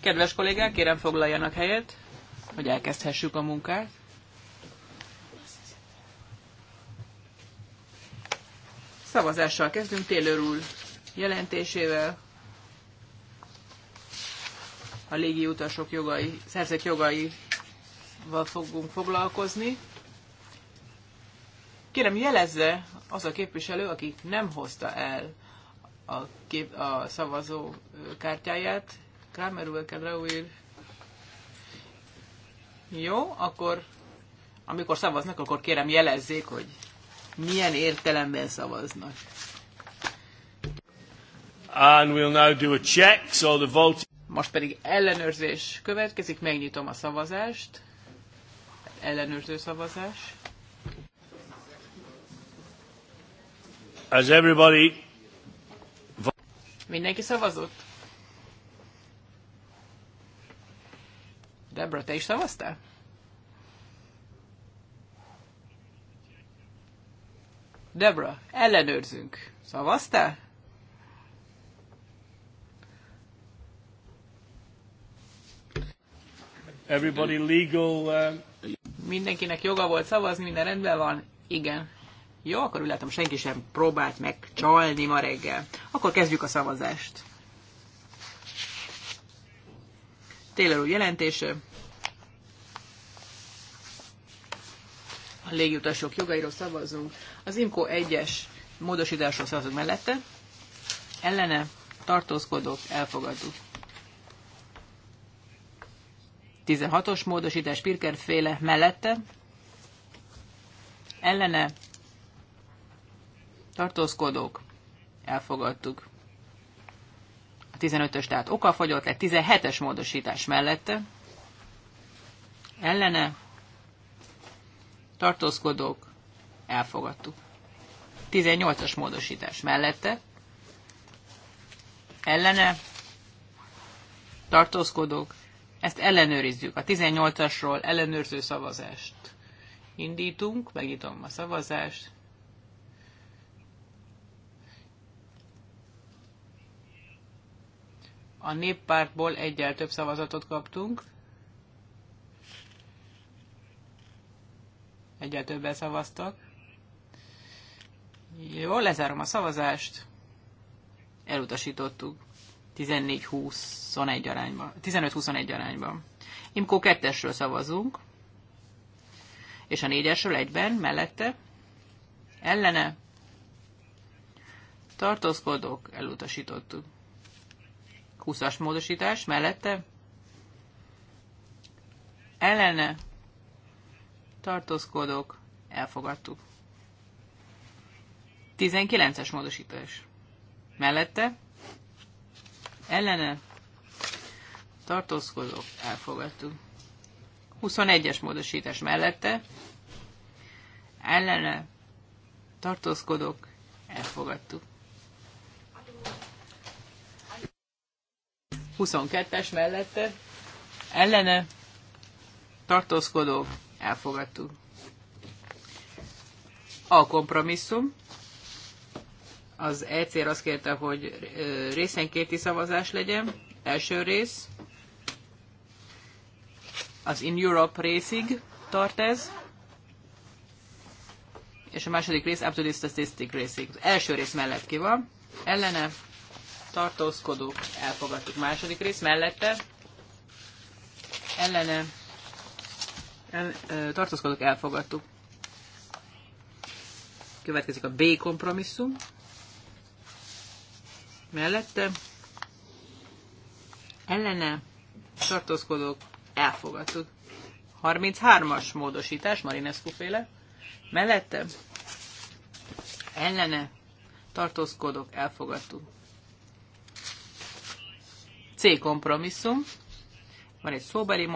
Kedves kollégák, kérem foglaljanak helyet, hogy elkezdhessük a munkát. Szavazással kezdünk Taylor úr jelentésével. A légi utasok jogai, szerzett jogaival fogunk foglalkozni. Kérem jelezze az a képviselő, aki nem hozta el a, kép, a szavazó kártyáját. Kramer úr, úr. Jó, akkor amikor szavaznak, akkor kérem jelezzék, hogy milyen értelemben szavaznak. And we'll now do a check, so the vote... Most pedig ellenőrzés következik, megnyitom a szavazást. Ellenőrző szavazás. As everybody Mindenki szavazott? Debra, te is szavaztál? Debra, ellenőrzünk. Szavaztál? Everybody legal, uh... Mindenkinek joga volt szavazni, minden rendben van? Igen. Jó, akkor úgy látom, senki sem próbált meg csalni ma reggel. Akkor kezdjük a szavazást. Taylor úr jelentése. A légiutasok jogairól szavazunk. Az IMCO 1-es módosításról szavazunk mellette. Ellene tartózkodók elfogadjuk. 16-os módosítás Pirker féle mellette. Ellene tartózkodók, elfogadtuk. A 15-ös tehát okafogyott egy 17-es módosítás mellette, ellene, tartózkodók, elfogadtuk. 18-as módosítás mellette, ellene, tartózkodók, ezt ellenőrizzük. A 18-asról ellenőrző szavazást indítunk, megnyitom a szavazást. A néppártból egyel több szavazatot kaptunk. Egyel többen szavaztak. Jó, lezárom a szavazást. Elutasítottuk. 14-21 arányban. 15-21 arányban. Imkó 2-esről szavazunk. És a 4-esről egyben, mellette. Ellene. Tartózkodók, elutasítottuk. 20-as módosítás mellette ellene tartózkodók elfogadtuk. 19-es módosítás mellette ellene tartózkodók elfogadtuk. 21-es módosítás mellette ellene tartózkodók elfogadtuk. 22-es mellette ellene tartózkodók elfogadtuk. A kompromisszum. Az ECR azt kérte, hogy részenkéti szavazás legyen. Első rész. Az In Europe részig tart ez. És a második rész Up to the Statistic részig. Az első rész mellett ki van. Ellene tartózkodók, elfogadtuk. Második rész mellette, ellene, el, tartózkodók, elfogadtuk. Következik a B kompromisszum. Mellette, ellene, tartózkodók, elfogadtuk. 33-as módosítás, Marinescu féle. Mellette, ellene, tartózkodók, elfogadtuk. C kompromisszum, van egy szóbeli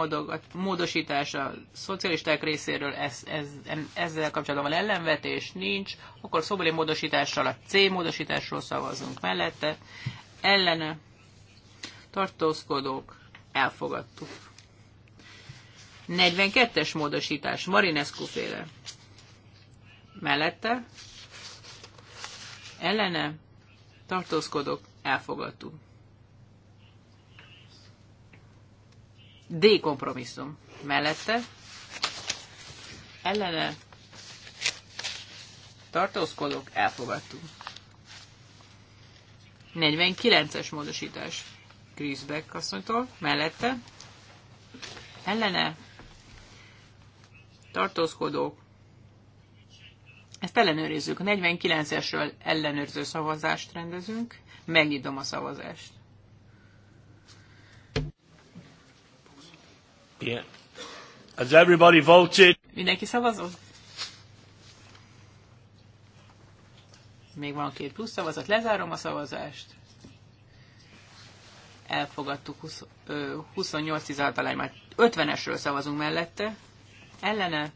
módosítás a szocialisták részéről, ez, ez, ezzel kapcsolatban van ellenvetés, nincs, akkor szóbeli módosítással a C módosításról szavazunk mellette, ellene tartózkodók, elfogadtuk. 42-es módosítás, Marinescu féle. Mellette, ellene, tartózkodok, elfogadtuk. D kompromisszum mellette ellene tartózkodók elfogadtuk. 49-es módosítás Chris Beck asszonytól mellette ellene tartózkodók ezt ellenőrizzük. a 49-esről ellenőrző szavazást rendezünk. Megnyitom a szavazást. Yeah. Has everybody voted? Mindenki szavazott? Még van két plusz szavazat, lezárom a szavazást. Elfogadtuk 28-16 már 50-esről szavazunk mellette. Ellene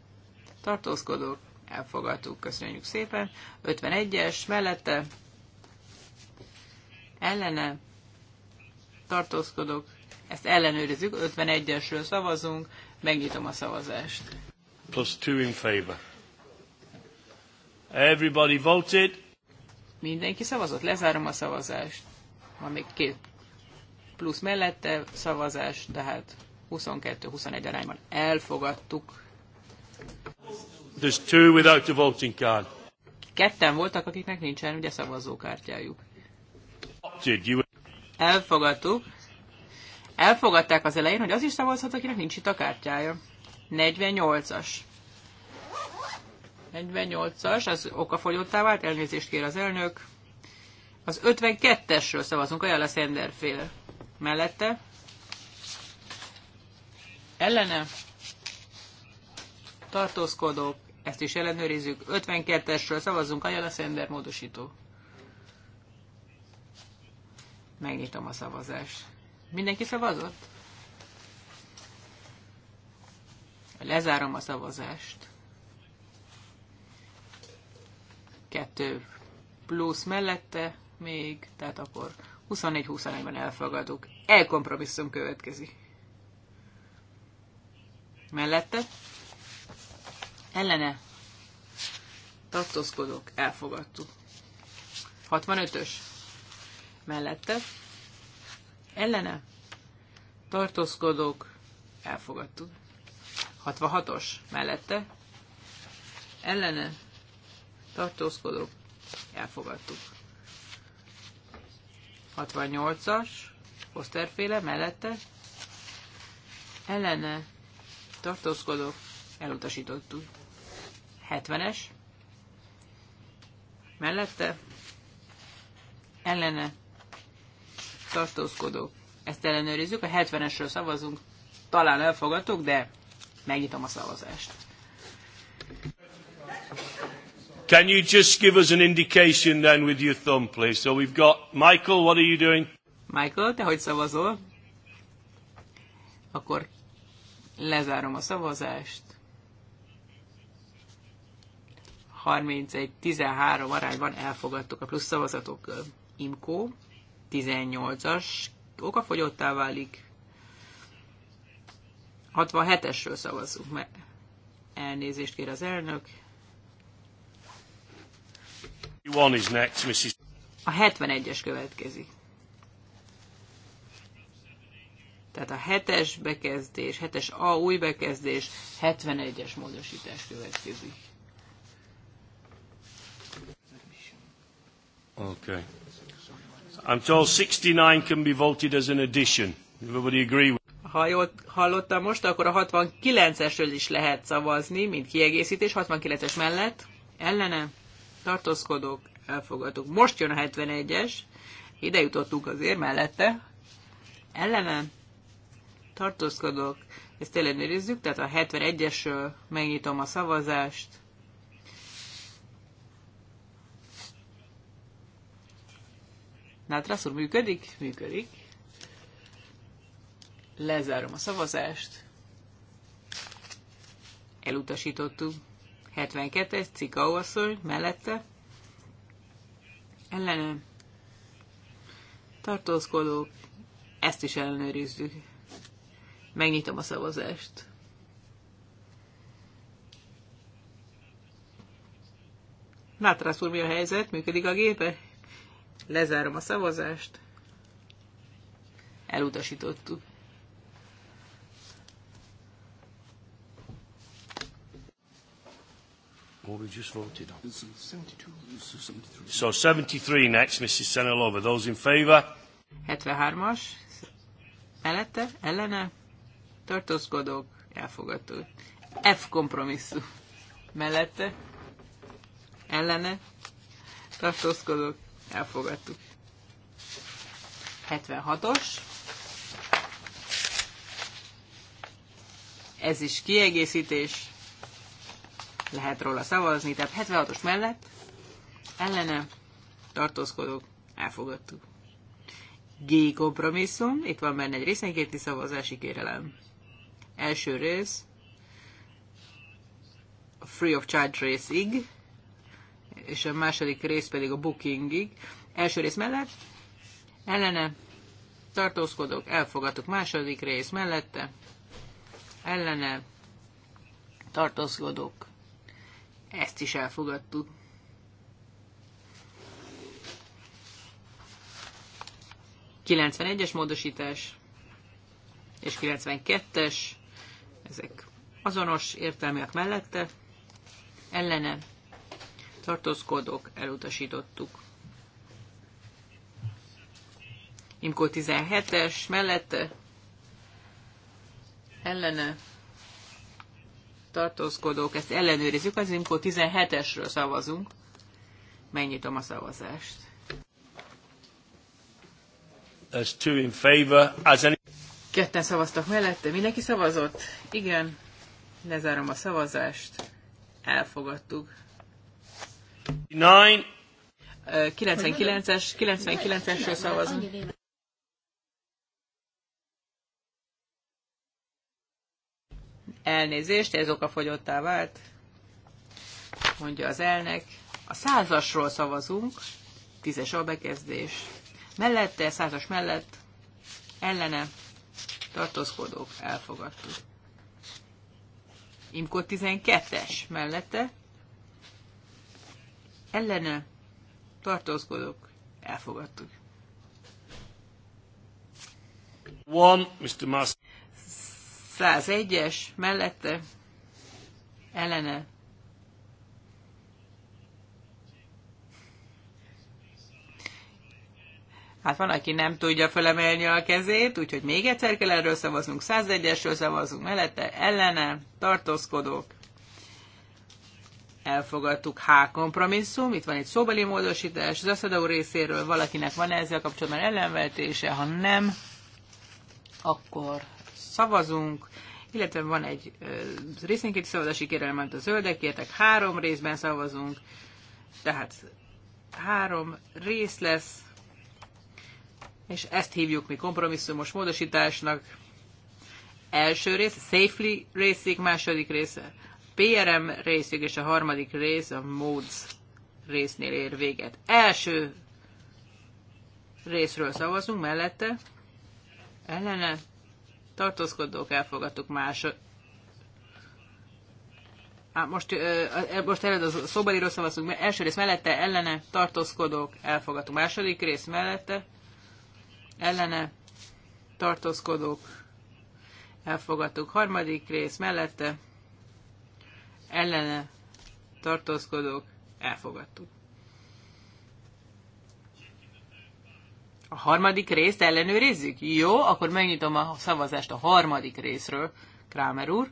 tartózkodók, elfogadtuk, köszönjük szépen. 51-es mellette, ellene tartózkodók, ezt ellenőrizzük, 51-esről szavazunk, megnyitom a szavazást. Plus two in favor. Everybody voted. Mindenki szavazott, lezárom a szavazást. Van még két plusz mellette szavazás, tehát 22-21 arányban elfogadtuk. There's two without a voting card. Ketten voltak, akiknek nincsen ugye szavazókártyájuk. Elfogadtuk. Elfogadták az elején, hogy az is szavazhat, akinek nincs itt a kártyája. 48-as. 48-as, az okafogyottá vált, elnézést kér az elnök. Az 52-esről szavazunk, olyan lesz Enderféle. Mellette. Ellene. Tartózkodók. Ezt is ellenőrizzük. 52-esről szavazunk, a Szender módosító. Megnyitom a szavazást. Mindenki szavazott? Lezárom a szavazást. Kettő plusz mellette még, tehát akkor 24-21-ben elfogadunk. Elkompromisszum következik. Mellette ellene tartózkodok, elfogadtuk. 65-ös mellette ellene tartózkodók elfogadtuk. 66-os mellette ellene tartózkodók elfogadtuk. 68-as poszterféle mellette ellene tartózkodók elutasítottuk. 70-es mellette ellene tartózkodó. Ezt ellenőrizzük, a 70-esről szavazunk, talán elfogadtuk, de megnyitom a szavazást. Can you just give us an indication then with your thumb, please? So we've got Michael, what are you doing? Michael, te hogy szavazol? Akkor lezárom a szavazást. 31-13 arányban elfogadtuk a plusz szavazatokkal. Imkó. 18-as okafogyottá válik. 67-esről szavazzunk meg. Elnézést kér az elnök. A 71-es következik. Tehát a 7-es bekezdés, 7-es A új bekezdés, 71-es módosítás következik. Okay. I'm told 69 can be voted as an addition. Everybody agree with ha jól hallottam most, akkor a 69-esről is lehet szavazni, mint kiegészítés, 69-es mellett, ellene, tartózkodók, elfogadók. Most jön a 71-es, ide jutottunk azért mellette, ellene, tartózkodók, ezt ellenőrizzük, tehát a 71-esről megnyitom a szavazást, Nátrász úr, működik? Működik. Lezárom a szavazást. Elutasítottuk. 72-es Cikau mellette. Ellene. Tartózkodók. Ezt is ellenőrizzük. Megnyitom a szavazást. Nátrász úr, mi a helyzet? Működik a gépe? Lezárom a szavazást. Elutasítottuk. What we just voted on. 72. So 73 next, Mrs. Senelova. Those in favour? 73-as. Mellette? Ellene? Tartózkodók? Elfogadó. F kompromisszum. Mellette? Ellene? Tartózkodók? Elfogadtuk. 76-os. Ez is kiegészítés. Lehet róla szavazni. Tehát 76-os mellett ellene tartózkodók. Elfogadtuk. G kompromisszum. Itt van benne egy részenkéti szavazási kérelem. Első rész. A free of charge részig és a második rész pedig a bookingig. Első rész mellett, ellene, tartózkodok, elfogadok. Második rész mellette, ellene, tartózkodok. Ezt is elfogadtuk. es módosítás és 92-es, ezek azonos értelmiak mellette, ellene tartózkodók, elutasítottuk. Imkó 17-es, mellette, ellene, tartózkodók, ezt ellenőrizzük, az Imkó 17-esről szavazunk. Megnyitom a szavazást. As two in favor, as any... Ketten szavaztak mellette, mindenki szavazott? Igen, lezárom a szavazást, elfogadtuk. 99-es, 99-esről szavazunk. Elnézést, ez okafogyottá vált, mondja az elnek. A százasról szavazunk, tízes a bekezdés. Mellette, százas mellett, ellene, tartózkodók, elfogadtuk. Imkó 12-es mellette, ellene tartózkodok, elfogadtuk. One, Mr. Mas. 101-es mellette ellene Hát van, aki nem tudja felemelni a kezét, úgyhogy még egyszer kell erről szavaznunk, 101-esről szavazunk mellette, ellene, tartózkodok elfogadtuk. H. Kompromisszum, itt van egy szóbeli módosítás, az összedó részéről valakinek van -e ezzel kapcsolatban ellenvetése, ha nem, akkor szavazunk, illetve van egy részénkéti szavazási kérelem, amit a zöldek kértek, három részben szavazunk, tehát három rész lesz, és ezt hívjuk mi kompromisszumos módosításnak. Első rész, safely részig, második része PRM részig, és a harmadik rész a Modes résznél ér véget. Első részről szavazunk, mellette ellene tartózkodók elfogadtuk más. Á, most, ö, most előtt a szobariról szavazunk, első rész mellette ellene tartózkodók elfogadtuk. Második rész mellette ellene tartózkodók elfogadtuk. Harmadik rész mellette ellene tartózkodók elfogadtuk. A harmadik részt ellenőrizzük? Jó, akkor megnyitom a szavazást a harmadik részről, Krámer úr.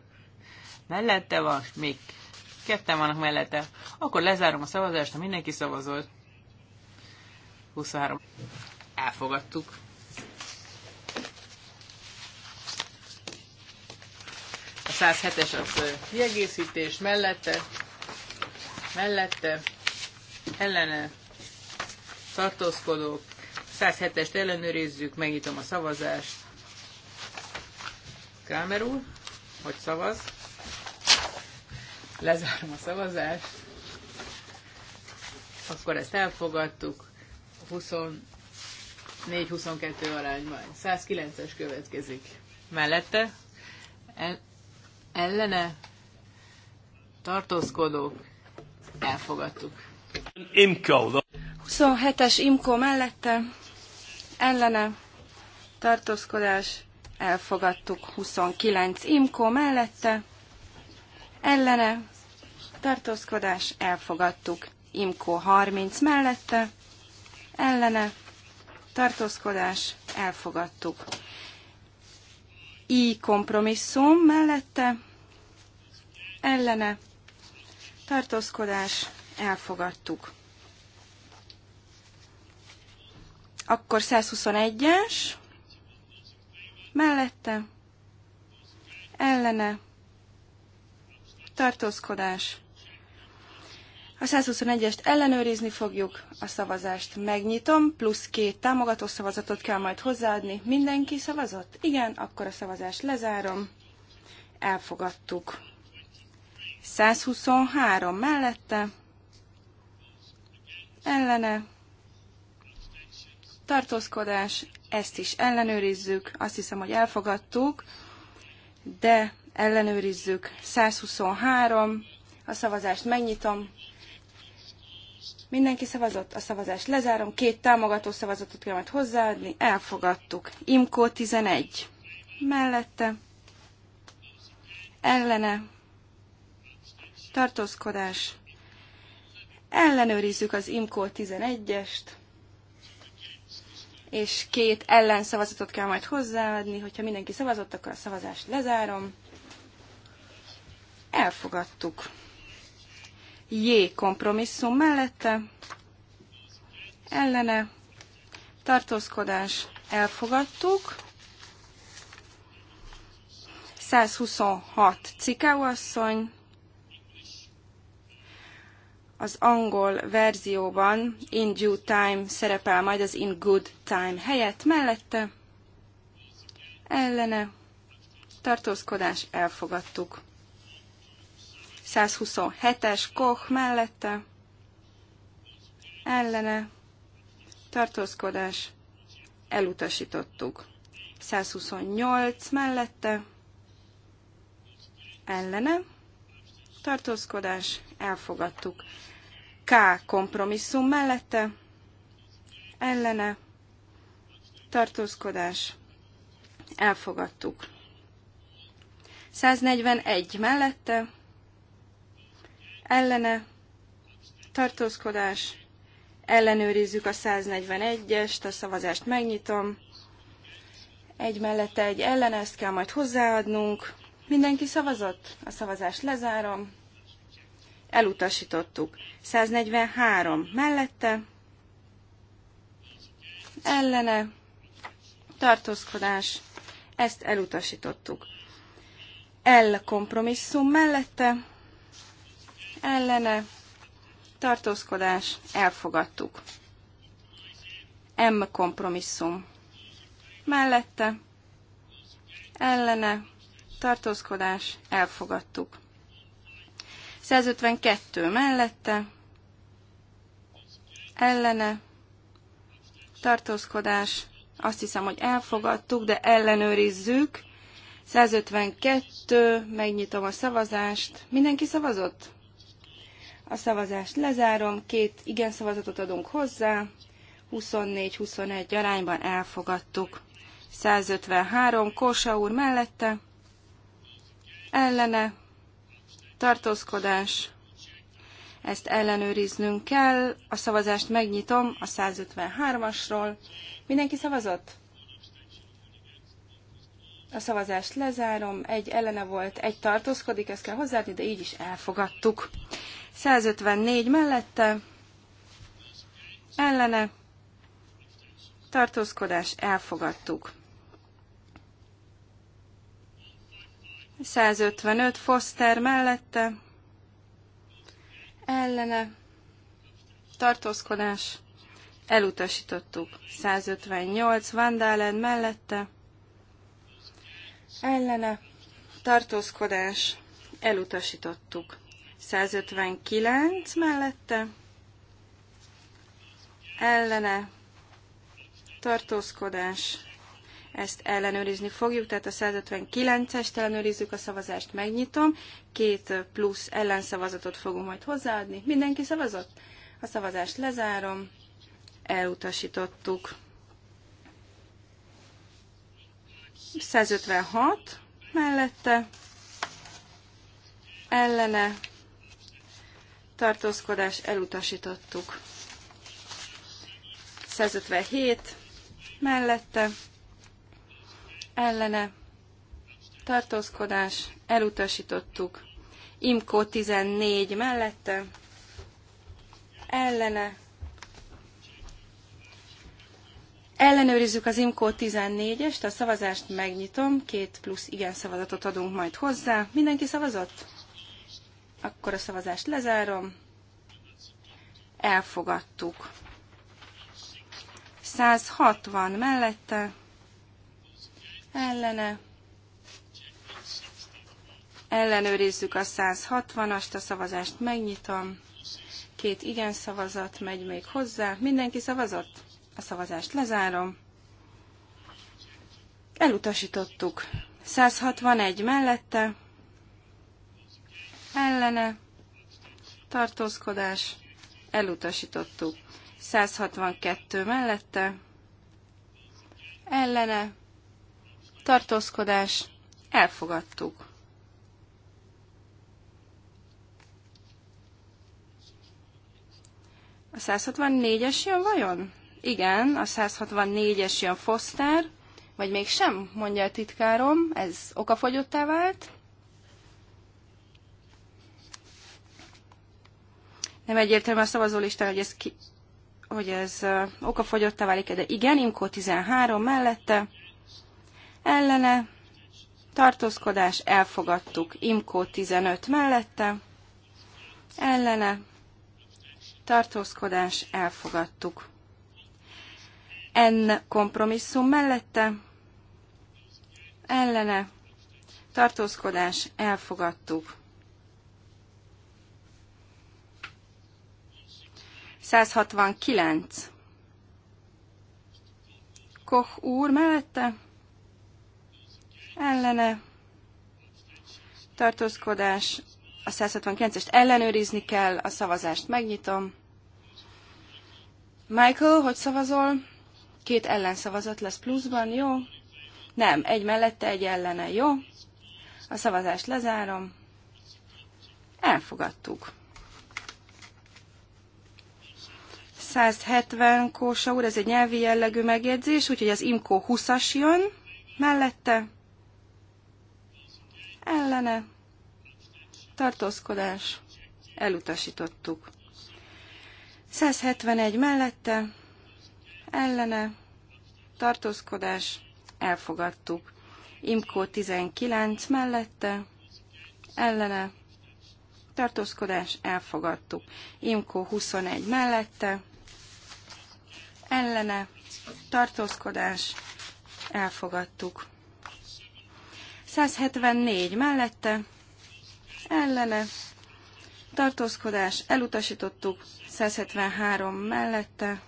Mellette van, még ketten vannak mellette. Akkor lezárom a szavazást, ha mindenki szavazott. 23. Elfogadtuk. 107-es az kiegészítés mellette, mellette, ellene tartózkodók, 107-est ellenőrizzük, megnyitom a szavazást. Kramer úr, hogy szavaz? Lezárom a szavazást. Akkor ezt elfogadtuk. 24-22 arányban. 109-es következik. Mellette ellene tartózkodók elfogadtuk. Imko. 27-es Imko mellette ellene tartózkodás elfogadtuk. 29 Imko mellette ellene tartózkodás elfogadtuk. Imko 30 mellette ellene tartózkodás elfogadtuk. I kompromisszum mellette ellene tartózkodás elfogadtuk. Akkor 121-es mellette ellene tartózkodás a 121-est ellenőrizni fogjuk, a szavazást megnyitom, plusz két támogató szavazatot kell majd hozzáadni. Mindenki szavazott? Igen, akkor a szavazást lezárom. Elfogadtuk. 123 mellette, ellene, tartózkodás, ezt is ellenőrizzük, azt hiszem, hogy elfogadtuk, de ellenőrizzük, 123, a szavazást megnyitom, Mindenki szavazott, a szavazást lezárom. Két támogató szavazatot kell majd hozzáadni. Elfogadtuk. Imkó 11. Mellette. Ellene. Tartózkodás. Ellenőrizzük az Imkó 11-est és két ellenszavazatot kell majd hozzáadni, hogyha mindenki szavazott, akkor a szavazást lezárom. Elfogadtuk. J kompromisszum mellette, ellene, tartózkodás, elfogadtuk. 126 asszony. Az angol verzióban in due time szerepel majd az in good time helyett mellette. Ellene tartózkodás elfogadtuk. 127-es Koch mellette, ellene, tartózkodás, elutasítottuk. 128 mellette, ellene, tartózkodás, elfogadtuk. K kompromisszum mellette, ellene, tartózkodás, elfogadtuk. 141 mellette, ellene, tartózkodás, ellenőrizzük a 141-est, a szavazást megnyitom, egy mellette egy ellene, ezt kell majd hozzáadnunk. Mindenki szavazott? A szavazást lezárom. Elutasítottuk. 143 mellette, ellene, tartózkodás, ezt elutasítottuk. L kompromisszum mellette, ellene, tartózkodás, elfogadtuk. M kompromisszum. Mellette, ellene, tartózkodás, elfogadtuk. 152 mellette, ellene, tartózkodás, azt hiszem, hogy elfogadtuk, de ellenőrizzük. 152, megnyitom a szavazást. Mindenki szavazott? A szavazást lezárom, két igen szavazatot adunk hozzá, 24-21 arányban elfogadtuk. 153 Kósa úr mellette, ellene, tartózkodás, ezt ellenőriznünk kell. A szavazást megnyitom a 153-asról. Mindenki szavazott? A szavazást lezárom, egy ellene volt, egy tartózkodik, ezt kell hozzáadni, de így is elfogadtuk. 154 mellette, ellene, tartózkodás, elfogadtuk. 155 Foster mellette, ellene, tartózkodás, elutasítottuk. 158 Vandalen mellette, ellene tartózkodás elutasítottuk. 159 mellette ellene tartózkodás ezt ellenőrizni fogjuk, tehát a 159-est ellenőrizzük, a szavazást megnyitom, két plusz ellenszavazatot fogunk majd hozzáadni. Mindenki szavazott? A szavazást lezárom, elutasítottuk. 156 mellette ellene tartózkodás elutasítottuk. 157 mellette ellene tartózkodás elutasítottuk. Imkó 14 mellette ellene Ellenőrizzük az IMCO 14-est, a szavazást megnyitom, két plusz igen szavazatot adunk majd hozzá. Mindenki szavazott? Akkor a szavazást lezárom. Elfogadtuk. 160 mellette, ellene. Ellenőrizzük a 160-ast, a szavazást megnyitom. Két igen szavazat megy még hozzá. Mindenki szavazott? A szavazást lezárom. Elutasítottuk. 161 mellette. Ellene. Tartózkodás. Elutasítottuk. 162 mellette. Ellene. Tartózkodás. Elfogadtuk. A 164-es jön vajon? Igen, a 164-es jön Foster, vagy mégsem, mondja a titkárom, ez okafogyottá vált. Nem egyértelmű a szavazólistán, hogy ez, ki, hogy ez uh, okafogyottá válik, de igen, Imkó 13 mellette, ellene, tartózkodás, elfogadtuk, Imkó 15 mellette, ellene, tartózkodás, elfogadtuk. En kompromisszum mellette ellene tartózkodás elfogadtuk. 169. Koch úr mellette ellene tartózkodás, a 169-est ellenőrizni kell, a szavazást megnyitom. Michael, hogy szavazol? Két ellenszavazat lesz pluszban, jó? Nem, egy mellette, egy ellene, jó? A szavazást lezárom. Elfogadtuk. 170 Kósa úr, ez egy nyelvi jellegű megjegyzés, úgyhogy az IMKO 20-as jön mellette. Ellene. Tartózkodás. Elutasítottuk. 171 mellette ellene, tartózkodás, elfogadtuk. Imkó 19 mellette, ellene, tartózkodás, elfogadtuk. Imkó 21 mellette, ellene, tartózkodás, elfogadtuk. 174 mellette, ellene, tartózkodás, elutasítottuk, 173 mellette,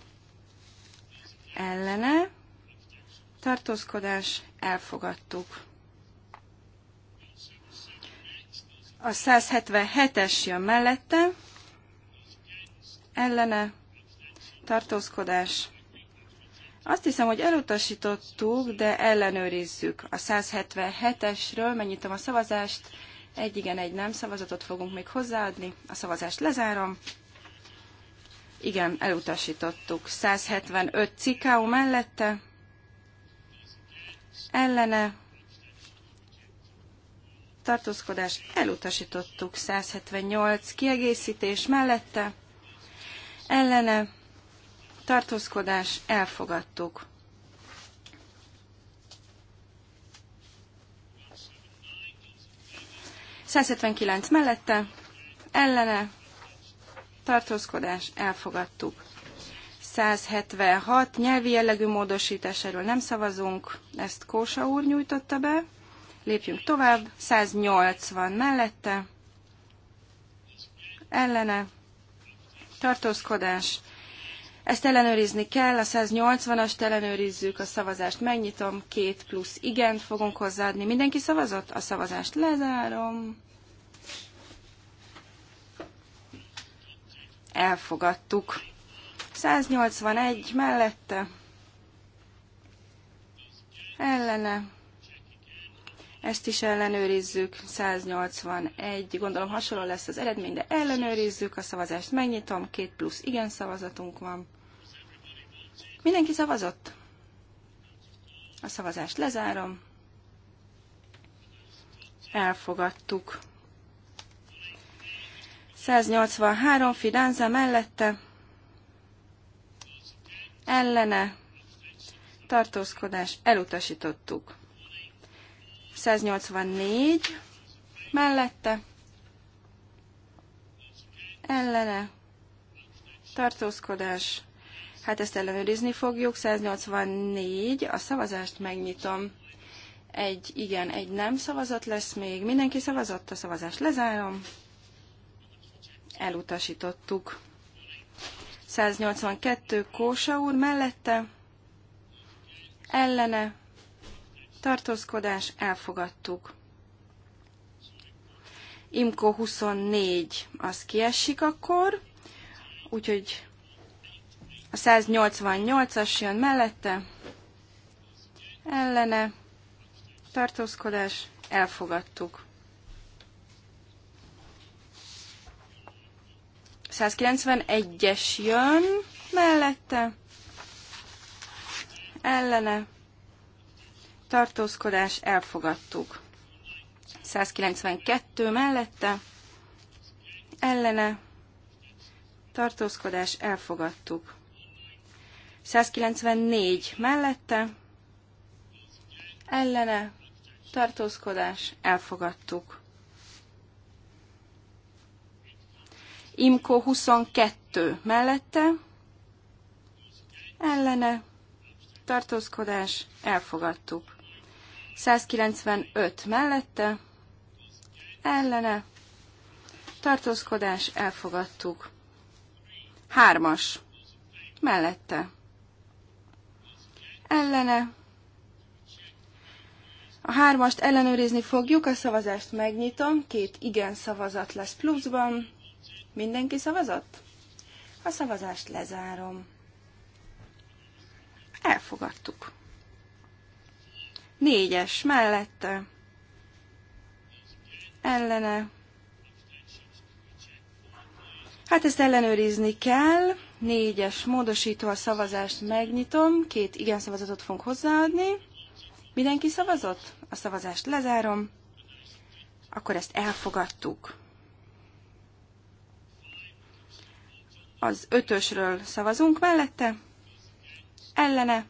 ellene, tartózkodás, elfogadtuk. A 177-es jön mellette, ellene, tartózkodás. Azt hiszem, hogy elutasítottuk, de ellenőrizzük. A 177-esről megnyitom a szavazást, egy igen, egy nem szavazatot fogunk még hozzáadni. A szavazást lezárom. Igen, elutasítottuk. 175 cikáó mellette, ellene, tartózkodás, elutasítottuk. 178 kiegészítés mellette, ellene, tartózkodás, elfogadtuk. 179 mellette, ellene, tartózkodás, elfogadtuk. 176 nyelvi jellegű módosítás, erről nem szavazunk, ezt Kósa úr nyújtotta be. Lépjünk tovább, 180 mellette, ellene, tartózkodás, ezt ellenőrizni kell, a 180-ast ellenőrizzük, a szavazást megnyitom, két plusz igent fogunk hozzáadni. Mindenki szavazott? A szavazást lezárom. elfogadtuk. 181 mellette, ellene, ezt is ellenőrizzük, 181, gondolom hasonló lesz az eredmény, de ellenőrizzük, a szavazást megnyitom, két plusz igen szavazatunk van. Mindenki szavazott? A szavazást lezárom. Elfogadtuk. 183 Fidanza mellette ellene tartózkodás elutasítottuk. 184 mellette ellene tartózkodás. Hát ezt ellenőrizni fogjuk. 184. A szavazást megnyitom. Egy igen, egy nem szavazat lesz még. Mindenki szavazott, a szavazást lezárom elutasítottuk. 182 Kósa úr mellette, ellene, tartózkodás, elfogadtuk. Imko 24, az kiesik akkor, úgyhogy a 188-as jön mellette, ellene, tartózkodás, elfogadtuk. 191-es jön mellette, ellene, tartózkodás, elfogadtuk. 192 mellette, ellene, tartózkodás, elfogadtuk. 194 mellette, ellene, tartózkodás, elfogadtuk. Imko 22 mellette, ellene, tartózkodás, elfogadtuk. 195 mellette, ellene, tartózkodás, elfogadtuk. Hármas, mellette, ellene, a hármast ellenőrizni fogjuk, a szavazást megnyitom, két igen szavazat lesz pluszban, Mindenki szavazott? A szavazást lezárom. Elfogadtuk. Négyes mellette. Ellene. Hát ezt ellenőrizni kell. Négyes módosító a szavazást megnyitom. Két igen szavazatot fogunk hozzáadni. Mindenki szavazott? A szavazást lezárom. Akkor ezt elfogadtuk. Az ötösről szavazunk mellette, ellene,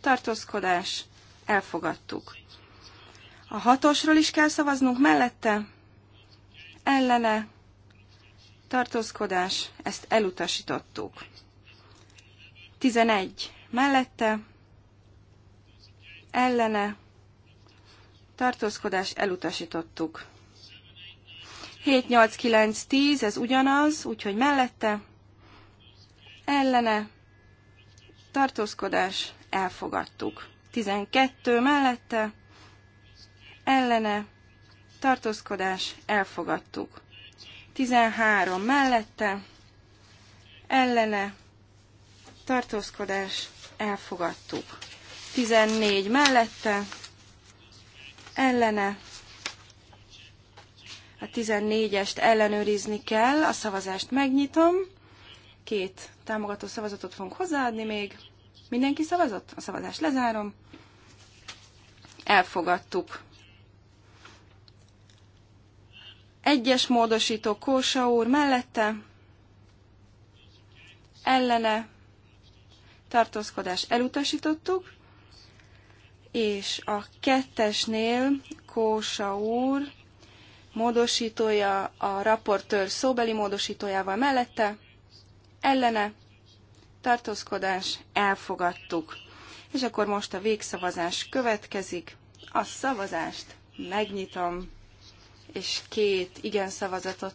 tartózkodás, elfogadtuk. A hatosról is kell szavaznunk mellette, ellene, tartózkodás, ezt elutasítottuk. 11. Mellette, ellene, tartózkodás, elutasítottuk. 7, 8, 9, 10, ez ugyanaz, úgyhogy mellette, ellene, tartózkodás, elfogadtuk. 12 mellette, ellene, tartózkodás, elfogadtuk. 13 mellette, ellene, tartózkodás, elfogadtuk. 14 mellette, ellene, a 14-est ellenőrizni kell, a szavazást megnyitom. Két támogató szavazatot fogunk hozzáadni még. Mindenki szavazott? A szavazást lezárom. Elfogadtuk. Egyes módosító Kósa úr mellette, ellene, tartózkodás elutasítottuk, és a kettesnél Kósa úr módosítója a raportőr szóbeli módosítójával mellette, ellene, tartózkodás, elfogadtuk. És akkor most a végszavazás következik. A szavazást megnyitom, és két igen szavazatot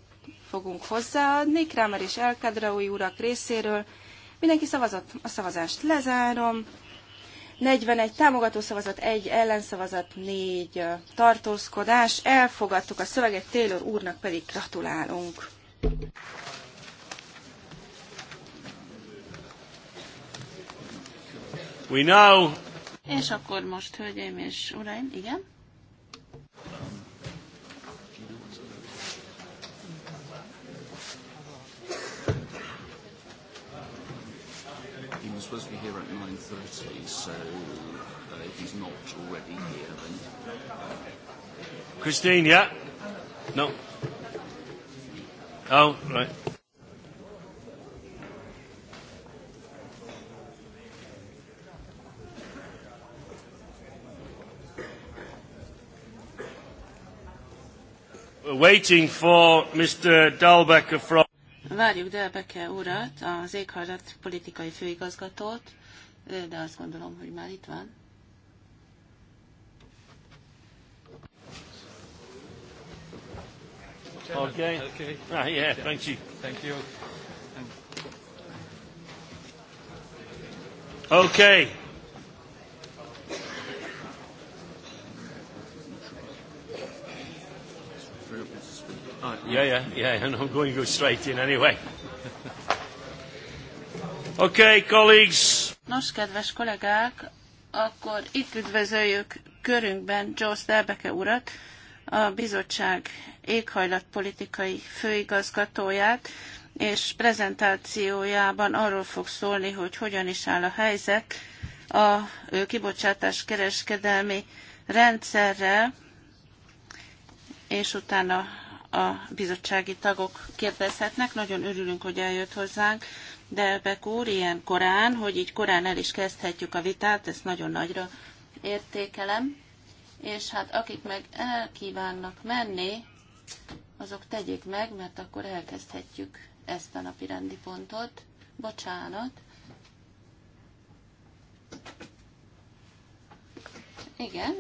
fogunk hozzáadni, Kramer és Elkadraui urak részéről. Mindenki szavazott, a szavazást lezárom. 41 támogató szavazat, 1 ellenszavazat, 4 tartózkodás. Elfogadtuk a szöveget, Taylor úrnak pedig gratulálunk. We know. És akkor most, hölgyeim és uraim, igen? supposed to be here at 9.30, so uh, if he's not already here, then... Uh, Christine, yeah? No. Oh, right. We're waiting for Mr. Dalbecker from... Várjuk Delbeke urat, az éghajlat politikai főigazgatót, de azt gondolom, hogy már itt van. Okay. Okay. Ah, yeah, thank you. Thank you. Okay. Oh, yeah, yeah, yeah, and I'm going to go straight in anyway. Okay, colleagues. Nos, kedves kollégák, akkor itt üdvözöljük körünkben Joe Stelbeke urat, a bizottság éghajlatpolitikai főigazgatóját, és prezentációjában arról fog szólni, hogy hogyan is áll a helyzet a kibocsátás kereskedelmi rendszerrel, és utána a bizottsági tagok kérdezhetnek. Nagyon örülünk, hogy eljött hozzánk. Delbek úr, ilyen korán, hogy így korán el is kezdhetjük a vitát, ezt nagyon nagyra értékelem. És hát akik meg elkívánnak menni, azok tegyék meg, mert akkor elkezdhetjük ezt a napi rendi pontot. Bocsánat. Igen.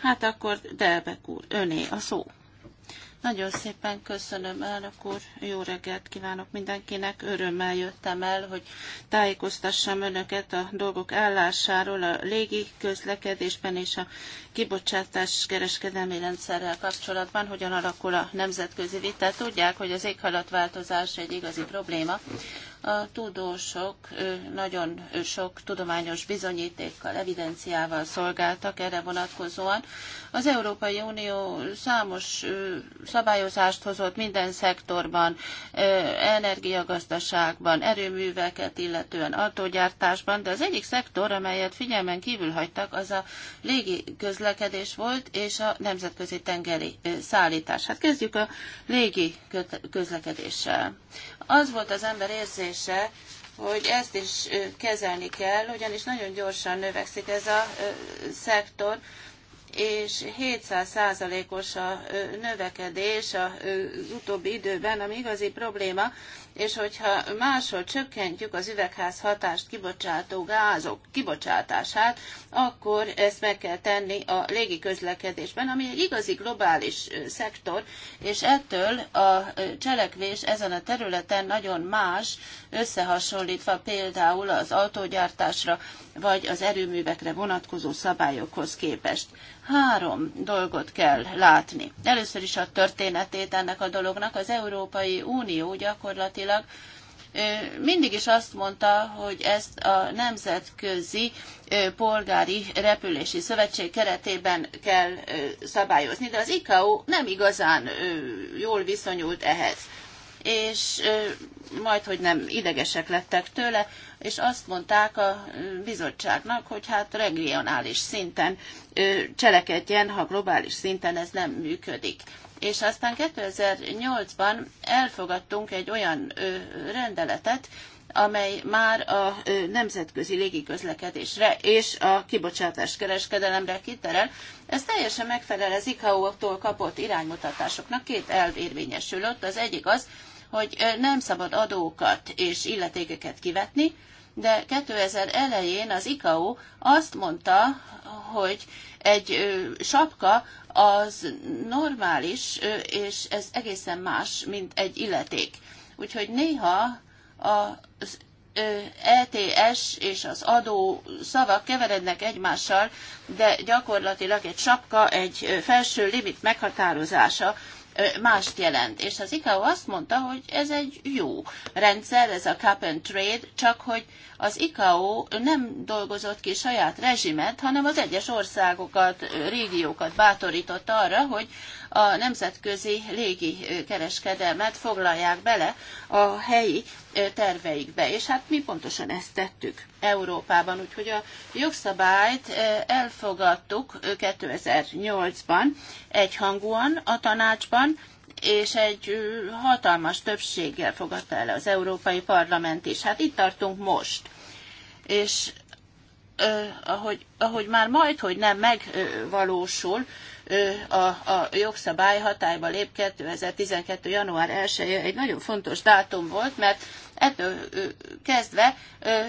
Hát akkor Delbek úr, öné a szó. Nagyon szépen köszönöm, elnök úr. Jó reggelt kívánok mindenkinek. Örömmel jöttem el, hogy tájékoztassam önöket a dolgok állásáról a légi közlekedésben és a kibocsátás kereskedelmi rendszerrel kapcsolatban, hogyan alakul a nemzetközi vita. Tudják, hogy az éghajlatváltozás egy igazi probléma a tudósok nagyon sok tudományos bizonyítékkal, evidenciával szolgáltak erre vonatkozóan. Az Európai Unió számos szabályozást hozott minden szektorban, energiagazdaságban, erőműveket, illetően autógyártásban, de az egyik szektor, amelyet figyelmen kívül hagytak, az a légi közlekedés volt, és a nemzetközi tengeri szállítás. Hát kezdjük a légi közlekedéssel az volt az ember érzése, hogy ezt is kezelni kell, ugyanis nagyon gyorsan növekszik ez a szektor, és 700%-os a növekedés az utóbbi időben, ami igazi probléma, és hogyha máshol csökkentjük az üvegház hatást kibocsátó gázok kibocsátását, akkor ezt meg kell tenni a légiközlekedésben, ami egy igazi globális szektor, és ettől a cselekvés ezen a területen nagyon más, összehasonlítva például az autógyártásra vagy az erőművekre vonatkozó szabályokhoz képest három dolgot kell látni. Először is a történetét ennek a dolognak. Az Európai Unió gyakorlatilag mindig is azt mondta, hogy ezt a Nemzetközi Polgári Repülési Szövetség keretében kell szabályozni, de az ICAO nem igazán jól viszonyult ehhez és majd, hogy nem idegesek lettek tőle és azt mondták a bizottságnak, hogy hát regionális szinten cselekedjen, ha globális szinten ez nem működik. És aztán 2008-ban elfogadtunk egy olyan rendeletet, amely már a nemzetközi légiközlekedésre és a kibocsátás kereskedelemre kiterel. Ez teljesen megfelel az ICAO-tól kapott iránymutatásoknak. Két elv érvényesül ott. Az egyik az, hogy nem szabad adókat és illetékeket kivetni, de 2000 elején az ICAO azt mondta, hogy egy sapka az normális, és ez egészen más, mint egy illeték. Úgyhogy néha az ETS és az adó szavak keverednek egymással, de gyakorlatilag egy sapka, egy felső limit meghatározása mást jelent. És az ICAO azt mondta, hogy ez egy jó rendszer, ez a cap and trade, csak hogy az ICAO nem dolgozott ki saját rezsimet, hanem az egyes országokat, régiókat bátorított arra, hogy a nemzetközi légi kereskedelmet foglalják bele a helyi terveikbe. És hát mi pontosan ezt tettük Európában, úgyhogy a jogszabályt elfogadtuk 2008-ban egyhangúan a tanácsban, és egy hatalmas többséggel fogadta el az Európai Parlament is. Hát itt tartunk most. És ahogy, ahogy már majd, hogy nem megvalósul, a, a jogszabály hatályba lép 2012. január 1 -e egy nagyon fontos dátum volt, mert ettől kezdve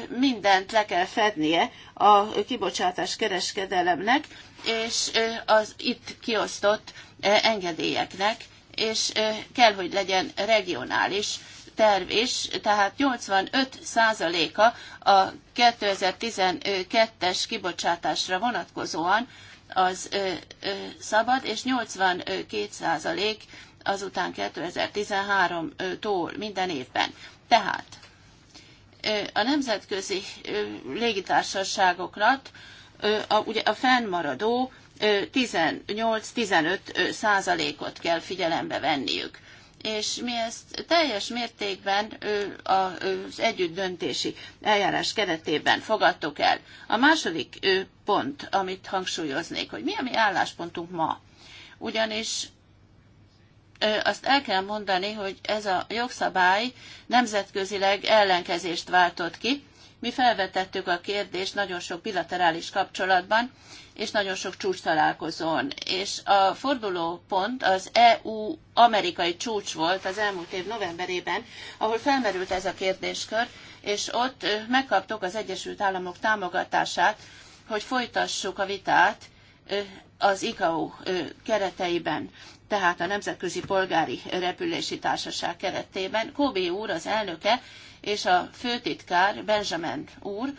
mindent le kell fednie a kibocsátás kereskedelemnek, és az itt kiosztott engedélyeknek, és kell, hogy legyen regionális terv is, tehát 85%-a a, a 2012-es kibocsátásra vonatkozóan az szabad, és 82 százalék azután 2013-tól minden évben. Tehát a nemzetközi légitársaságoknak a, ugye a fennmaradó 18-15 százalékot kell figyelembe venniük és mi ezt teljes mértékben az együttdöntési eljárás keretében fogadtuk el. A második pont, amit hangsúlyoznék, hogy mi a mi álláspontunk ma. Ugyanis azt el kell mondani, hogy ez a jogszabály nemzetközileg ellenkezést váltott ki. Mi felvetettük a kérdést nagyon sok bilaterális kapcsolatban, és nagyon sok csúcs találkozón. És a fordulópont az EU-amerikai csúcs volt az elmúlt év novemberében, ahol felmerült ez a kérdéskör, és ott megkaptuk az Egyesült Államok támogatását, hogy folytassuk a vitát az ICAO kereteiben tehát a Nemzetközi Polgári Repülési Társaság keretében. Kobi úr az elnöke és a főtitkár Benjamin úr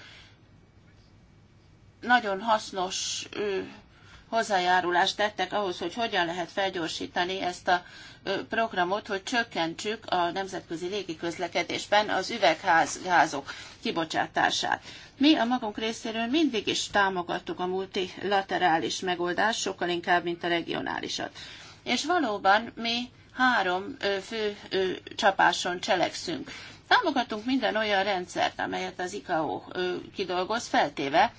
nagyon hasznos ő, hozzájárulást tettek ahhoz, hogy hogyan lehet felgyorsítani ezt a programot, hogy csökkentsük a nemzetközi légiközlekedésben az üvegházgázok kibocsátását. Mi a magunk részéről mindig is támogattuk a multilaterális megoldást, sokkal inkább, mint a regionálisat. És valóban mi három fő csapáson cselekszünk. Támogatunk minden olyan rendszert, amelyet az ICAO kidolgoz, feltéve,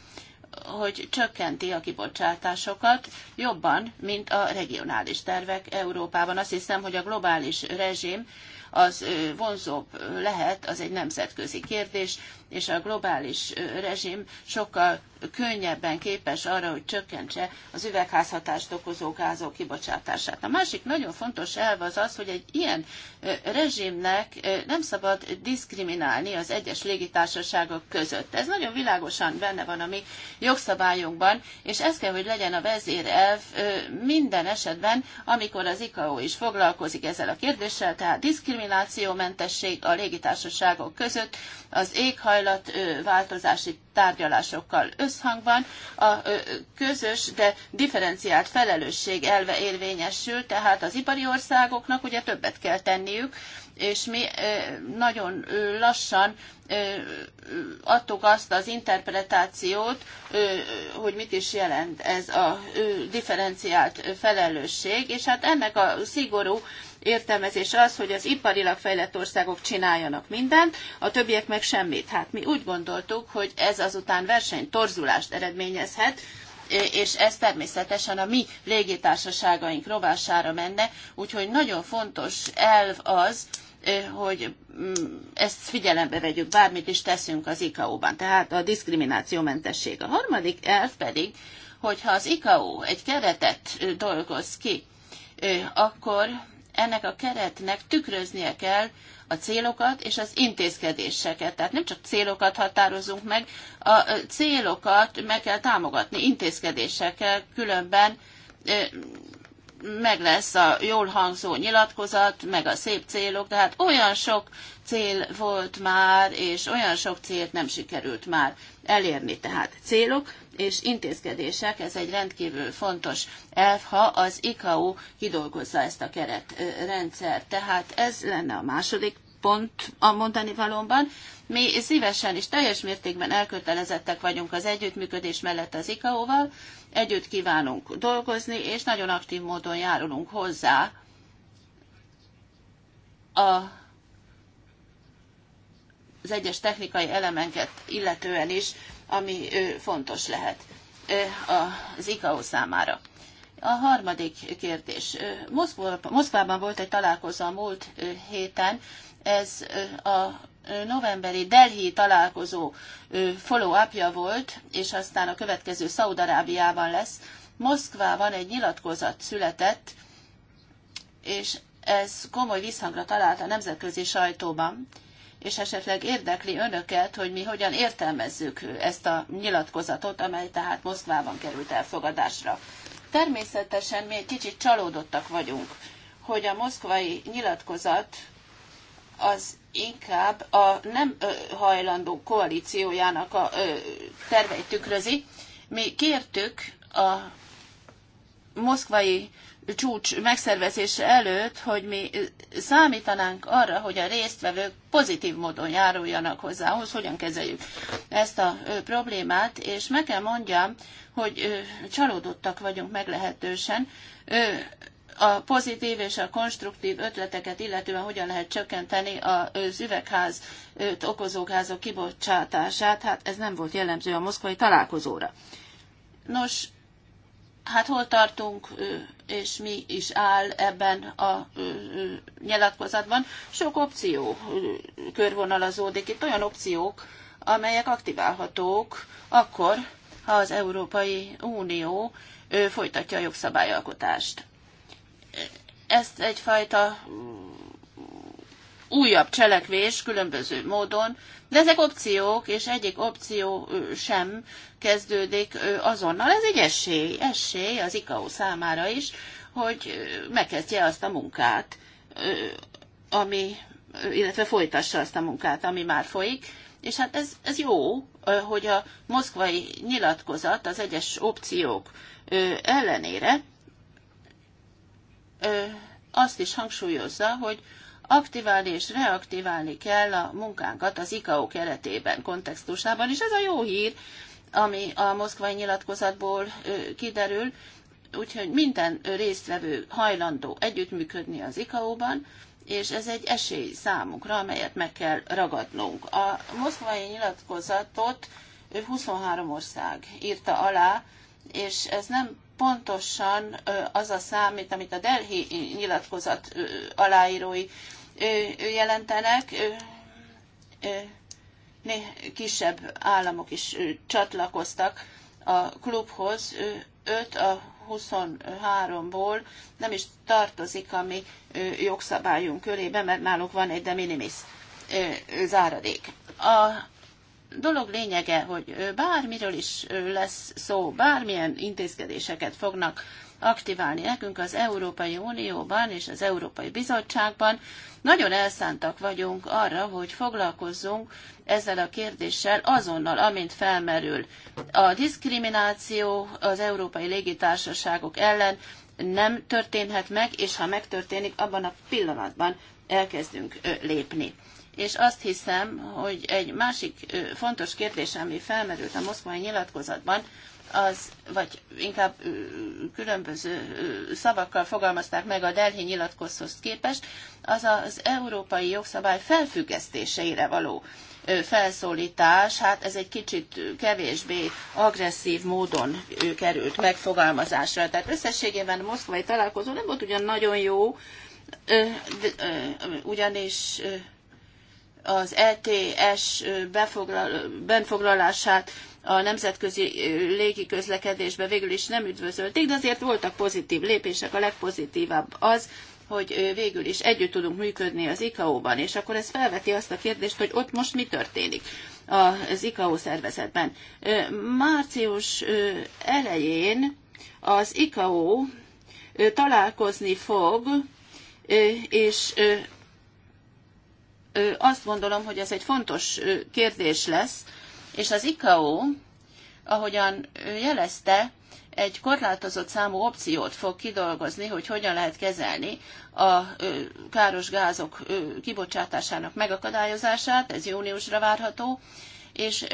hogy csökkenti a kibocsátásokat jobban, mint a regionális tervek Európában. Azt hiszem, hogy a globális rezsim az vonzóbb lehet, az egy nemzetközi kérdés, és a globális rezsim sokkal könnyebben képes arra, hogy csökkentse az üvegházhatást okozó gázok kibocsátását. A másik nagyon fontos elv az az, hogy egy ilyen rezsimnek nem szabad diszkriminálni az egyes légitársaságok között. Ez nagyon világosan benne van a mi jogszabályunkban, és ez kell, hogy legyen a vezérelv minden esetben, amikor az ICAO is foglalkozik ezzel a kérdéssel, tehát diszkriminációmentesség a légitársaságok között, az éghajlat éghajlatváltozási tárgyalásokkal összhangban a közös, de differenciált felelősség elve érvényesül, tehát az ipari országoknak ugye többet kell tenniük, és mi nagyon lassan adtuk azt az interpretációt, hogy mit is jelent ez a differenciált felelősség, és hát ennek a szigorú értelmezés az, hogy az iparilag fejlett országok csináljanak mindent, a többiek meg semmit. Hát mi úgy gondoltuk, hogy ez azután versenytorzulást eredményezhet, és ez természetesen a mi légitársaságaink rovására menne, úgyhogy nagyon fontos elv az, hogy mm, ezt figyelembe vegyük, bármit is teszünk az ICAO-ban, tehát a diszkriminációmentesség. A harmadik elv pedig, hogyha az ICAO egy keretet dolgoz ki, akkor ennek a keretnek tükröznie kell a célokat és az intézkedéseket. Tehát nem csak célokat határozunk meg, a célokat meg kell támogatni intézkedésekkel, különben meg lesz a jól hangzó nyilatkozat, meg a szép célok, de hát olyan sok cél volt már, és olyan sok célt nem sikerült már elérni. Tehát célok és intézkedések, ez egy rendkívül fontos elv, ha az ICAO kidolgozza ezt a keretrendszert. Tehát ez lenne a második pont a mondani valóban. Mi szívesen és teljes mértékben elkötelezettek vagyunk az együttműködés mellett az ICAO-val, együtt kívánunk dolgozni, és nagyon aktív módon járulunk hozzá a az egyes technikai elemeket illetően is, ami fontos lehet az ICAO számára. A harmadik kérdés. Moszkvában volt egy találkozó a múlt héten, ez a novemberi Delhi találkozó follow-upja volt, és aztán a következő Szaudarábiában lesz. Moszkvában egy nyilatkozat született, és ez komoly visszhangra talált a nemzetközi sajtóban és esetleg érdekli önöket, hogy mi hogyan értelmezzük ezt a nyilatkozatot, amely tehát Moszkvában került elfogadásra. Természetesen mi egy kicsit csalódottak vagyunk, hogy a moszkvai nyilatkozat az inkább a nem hajlandó koalíciójának a terveit tükrözi. Mi kértük a moszkvai csúcs megszervezése előtt, hogy mi számítanánk arra, hogy a résztvevők pozitív módon járuljanak hozzá, ahhoz hogyan kezeljük ezt a problémát, és meg kell mondjam, hogy csalódottak vagyunk meglehetősen a pozitív és a konstruktív ötleteket illetően hogyan lehet csökkenteni az üvegház okozógázok kibocsátását, hát ez nem volt jellemző a moszkvai találkozóra. Nos, hát hol tartunk, és mi is áll ebben a nyilatkozatban. Sok opció körvonalazódik. Itt olyan opciók, amelyek aktiválhatók akkor, ha az Európai Unió folytatja a jogszabályalkotást. Ezt egyfajta újabb cselekvés különböző módon, de ezek opciók, és egyik opció sem kezdődik azonnal. Ez egy esély, esély az ICAO számára is, hogy megkezdje azt a munkát, ami, illetve folytassa azt a munkát, ami már folyik. És hát ez, ez jó, hogy a moszkvai nyilatkozat az egyes opciók ellenére azt is hangsúlyozza, hogy aktiválni és reaktiválni kell a munkánkat az ICAO keretében, kontextusában, és ez a jó hír, ami a moszkvai nyilatkozatból kiderül, úgyhogy minden résztvevő hajlandó együttműködni az ICAO-ban, és ez egy esély számunkra, amelyet meg kell ragadnunk. A moszkvai nyilatkozatot 23 ország írta alá, és ez nem pontosan az a szám, mint amit a Delhi nyilatkozat aláírói jelentenek, kisebb államok is csatlakoztak a klubhoz, 5 a 23-ból nem is tartozik a mi jogszabályunk körébe, mert náluk van egy de minimis záradék. A dolog lényege, hogy bármiről is lesz szó, bármilyen intézkedéseket fognak aktiválni nekünk az Európai Unióban és az Európai Bizottságban. Nagyon elszántak vagyunk arra, hogy foglalkozzunk ezzel a kérdéssel azonnal, amint felmerül. A diszkrimináció az európai légitársaságok ellen nem történhet meg, és ha megtörténik, abban a pillanatban elkezdünk lépni. És azt hiszem, hogy egy másik fontos kérdés, ami felmerült a moszkvai nyilatkozatban, az, vagy inkább különböző szavakkal fogalmazták meg a Delhi nyilatkozhoz képest, az az európai jogszabály felfüggesztéseire való felszólítás, hát ez egy kicsit kevésbé agresszív módon került megfogalmazásra. Tehát összességében a moszkvai találkozó nem volt ugyan nagyon jó, ugyanis az ETS benfoglalását a nemzetközi légi közlekedésbe végül is nem üdvözölték, de azért voltak pozitív lépések, a legpozitívabb az, hogy végül is együtt tudunk működni az ICAO-ban, és akkor ez felveti azt a kérdést, hogy ott most mi történik az ICAO szervezetben. Március elején az ICAO találkozni fog, és azt gondolom, hogy ez egy fontos kérdés lesz, és az ICAO, ahogyan ő jelezte, egy korlátozott számú opciót fog kidolgozni, hogy hogyan lehet kezelni a káros gázok kibocsátásának megakadályozását, ez júniusra várható, és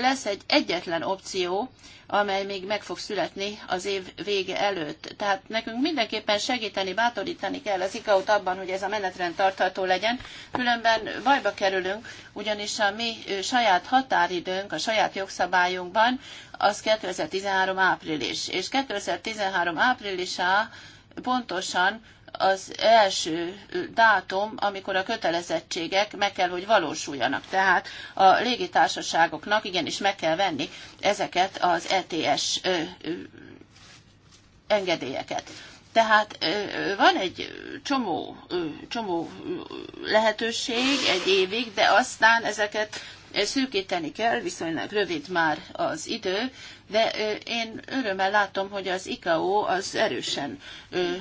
lesz egy egyetlen opció, amely még meg fog születni az év vége előtt. Tehát nekünk mindenképpen segíteni, bátorítani kell az ICAO-t abban, hogy ez a menetrend tartható legyen, különben bajba kerülünk, ugyanis a mi saját határidőnk, a saját jogszabályunkban az 2013 április, és 2013 áprilisá pontosan az első dátum, amikor a kötelezettségek meg kell, hogy valósuljanak. Tehát a légitársaságoknak igenis meg kell venni ezeket az ETS engedélyeket. Tehát van egy csomó, csomó lehetőség egy évig, de aztán ezeket szűkíteni kell, viszonylag rövid már az idő, de én örömmel látom, hogy az ICAO az erősen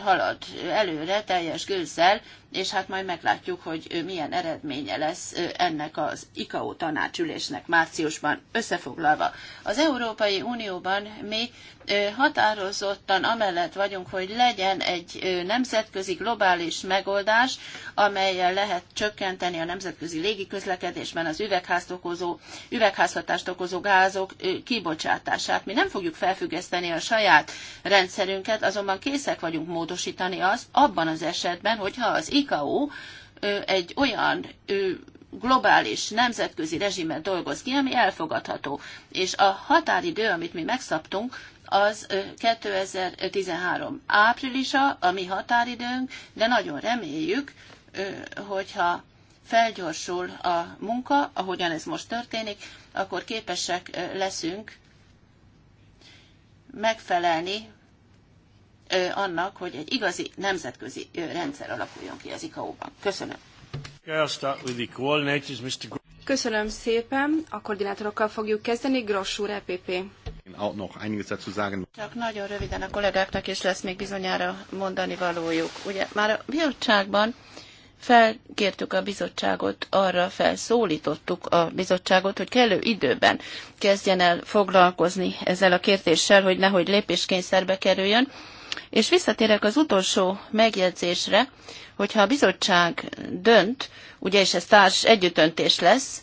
halad előre, teljes gőzzel, és hát majd meglátjuk, hogy milyen eredménye lesz ennek az ICAO tanácsülésnek márciusban összefoglalva. Az Európai Unióban mi határozottan amellett vagyunk, hogy legyen egy nemzetközi globális megoldás, amelyel lehet csökkenteni a nemzetközi légiközlekedésben az üvegházhatást okozó gázok kibocsátását tehát mi nem fogjuk felfüggeszteni a saját rendszerünket, azonban készek vagyunk módosítani azt abban az esetben, hogyha az ICAO egy olyan globális nemzetközi rezsimet dolgoz ki, ami elfogadható. És a határidő, amit mi megszabtunk, az 2013 áprilisa, a mi határidőnk, de nagyon reméljük, hogyha felgyorsul a munka, ahogyan ez most történik, akkor képesek leszünk megfelelni annak, hogy egy igazi nemzetközi rendszer alakuljon ki az ICAO-ban. Köszönöm. Köszönöm szépen. A koordinátorokkal fogjuk kezdeni. Gross úr, EPP. Csak nagyon röviden a kollégáknak is lesz még bizonyára mondani valójuk. Ugye már a bizottságban felkértük a bizottságot, arra felszólítottuk a bizottságot, hogy kellő időben kezdjen el foglalkozni ezzel a kérdéssel, hogy nehogy lépéskényszerbe kerüljön. És visszatérek az utolsó megjegyzésre, hogyha a bizottság dönt, ugye és ez társ együttöntés lesz,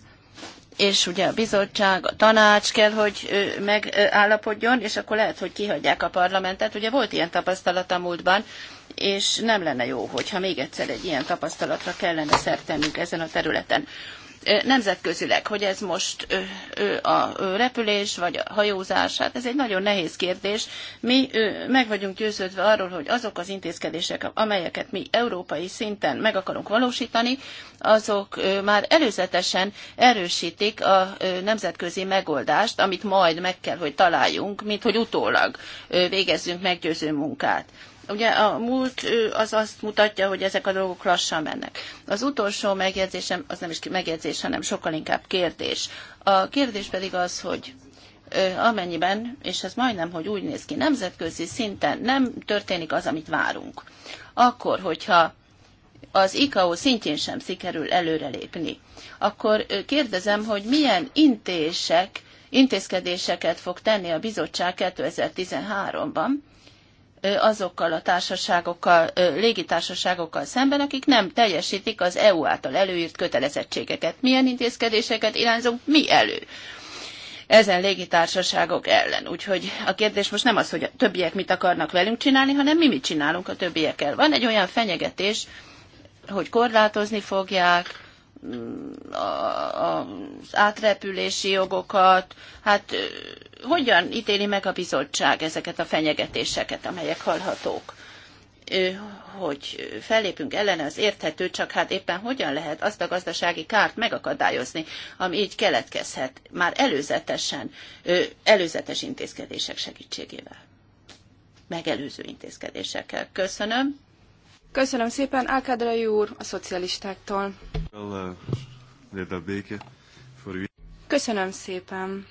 és ugye a bizottság, a tanács kell, hogy megállapodjon, és akkor lehet, hogy kihagyják a parlamentet. Ugye volt ilyen tapasztalat a múltban, és nem lenne jó, hogyha még egyszer egy ilyen tapasztalatra kellene tennünk ezen a területen. Nemzetközileg, hogy ez most a repülés vagy a hajózás, hát ez egy nagyon nehéz kérdés. Mi meg vagyunk győződve arról, hogy azok az intézkedések, amelyeket mi európai szinten meg akarunk valósítani, azok már előzetesen erősítik a nemzetközi megoldást, amit majd meg kell, hogy találjunk, mint hogy utólag végezzünk meggyőző munkát Ugye a múlt az azt mutatja, hogy ezek a dolgok lassan mennek. Az utolsó megjegyzésem, az nem is megjegyzés, hanem sokkal inkább kérdés. A kérdés pedig az, hogy amennyiben, és ez majdnem, hogy úgy néz ki, nemzetközi szinten nem történik az, amit várunk, akkor, hogyha az ICAO szintjén sem sikerül előrelépni, akkor kérdezem, hogy milyen intések, intézkedéseket fog tenni a bizottság 2013-ban, azokkal a társaságokkal, légitársaságokkal szemben, akik nem teljesítik az EU által előírt kötelezettségeket. Milyen intézkedéseket irányzunk mi elő? ezen légitársaságok ellen. Úgyhogy a kérdés most nem az, hogy a többiek mit akarnak velünk csinálni, hanem mi mit csinálunk a többiekkel. Van egy olyan fenyegetés, hogy korlátozni fogják, az átrepülési jogokat. Hát hogyan ítéli meg a bizottság ezeket a fenyegetéseket, amelyek hallhatók? hogy fellépünk ellene, az érthető, csak hát éppen hogyan lehet azt a gazdasági kárt megakadályozni, ami így keletkezhet már előzetesen, előzetes intézkedések segítségével. Megelőző intézkedésekkel. Köszönöm. Köszönöm szépen, Álkádrai úr, a szocialistáktól. Köszönöm szépen.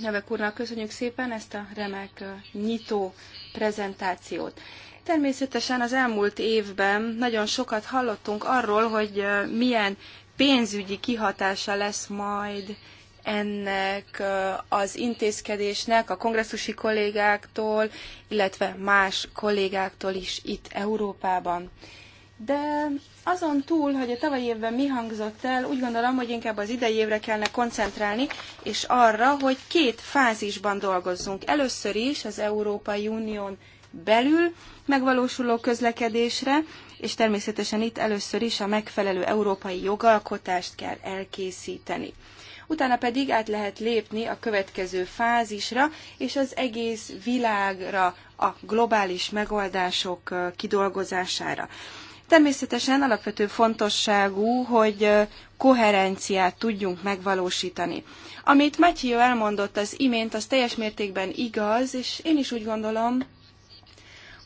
Nevek úrnak köszönjük szépen ezt a remek nyitó prezentációt. Természetesen az elmúlt évben nagyon sokat hallottunk arról, hogy milyen pénzügyi kihatása lesz majd ennek az intézkedésnek a kongresszusi kollégáktól, illetve más kollégáktól is itt Európában. De azon túl, hogy a tavalyi évben mi hangzott el, úgy gondolom, hogy inkább az idei évre kellene koncentrálni, és arra, hogy két fázisban dolgozzunk. Először is az Európai Unión belül megvalósuló közlekedésre, és természetesen itt először is a megfelelő európai jogalkotást kell elkészíteni utána pedig át lehet lépni a következő fázisra, és az egész világra, a globális megoldások kidolgozására. Természetesen alapvető fontosságú, hogy koherenciát tudjunk megvalósítani. Amit Matthew elmondott az imént, az teljes mértékben igaz, és én is úgy gondolom,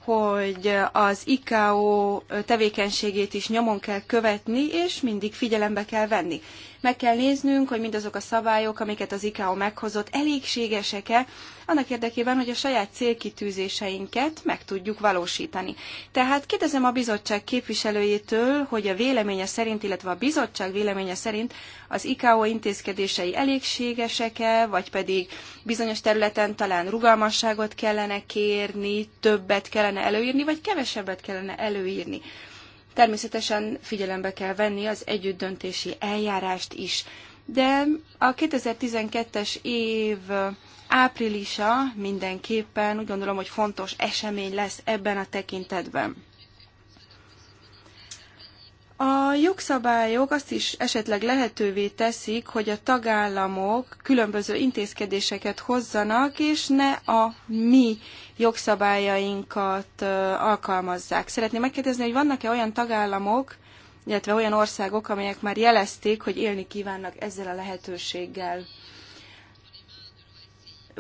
hogy az ICAO tevékenységét is nyomon kell követni, és mindig figyelembe kell venni. Meg kell néznünk, hogy mindazok a szabályok, amiket az ICAO meghozott, elégségesek-e, annak érdekében, hogy a saját célkitűzéseinket meg tudjuk valósítani. Tehát kérdezem a bizottság képviselőjétől, hogy a véleménye szerint, illetve a bizottság véleménye szerint az ICAO intézkedései elégségesek-e, vagy pedig bizonyos területen talán rugalmasságot kellene kérni, többet kellene előírni, vagy kevesebbet kellene előírni. Természetesen figyelembe kell venni az együttdöntési eljárást is. De a 2012-es év áprilisa mindenképpen úgy gondolom, hogy fontos esemény lesz ebben a tekintetben. A jogszabályok azt is esetleg lehetővé teszik, hogy a tagállamok különböző intézkedéseket hozzanak, és ne a mi jogszabályainkat alkalmazzák. Szeretném megkérdezni, hogy vannak-e olyan tagállamok, illetve olyan országok, amelyek már jelezték, hogy élni kívánnak ezzel a lehetőséggel.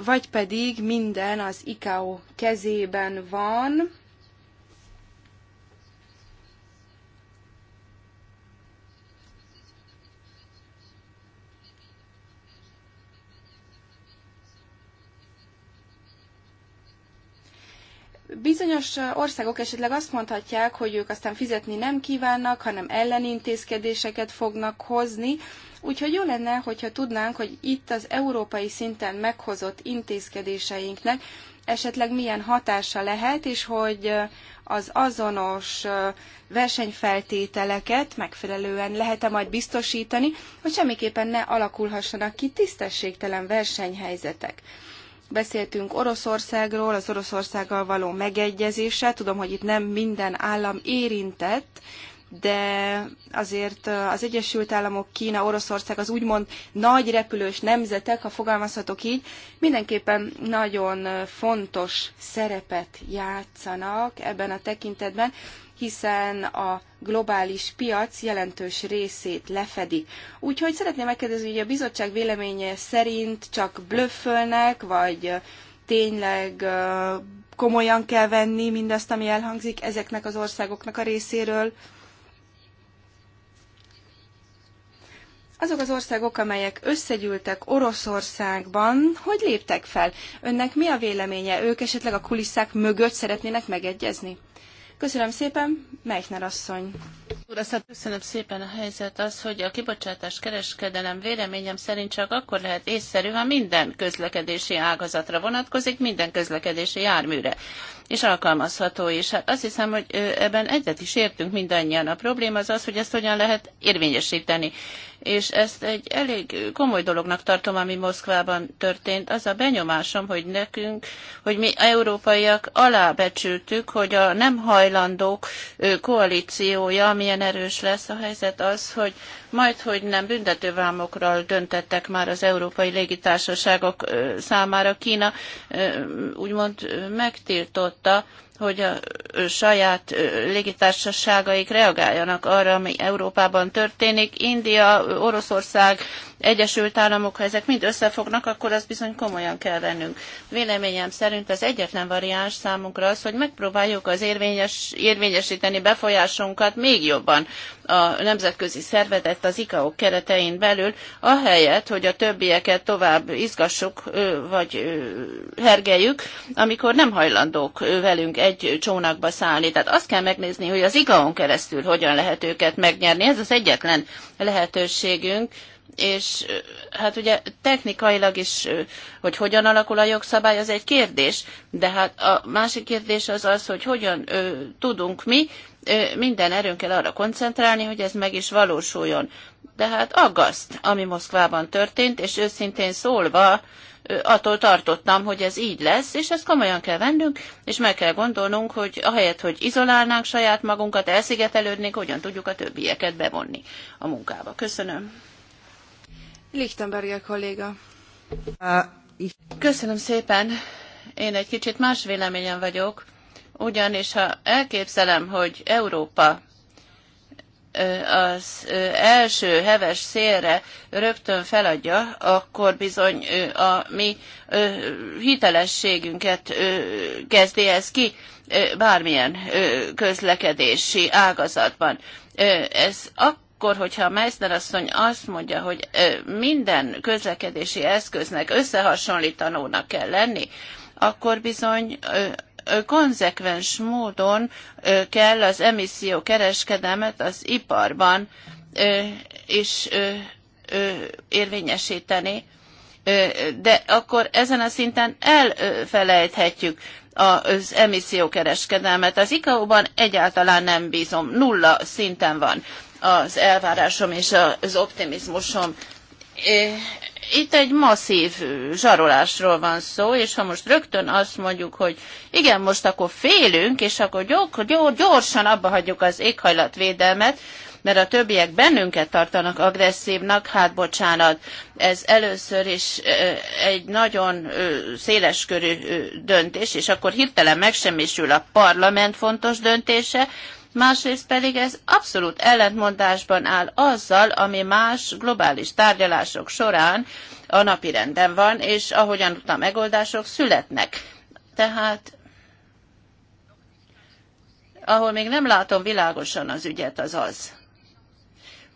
Vagy pedig minden az ICAO kezében van, Bizonyos országok esetleg azt mondhatják, hogy ők aztán fizetni nem kívánnak, hanem ellenintézkedéseket fognak hozni, úgyhogy jó lenne, hogyha tudnánk, hogy itt az európai szinten meghozott intézkedéseinknek esetleg milyen hatása lehet, és hogy az azonos versenyfeltételeket megfelelően lehet-e majd biztosítani, hogy semmiképpen ne alakulhassanak ki tisztességtelen versenyhelyzetek. Beszéltünk Oroszországról, az Oroszországgal való megegyezéssel. Tudom, hogy itt nem minden állam érintett, de azért az Egyesült Államok, Kína, Oroszország az úgymond nagy repülős nemzetek, ha fogalmazhatok így, mindenképpen nagyon fontos szerepet játszanak ebben a tekintetben, hiszen a globális piac jelentős részét lefedi. Úgyhogy szeretném megkérdezni, hogy a bizottság véleménye szerint csak blöffölnek, vagy tényleg komolyan kell venni mindazt, ami elhangzik ezeknek az országoknak a részéről. azok az országok, amelyek összegyűltek Oroszországban, hogy léptek fel? Önnek mi a véleménye? Ők esetleg a kulisszák mögött szeretnének megegyezni? Köszönöm szépen, Meichner asszony. Köszönöm szépen a helyzet az, hogy a kibocsátás kereskedelem véleményem szerint csak akkor lehet észszerű, ha minden közlekedési ágazatra vonatkozik, minden közlekedési járműre és alkalmazható is. Hát azt hiszem, hogy ebben egyet is értünk mindannyian. A probléma az az, hogy ezt hogyan lehet érvényesíteni és ezt egy elég komoly dolognak tartom, ami Moszkvában történt. Az a benyomásom, hogy nekünk, hogy mi európaiak alábecsültük, hogy a nem hajlandók koalíciója milyen erős lesz. A helyzet az, hogy majd, hogy nem büntetővámokról döntettek már az európai légitársaságok számára. Kína úgymond megtiltotta, hogy a saját légitársaságaik reagáljanak arra, ami Európában történik. India, Oroszország, Egyesült Államok, ha ezek mind összefognak, akkor azt bizony komolyan kell vennünk. Véleményem szerint az egyetlen variáns számunkra az, hogy megpróbáljuk az érvényes, érvényesíteni befolyásunkat még jobban a nemzetközi szervezet az ICAO keretein belül, ahelyett, hogy a többieket tovább izgassuk vagy hergeljük, amikor nem hajlandók velünk egy csónakba szállni. Tehát azt kell megnézni, hogy az ICAO-n keresztül hogyan lehet őket megnyerni. Ez az egyetlen lehetőségünk, és hát ugye technikailag is, hogy hogyan alakul a jogszabály, az egy kérdés, de hát a másik kérdés az az, hogy hogyan ö, tudunk mi ö, minden erőnkkel arra koncentrálni, hogy ez meg is valósuljon. De hát aggaszt, ami Moszkvában történt, és őszintén szólva, attól tartottam, hogy ez így lesz, és ezt komolyan kell vennünk, és meg kell gondolnunk, hogy ahelyett, hogy izolálnánk saját magunkat, elszigetelődnénk, hogyan tudjuk a többieket bevonni a munkába. Köszönöm. Lichtenberger kolléga. Köszönöm szépen. Én egy kicsit más véleményen vagyok, ugyanis ha elképzelem, hogy Európa az első heves szélre rögtön feladja, akkor bizony a mi hitelességünket kezdi ez ki bármilyen közlekedési ágazatban. Ez akkor akkor, hogyha a Meissner asszony azt mondja, hogy minden közlekedési eszköznek összehasonlítanónak kell lenni, akkor bizony konzekvens módon kell az emisszió kereskedelmet az iparban is érvényesíteni, de akkor ezen a szinten elfelejthetjük az emissziókereskedelmet. Az ICAO-ban egyáltalán nem bízom, nulla szinten van az elvárásom és az optimizmusom. Itt egy masszív zsarolásról van szó, és ha most rögtön azt mondjuk, hogy igen, most akkor félünk, és akkor gyorsan abba hagyjuk az éghajlatvédelmet, mert a többiek bennünket tartanak agresszívnak, hát bocsánat, ez először is egy nagyon széleskörű döntés, és akkor hirtelen megsemmisül a parlament fontos döntése, másrészt pedig ez abszolút ellentmondásban áll azzal, ami más globális tárgyalások során a napi renden van, és ahogyan a megoldások születnek. Tehát ahol még nem látom világosan az ügyet, az az.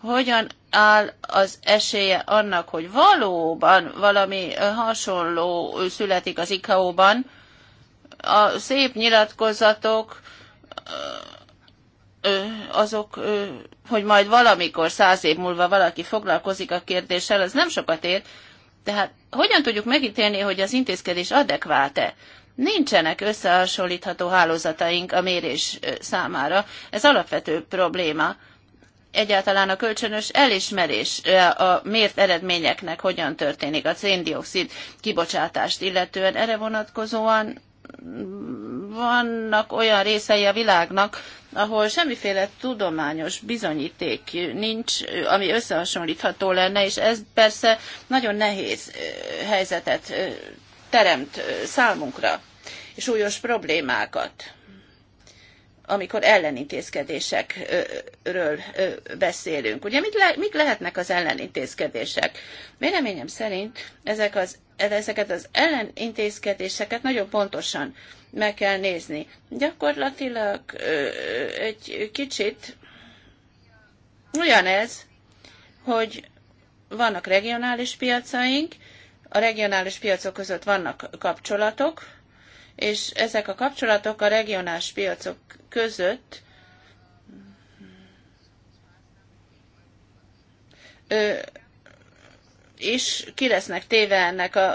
Hogyan áll az esélye annak, hogy valóban valami hasonló születik az ICAO-ban? A szép nyilatkozatok azok, hogy majd valamikor, száz év múlva valaki foglalkozik a kérdéssel, az nem sokat ér. Tehát hogyan tudjuk megítélni, hogy az intézkedés adekvált-e? Nincsenek összehasonlítható hálózataink a mérés számára. Ez alapvető probléma. Egyáltalán a kölcsönös elismerés a mért eredményeknek hogyan történik a széndiokszid kibocsátást illetően. Erre vonatkozóan vannak olyan részei a világnak, ahol semmiféle tudományos bizonyíték nincs, ami összehasonlítható lenne, és ez persze nagyon nehéz helyzetet teremt számunkra, és súlyos problémákat amikor ellenintézkedésekről beszélünk. Ugye mit le, mik lehetnek az ellenintézkedések? Véleményem szerint ezek az ezeket az ellenintézkedéseket nagyon pontosan meg kell nézni. Gyakorlatilag egy kicsit olyan ez, hogy vannak regionális piacaink, a regionális piacok között vannak kapcsolatok, és ezek a kapcsolatok a regionális piacok között ö, is ki lesznek téve ennek a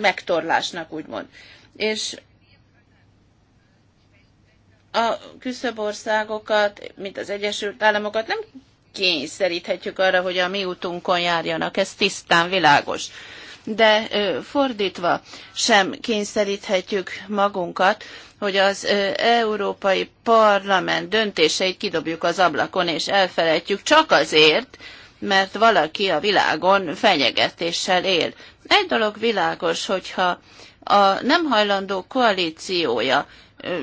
megtorlásnak, úgymond. És a küszöbországokat, mint az Egyesült Államokat nem kényszeríthetjük arra, hogy a mi útunkon járjanak, ez tisztán világos. De fordítva sem kényszeríthetjük magunkat, hogy az Európai Parlament döntéseit kidobjuk az ablakon és elfelejtjük csak azért, mert valaki a világon fenyegetéssel él. Egy dolog világos, hogyha a nem hajlandó koalíciója ö,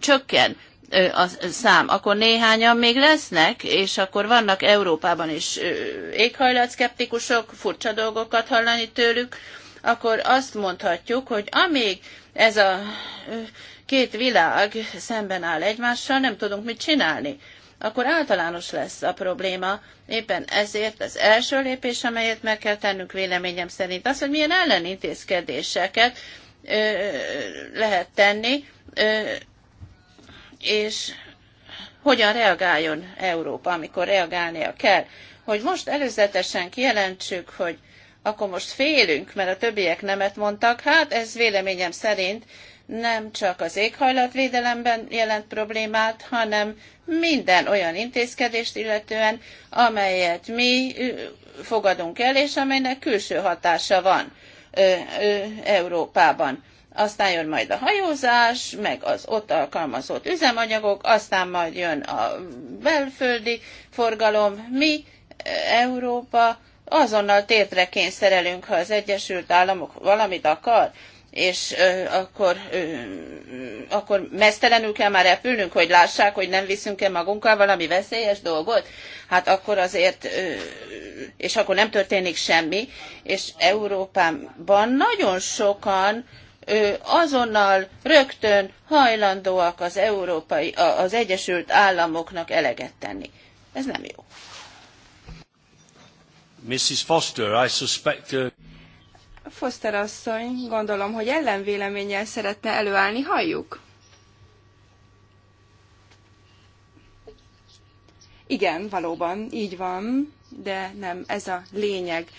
csökken ö, a szám, akkor néhányan még lesznek, és akkor vannak Európában is ö, éghajlatszkeptikusok, furcsa dolgokat hallani tőlük, akkor azt mondhatjuk, hogy amíg ez a két világ szemben áll egymással, nem tudunk mit csinálni akkor általános lesz a probléma. Éppen ezért az első lépés, amelyet meg kell tennünk véleményem szerint, az, hogy milyen ellenintézkedéseket ö, lehet tenni, ö, és hogyan reagáljon Európa, amikor reagálnia kell. Hogy most előzetesen kijelentsük, hogy akkor most félünk, mert a többiek nemet mondtak, hát ez véleményem szerint nem csak az éghajlatvédelemben jelent problémát, hanem minden olyan intézkedést illetően, amelyet mi fogadunk el, és amelynek külső hatása van ö, ö, Európában. Aztán jön majd a hajózás, meg az ott alkalmazott üzemanyagok, aztán majd jön a belföldi forgalom. Mi, Európa, azonnal tétre kényszerelünk, ha az Egyesült Államok valamit akar és akkor, akkor mesztelenül kell már repülnünk, hogy lássák, hogy nem viszünk-e magunkkal valami veszélyes dolgot, hát akkor azért, és akkor nem történik semmi, és Európában nagyon sokan azonnal rögtön hajlandóak az, európai, az Egyesült Államoknak eleget tenni. Ez nem jó. Mrs. Foster, I suspect... Uh... Foster asszony, gondolom, hogy ellenvéleménnyel szeretne előállni, halljuk. Igen, valóban, így van, de nem ez a lényeg.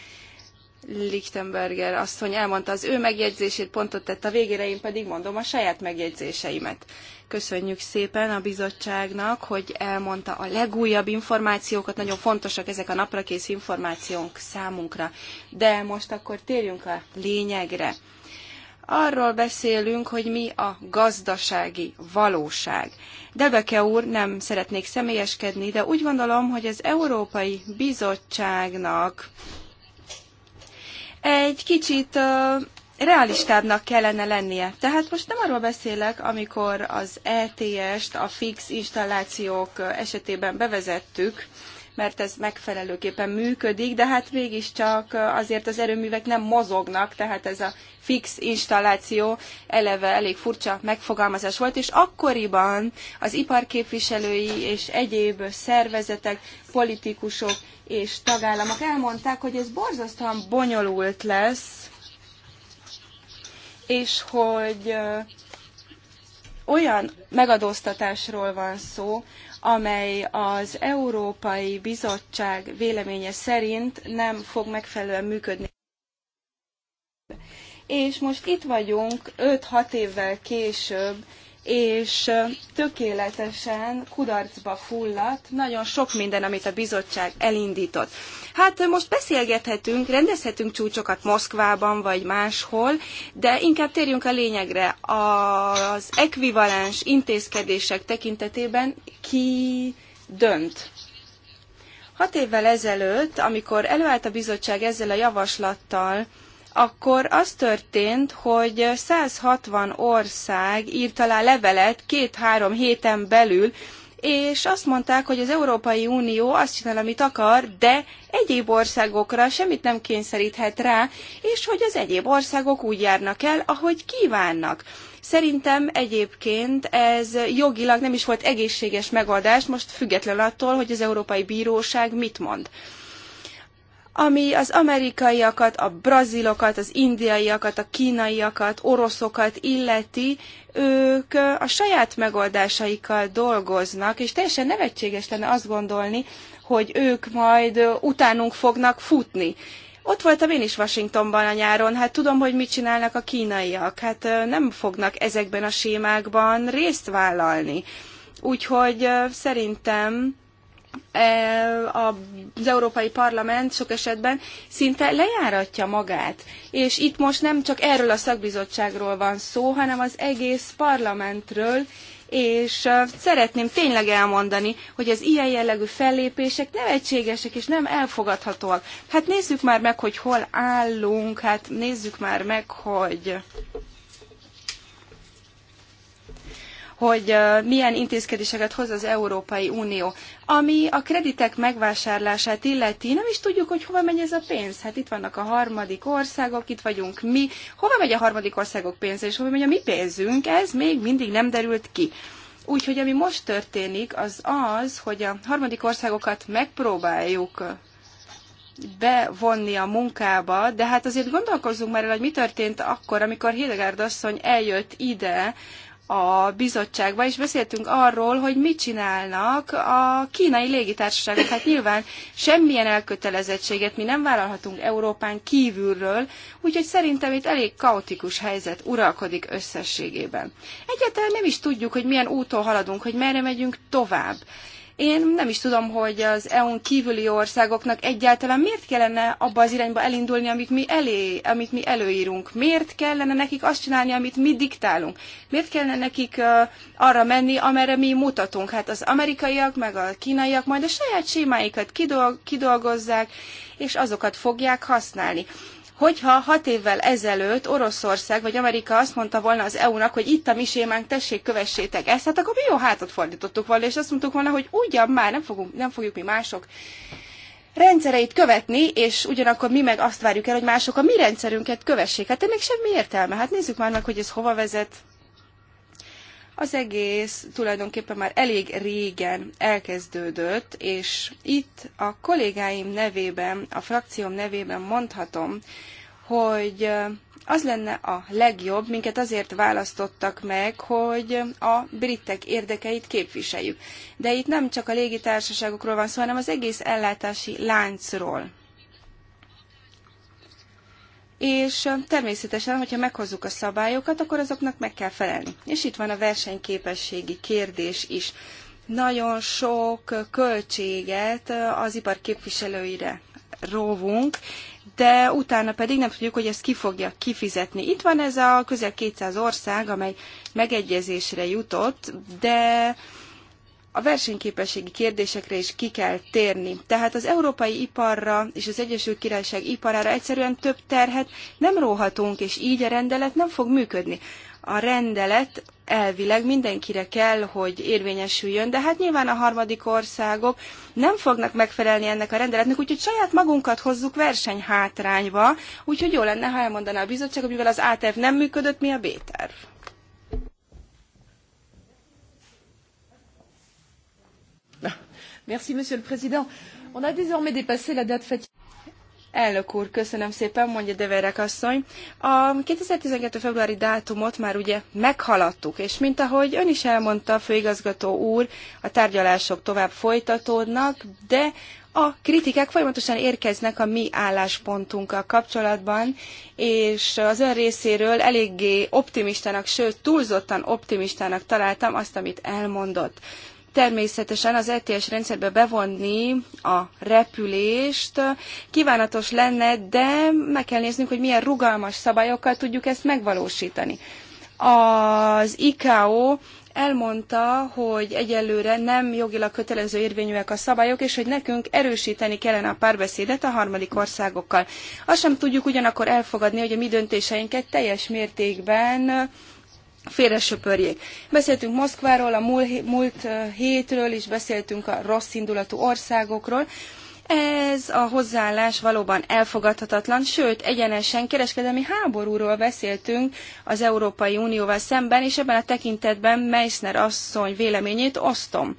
Lichtenberger asszony elmondta az ő megjegyzését, pontot tett a végére, én pedig mondom a saját megjegyzéseimet. Köszönjük szépen a bizottságnak, hogy elmondta a legújabb információkat, nagyon fontosak ezek a naprakész információnk számunkra. De most akkor térjünk a lényegre. Arról beszélünk, hogy mi a gazdasági valóság. Debeke úr, nem szeretnék személyeskedni, de úgy gondolom, hogy az Európai Bizottságnak egy kicsit realistábbnak kellene lennie. Tehát most nem arról beszélek, amikor az ETS-t a fix installációk esetében bevezettük, mert ez megfelelőképpen működik, de hát mégiscsak azért az erőművek nem mozognak, tehát ez a fix installáció eleve elég furcsa megfogalmazás volt, és akkoriban az iparképviselői és egyéb szervezetek, politikusok és tagállamok elmondták, hogy ez borzasztóan bonyolult lesz, és hogy olyan megadóztatásról van szó, amely az Európai Bizottság véleménye szerint nem fog megfelelően működni. És most itt vagyunk 5-6 évvel később, és tökéletesen kudarcba fulladt nagyon sok minden, amit a bizottság elindított. Hát most beszélgethetünk, rendezhetünk csúcsokat Moszkvában vagy máshol, de inkább térjünk a lényegre. Az ekvivalens intézkedések tekintetében ki dönt? Hat évvel ezelőtt, amikor előállt a bizottság ezzel a javaslattal, akkor az történt, hogy 160 ország írt alá levelet két-három héten belül, és azt mondták, hogy az Európai Unió azt csinál, amit akar, de egyéb országokra semmit nem kényszeríthet rá, és hogy az egyéb országok úgy járnak el, ahogy kívánnak. Szerintem egyébként ez jogilag nem is volt egészséges megoldás, most független attól, hogy az Európai Bíróság mit mond ami az amerikaiakat, a brazilokat, az indiaiakat, a kínaiakat, oroszokat illeti, ők a saját megoldásaikkal dolgoznak, és teljesen nevetséges lenne azt gondolni, hogy ők majd utánunk fognak futni. Ott voltam én is Washingtonban a nyáron, hát tudom, hogy mit csinálnak a kínaiak, hát nem fognak ezekben a sémákban részt vállalni. Úgyhogy szerintem E, az Európai Parlament sok esetben szinte lejáratja magát. És itt most nem csak erről a szakbizottságról van szó, hanem az egész parlamentről, és e, szeretném tényleg elmondani, hogy az ilyen jellegű fellépések nevetségesek és nem elfogadhatóak. Hát nézzük már meg, hogy hol állunk, hát nézzük már meg, hogy... hogy milyen intézkedéseket hoz az Európai Unió. Ami a kreditek megvásárlását illeti, nem is tudjuk, hogy hova megy ez a pénz. Hát itt vannak a harmadik országok, itt vagyunk mi. Hova megy a harmadik országok pénze, és hova megy a mi pénzünk, ez még mindig nem derült ki. Úgyhogy ami most történik, az az, hogy a harmadik országokat megpróbáljuk bevonni a munkába, de hát azért gondolkozzunk már el, hogy mi történt akkor, amikor Hildegárd asszony eljött ide, a bizottságba, és beszéltünk arról, hogy mit csinálnak a kínai légitársaságok. Hát nyilván semmilyen elkötelezettséget mi nem vállalhatunk Európán kívülről, úgyhogy szerintem itt elég kaotikus helyzet uralkodik összességében. Egyáltalán nem is tudjuk, hogy milyen úton haladunk, hogy merre megyünk tovább. Én nem is tudom, hogy az EU-n kívüli országoknak egyáltalán miért kellene abba az irányba elindulni, amit mi, elé, amit mi előírunk. Miért kellene nekik azt csinálni, amit mi diktálunk. Miért kellene nekik uh, arra menni, amerre mi mutatunk. Hát az amerikaiak, meg a kínaiak majd a saját sémáikat kidolgozzák, és azokat fogják használni. Hogyha hat évvel ezelőtt Oroszország vagy Amerika azt mondta volna az EU-nak, hogy itt a mi sémánk, tessék, kövessétek ezt, hát akkor mi jó hátat fordítottuk volna, és azt mondtuk volna, hogy ugyan már nem, fogunk, nem fogjuk mi mások rendszereit követni, és ugyanakkor mi meg azt várjuk el, hogy mások a mi rendszerünket kövessék. Hát ennek semmi értelme. Hát nézzük már meg, hogy ez hova vezet. Az egész tulajdonképpen már elég régen elkezdődött, és itt a kollégáim nevében, a frakcióm nevében mondhatom, hogy az lenne a legjobb, minket azért választottak meg, hogy a britek érdekeit képviseljük. De itt nem csak a légitársaságokról van szó, hanem az egész ellátási láncról és természetesen, hogyha meghozzuk a szabályokat, akkor azoknak meg kell felelni. És itt van a versenyképességi kérdés is. Nagyon sok költséget az ipar képviselőire róvunk, de utána pedig nem tudjuk, hogy ezt ki fogja kifizetni. Itt van ez a közel 200 ország, amely megegyezésre jutott, de a versenyképességi kérdésekre is ki kell térni. Tehát az európai iparra és az Egyesült Királyság iparára egyszerűen több terhet nem róhatunk, és így a rendelet nem fog működni. A rendelet elvileg mindenkire kell, hogy érvényesüljön, de hát nyilván a harmadik országok nem fognak megfelelni ennek a rendeletnek, úgyhogy saját magunkat hozzuk versenyhátrányba, úgyhogy jó lenne, ha elmondaná a bizottság, hogy mivel az ATF e nem működött, mi a B-terv. Monsieur le Président. On a désormais dépassé la date fatidique. Elnök úr, köszönöm szépen, mondja Deverek asszony. A 2012. februári dátumot már ugye meghaladtuk, és mint ahogy ön is elmondta, főigazgató úr, a tárgyalások tovább folytatódnak, de a kritikák folyamatosan érkeznek a mi álláspontunkkal kapcsolatban, és az ön részéről eléggé optimistának, sőt túlzottan optimistának találtam azt, amit elmondott természetesen az ETS rendszerbe bevonni a repülést kívánatos lenne, de meg kell néznünk, hogy milyen rugalmas szabályokkal tudjuk ezt megvalósítani. Az ICAO elmondta, hogy egyelőre nem jogilag kötelező érvényűek a szabályok, és hogy nekünk erősíteni kellene a párbeszédet a harmadik országokkal. Azt sem tudjuk ugyanakkor elfogadni, hogy a mi döntéseinket teljes mértékben félresöpörjék. Beszéltünk Moszkváról, a múlt hétről is beszéltünk a rossz indulatú országokról. Ez a hozzáállás valóban elfogadhatatlan, sőt, egyenesen kereskedelmi háborúról beszéltünk az Európai Unióval szemben, és ebben a tekintetben Meissner asszony véleményét osztom.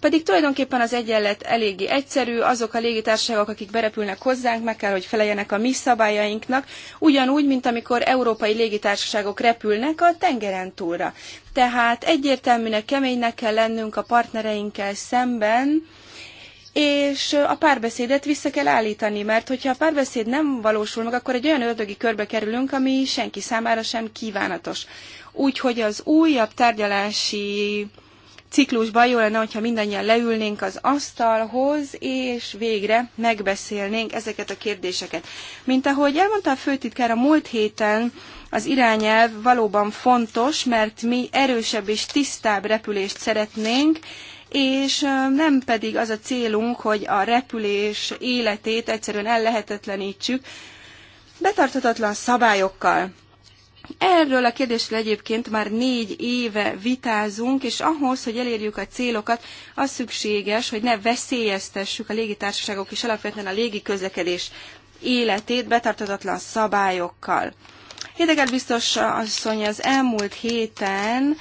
Pedig tulajdonképpen az egyenlet eléggé egyszerű, azok a légitársaságok, akik berepülnek hozzánk, meg kell, hogy feleljenek a mi szabályainknak, ugyanúgy, mint amikor európai légitársaságok repülnek a tengeren túlra. Tehát egyértelműnek, keménynek kell lennünk a partnereinkkel szemben, és a párbeszédet vissza kell állítani, mert hogyha a párbeszéd nem valósul meg, akkor egy olyan ördögi körbe kerülünk, ami senki számára sem kívánatos. Úgyhogy az újabb tárgyalási ciklusban jó lenne, hogyha mindannyian leülnénk az asztalhoz, és végre megbeszélnénk ezeket a kérdéseket. Mint ahogy elmondta a főtitkár a múlt héten, az irányelv valóban fontos, mert mi erősebb és tisztább repülést szeretnénk, és nem pedig az a célunk, hogy a repülés életét egyszerűen ellehetetlenítsük betartatatlan szabályokkal. Erről a kérdésről egyébként már négy éve vitázunk, és ahhoz, hogy elérjük a célokat, az szükséges, hogy ne veszélyeztessük a légitársaságok és alapvetően a légiközlekedés életét betartatatlan szabályokkal. Hidegel biztos asszony az elmúlt héten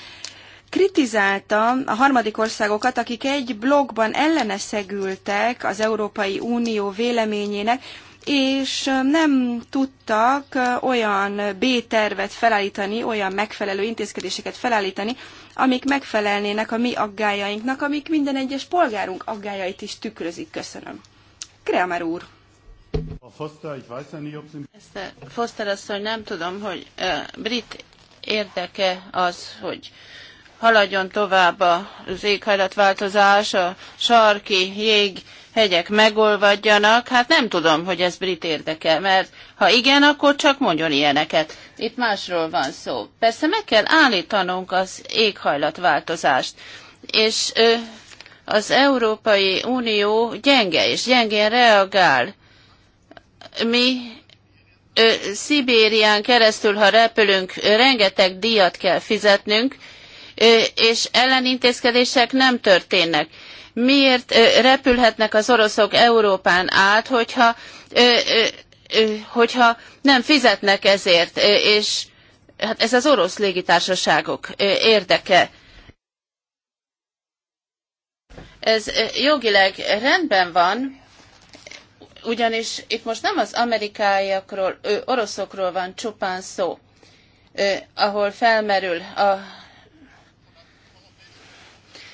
kritizálta a harmadik országokat, akik egy blogban elleneszegültek az Európai Unió véleményének, és nem tudtak olyan B-tervet felállítani, olyan megfelelő intézkedéseket felállítani, amik megfelelnének a mi aggájainknak, amik minden egyes polgárunk aggájait is tükrözik. Köszönöm. Kramer úr. A Foster, ich weiß ja nicht, ob Sie... Foster asszony, nem tudom, hogy uh, brit érdeke az, hogy haladjon tovább az éghajlatváltozás, a sarki jég hegyek megolvadjanak, hát nem tudom, hogy ez brit érdeke, mert ha igen, akkor csak mondjon ilyeneket. Itt másról van szó. Persze meg kell állítanunk az éghajlatváltozást, és ö, az Európai Unió gyenge és gyengén reagál. Mi ö, Szibérián keresztül, ha repülünk, rengeteg díjat kell fizetnünk, és ellenintézkedések nem történnek miért repülhetnek az oroszok Európán át, hogyha, hogyha nem fizetnek ezért, és hát ez az orosz légitársaságok érdeke. Ez jogileg rendben van, ugyanis itt most nem az amerikaiakról, oroszokról van csupán szó, ahol felmerül a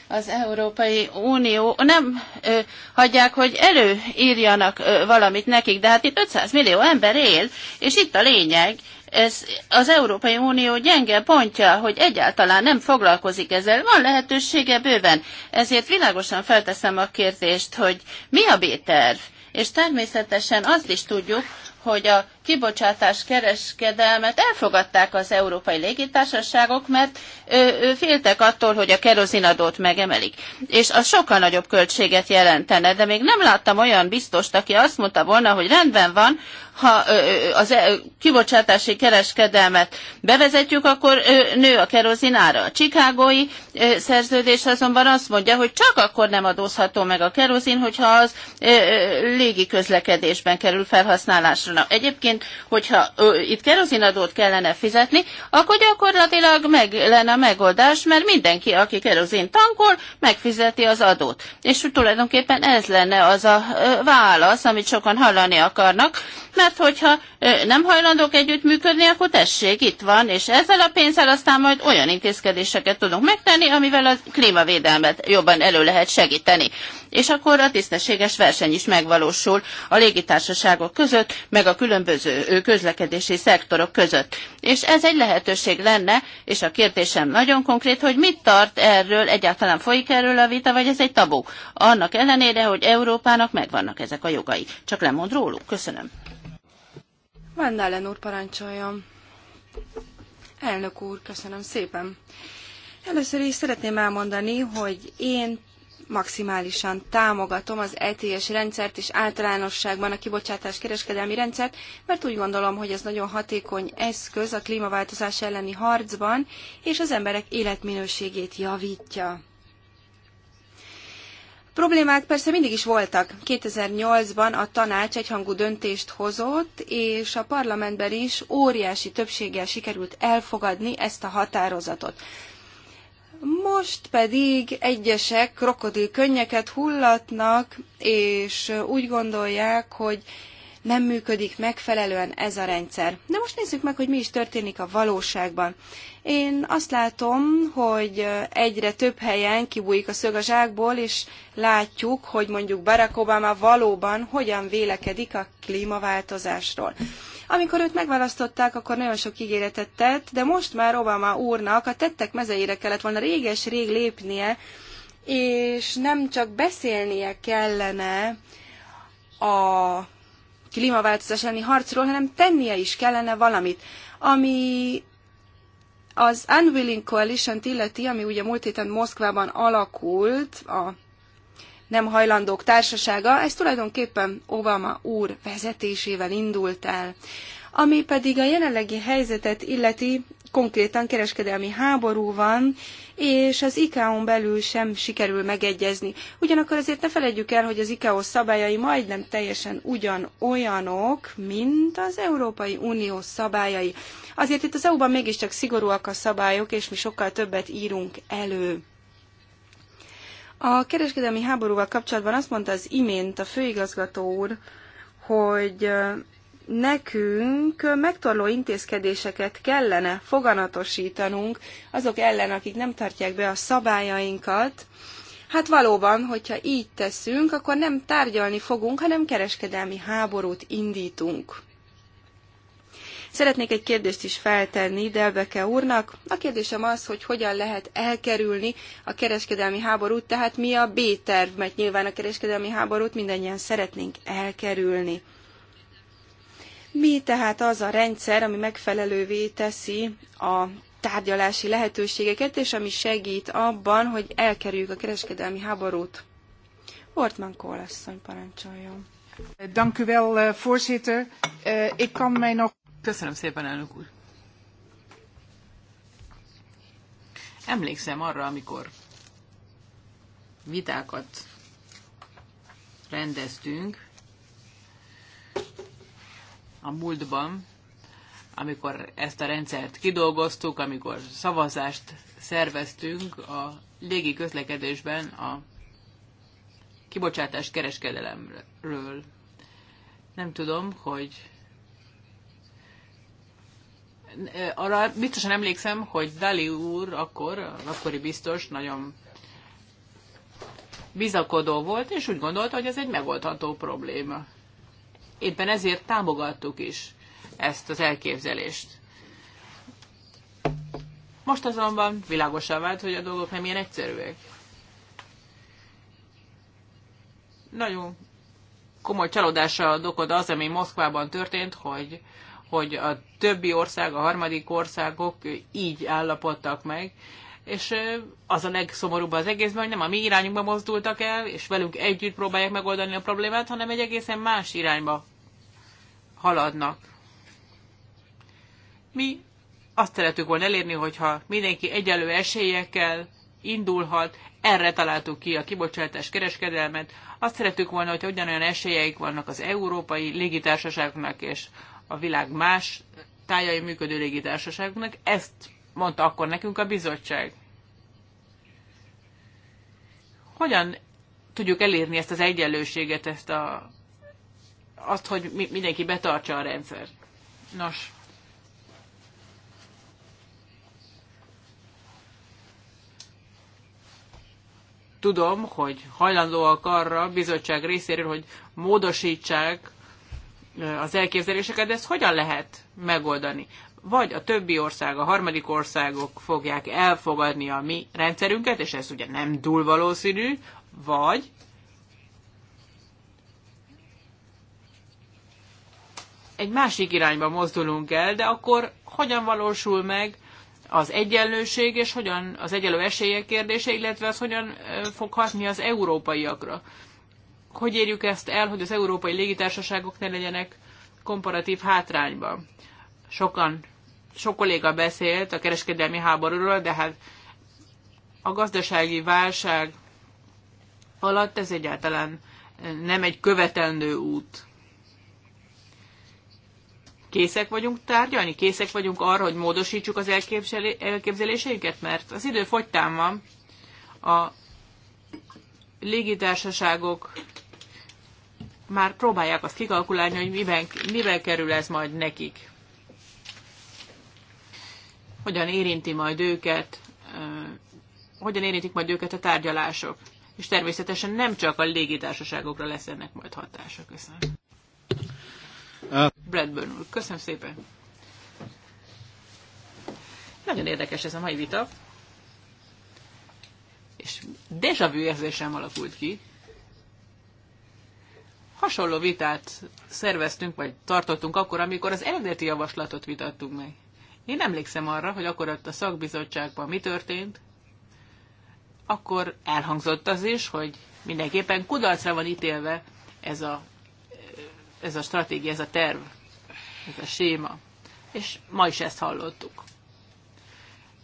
az Európai Unió nem ö, hagyják, hogy előírjanak ö, valamit nekik, de hát itt 500 millió ember él, és itt a lényeg, ez az Európai Unió gyenge pontja, hogy egyáltalán nem foglalkozik ezzel. Van lehetősége bőven. Ezért világosan felteszem a kérdést, hogy mi a B-terv? És természetesen azt is tudjuk, hogy a kibocsátás kereskedelmet elfogadták az európai légitársaságok, mert ö, ö, féltek attól, hogy a kerozinadót megemelik. És az sokkal nagyobb költséget jelentene, de még nem láttam olyan biztost, aki azt mondta volna, hogy rendben van, ha ö, az kibocsátási kereskedelmet bevezetjük, akkor ö, nő a kerozinára. A csikágói ö, szerződés azonban azt mondja, hogy csak akkor nem adózható meg a kerozin, hogyha az ö, ö, légi közlekedésben kerül felhasználásra. Na, egyébként szerint, hogyha ö, itt kerozinadót kellene fizetni, akkor gyakorlatilag meg lenne a megoldás, mert mindenki, aki kerozin tankol, megfizeti az adót. És tulajdonképpen ez lenne az a ö, válasz, amit sokan hallani akarnak, mert hogyha ö, nem hajlandók együttműködni, akkor tessék, itt van, és ezzel a pénzzel aztán majd olyan intézkedéseket tudunk megtenni, amivel a klímavédelmet jobban elő lehet segíteni és akkor a tisztességes verseny is megvalósul a légitársaságok között, meg a különböző közlekedési szektorok között. És ez egy lehetőség lenne, és a kérdésem nagyon konkrét, hogy mit tart erről, egyáltalán folyik erről a vita, vagy ez egy tabu. Annak ellenére, hogy Európának megvannak ezek a jogai. Csak lemond róluk. Köszönöm. Vandalen úr, parancsoljon. Elnök úr, köszönöm szépen. Először is szeretném elmondani, hogy én maximálisan támogatom az ETS rendszert és általánosságban a kibocsátás kereskedelmi rendszert, mert úgy gondolom, hogy ez nagyon hatékony eszköz a klímaváltozás elleni harcban, és az emberek életminőségét javítja. Problémák persze mindig is voltak. 2008-ban a tanács egyhangú döntést hozott, és a parlamentben is óriási többséggel sikerült elfogadni ezt a határozatot. Most pedig egyesek krokodil könnyeket hullatnak, és úgy gondolják, hogy nem működik megfelelően ez a rendszer. De most nézzük meg, hogy mi is történik a valóságban. Én azt látom, hogy egyre több helyen kibújik a szög a zsákból, és látjuk, hogy mondjuk Barack Obama valóban hogyan vélekedik a klímaváltozásról. Amikor őt megválasztották, akkor nagyon sok ígéretet tett, de most már Obama úrnak a tettek mezeire kellett volna réges-rég lépnie, és nem csak beszélnie kellene a klímaváltozás elleni harcról, hanem tennie is kellene valamit, ami az Unwilling Coalition illeti, ami ugye múlt héten Moszkvában alakult, a nem hajlandók társasága, ez tulajdonképpen Obama úr vezetésével indult el. Ami pedig a jelenlegi helyzetet illeti, konkrétan kereskedelmi háború van, és az ICAO-n belül sem sikerül megegyezni. Ugyanakkor azért ne feledjük el, hogy az ICAO szabályai majdnem teljesen ugyanolyanok, mint az Európai Unió szabályai. Azért itt az EU-ban mégiscsak szigorúak a szabályok, és mi sokkal többet írunk elő. A kereskedelmi háborúval kapcsolatban azt mondta az imént a főigazgató úr, hogy nekünk megtorló intézkedéseket kellene foganatosítanunk azok ellen, akik nem tartják be a szabályainkat. Hát valóban, hogyha így teszünk, akkor nem tárgyalni fogunk, hanem kereskedelmi háborút indítunk. Szeretnék egy kérdést is feltenni Delbeke úrnak. A kérdésem az, hogy hogyan lehet elkerülni a kereskedelmi háborút, tehát mi a B-terv, mert nyilván a kereskedelmi háborút mindannyian szeretnénk elkerülni. Mi tehát az a rendszer, ami megfelelővé teszi a tárgyalási lehetőségeket, és ami segít abban, hogy elkerüljük a kereskedelmi háborút? Ortman Kool asszony parancsoljon. Dank u wel, eh, voorzitter. Eh, ik kan mij nog... Köszönöm szépen, elnök úr. Emlékszem arra, amikor vitákat rendeztünk a múltban, amikor ezt a rendszert kidolgoztuk, amikor szavazást szerveztünk a légi közlekedésben a kibocsátás kereskedelemről. Nem tudom, hogy arra biztosan emlékszem, hogy Dali úr akkor, akkori biztos, nagyon bizakodó volt, és úgy gondolta, hogy ez egy megoldható probléma. Éppen ezért támogattuk is ezt az elképzelést. Most azonban világosan vált, hogy a dolgok nem ilyen egyszerűek. Nagyon komoly csalódással dokod az, ami Moszkvában történt, hogy hogy a többi ország, a harmadik országok így állapodtak meg, és az a legszomorúbb az egészben, hogy nem a mi irányunkba mozdultak el, és velünk együtt próbálják megoldani a problémát, hanem egy egészen más irányba haladnak. Mi azt szeretük volna elérni, hogyha mindenki egyenlő esélyekkel indulhat, erre találtuk ki a kibocsátás kereskedelmet. Azt szeretük volna, hogy ugyanolyan esélyeik vannak az európai légitársaságnak és a világ más tájai működő légitársaságoknak. Ezt mondta akkor nekünk a bizottság. Hogyan tudjuk elérni ezt az egyenlőséget, ezt a, azt, hogy mi, mindenki betartsa a rendszer? Nos, tudom, hogy hajlandóak arra a bizottság részéről, hogy módosítsák az elképzeléseket, de ezt hogyan lehet megoldani? Vagy a többi ország, a harmadik országok fogják elfogadni a mi rendszerünket, és ez ugye nem túl valószínű, vagy egy másik irányba mozdulunk el, de akkor hogyan valósul meg az egyenlőség, és hogyan az egyenlő esélyek kérdése, illetve az hogyan fog hatni az európaiakra hogy érjük ezt el, hogy az európai légitársaságok ne legyenek komparatív hátrányban? Sokan, sok kolléga beszélt a kereskedelmi háborúról, de hát a gazdasági válság alatt ez egyáltalán nem egy követendő út. Készek vagyunk tárgyalni? Készek vagyunk arra, hogy módosítsuk az elképzeléseinket? Mert az idő fogytán van. A légitársaságok már próbálják azt kikalkulálni, hogy miben, miben kerül ez majd nekik. Hogyan érinti majd őket, hogyan érintik majd őket a tárgyalások. És természetesen nem csak a légitársaságokra lesz ennek majd hatása. Köszönöm. Bradburn úr, köszönöm szépen. Nagyon érdekes ez a mai vita. És déjà vu érzésem alakult ki, hasonló vitát szerveztünk, vagy tartottunk akkor, amikor az eredeti javaslatot vitattuk meg. Én emlékszem arra, hogy akkor ott a szakbizottságban mi történt, akkor elhangzott az is, hogy mindenképpen kudarcra van ítélve ez a, ez a stratégia, ez a terv, ez a séma. És ma is ezt hallottuk.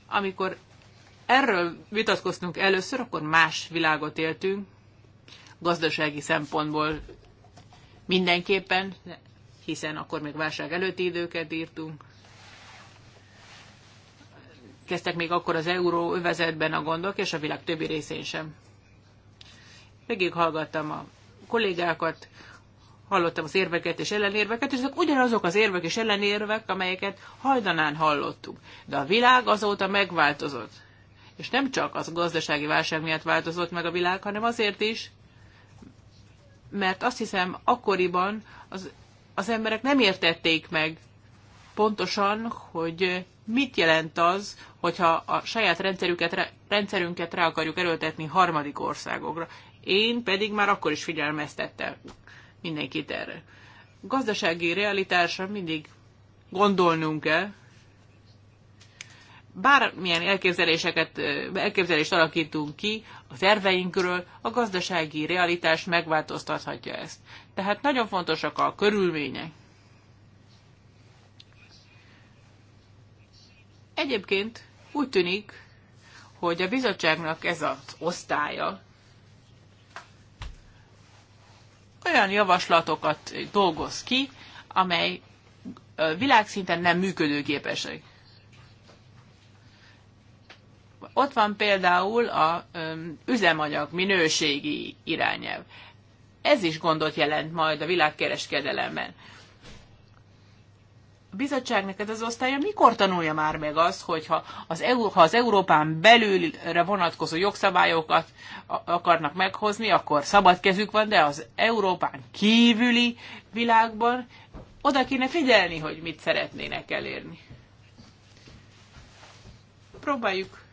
Amikor erről vitatkoztunk először, akkor más világot éltünk, gazdasági szempontból mindenképpen, hiszen akkor még válság előtti időket írtunk. Kezdtek még akkor az euró övezetben a gondok, és a világ többi részén sem. Végig hallgattam a kollégákat, hallottam az érveket és ellenérveket, és ezek ugyanazok az érvek és ellenérvek, amelyeket hajdanán hallottuk. De a világ azóta megváltozott. És nem csak az gazdasági válság miatt változott meg a világ, hanem azért is, mert azt hiszem akkoriban az, az emberek nem értették meg pontosan, hogy mit jelent az, hogyha a saját rendszerüket, rendszerünket rá akarjuk erőltetni harmadik országokra. Én pedig már akkor is figyelmeztettem mindenkit erre. Gazdasági realitásra mindig gondolnunk kell, bármilyen elképzeléseket, elképzelést alakítunk ki a terveinkről, a gazdasági realitás megváltoztathatja ezt. Tehát nagyon fontosak a körülmények. Egyébként úgy tűnik, hogy a bizottságnak ez az osztálya olyan javaslatokat dolgoz ki, amely világszinten nem működőképesek. Ott van például a üzemanyag minőségi irányelv. Ez is gondot jelent majd a világkereskedelemben. A bizottságnak ez az osztálya mikor tanulja már meg azt, hogyha az, EU, ha az Európán belülre vonatkozó jogszabályokat akarnak meghozni, akkor szabad kezük van, de az Európán kívüli világban oda kéne figyelni, hogy mit szeretnének elérni. Próbáljuk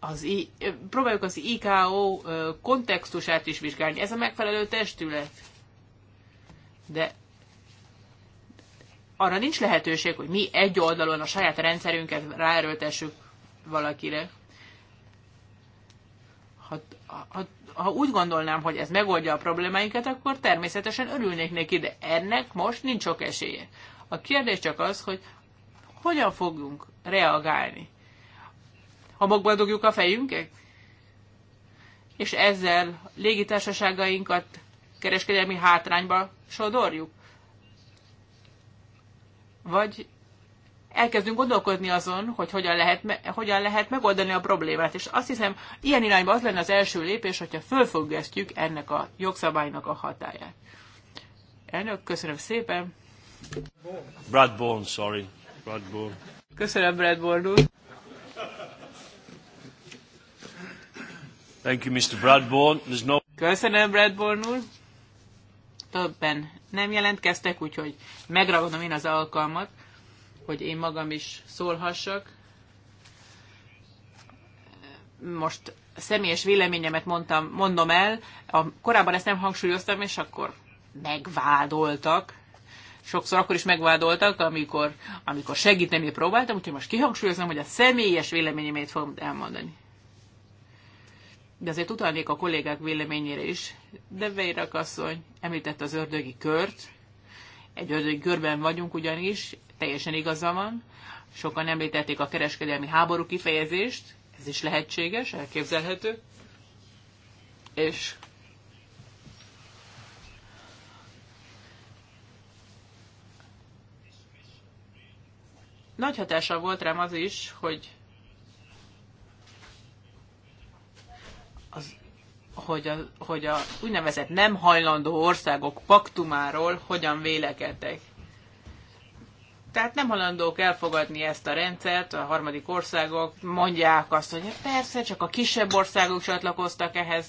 az I, próbáljuk az IKO kontextusát is vizsgálni. Ez a megfelelő testület. De arra nincs lehetőség, hogy mi egy oldalon a saját rendszerünket ráerőltessük valakire. Ha, ha, ha úgy gondolnám, hogy ez megoldja a problémáinkat, akkor természetesen örülnék neki, de ennek most nincs sok esélye. A kérdés csak az, hogy hogyan fogunk reagálni homokba dugjuk a fejünket? És ezzel légitársaságainkat kereskedelmi hátrányba sodorjuk? Vagy elkezdünk gondolkodni azon, hogy hogyan lehet, hogyan lehet megoldani a problémát. És azt hiszem, ilyen irányba az lenne az első lépés, hogyha fölfüggesztjük ennek a jogszabálynak a hatáját. Elnök, köszönöm szépen. Bourne, sorry. Bourne. Köszönöm, Brad Bourne. Thank you, Mr. Bradbourne. There's no... Köszönöm, Bradbourne úr. Többen nem jelentkeztek, úgyhogy megragadom én az alkalmat, hogy én magam is szólhassak. Most személyes véleményemet mondtam, mondom el, a, korábban ezt nem hangsúlyoztam, és akkor megvádoltak. Sokszor akkor is megvádoltak, amikor, amikor segíteni próbáltam, úgyhogy most kihangsúlyozom, hogy a személyes véleményemét fogom elmondani de azért utalnék a kollégák véleményére is. De Veirak asszony említette az ördögi kört. Egy ördögi körben vagyunk ugyanis, teljesen igaza van. Sokan említették a kereskedelmi háború kifejezést, ez is lehetséges, elképzelhető. És nagy hatása volt rám az is, hogy hogy a, hogy a úgynevezett nem hajlandó országok paktumáról hogyan vélekedtek. Tehát nem hajlandók elfogadni ezt a rendszert, a harmadik országok mondják azt, hogy persze, csak a kisebb országok csatlakoztak ehhez,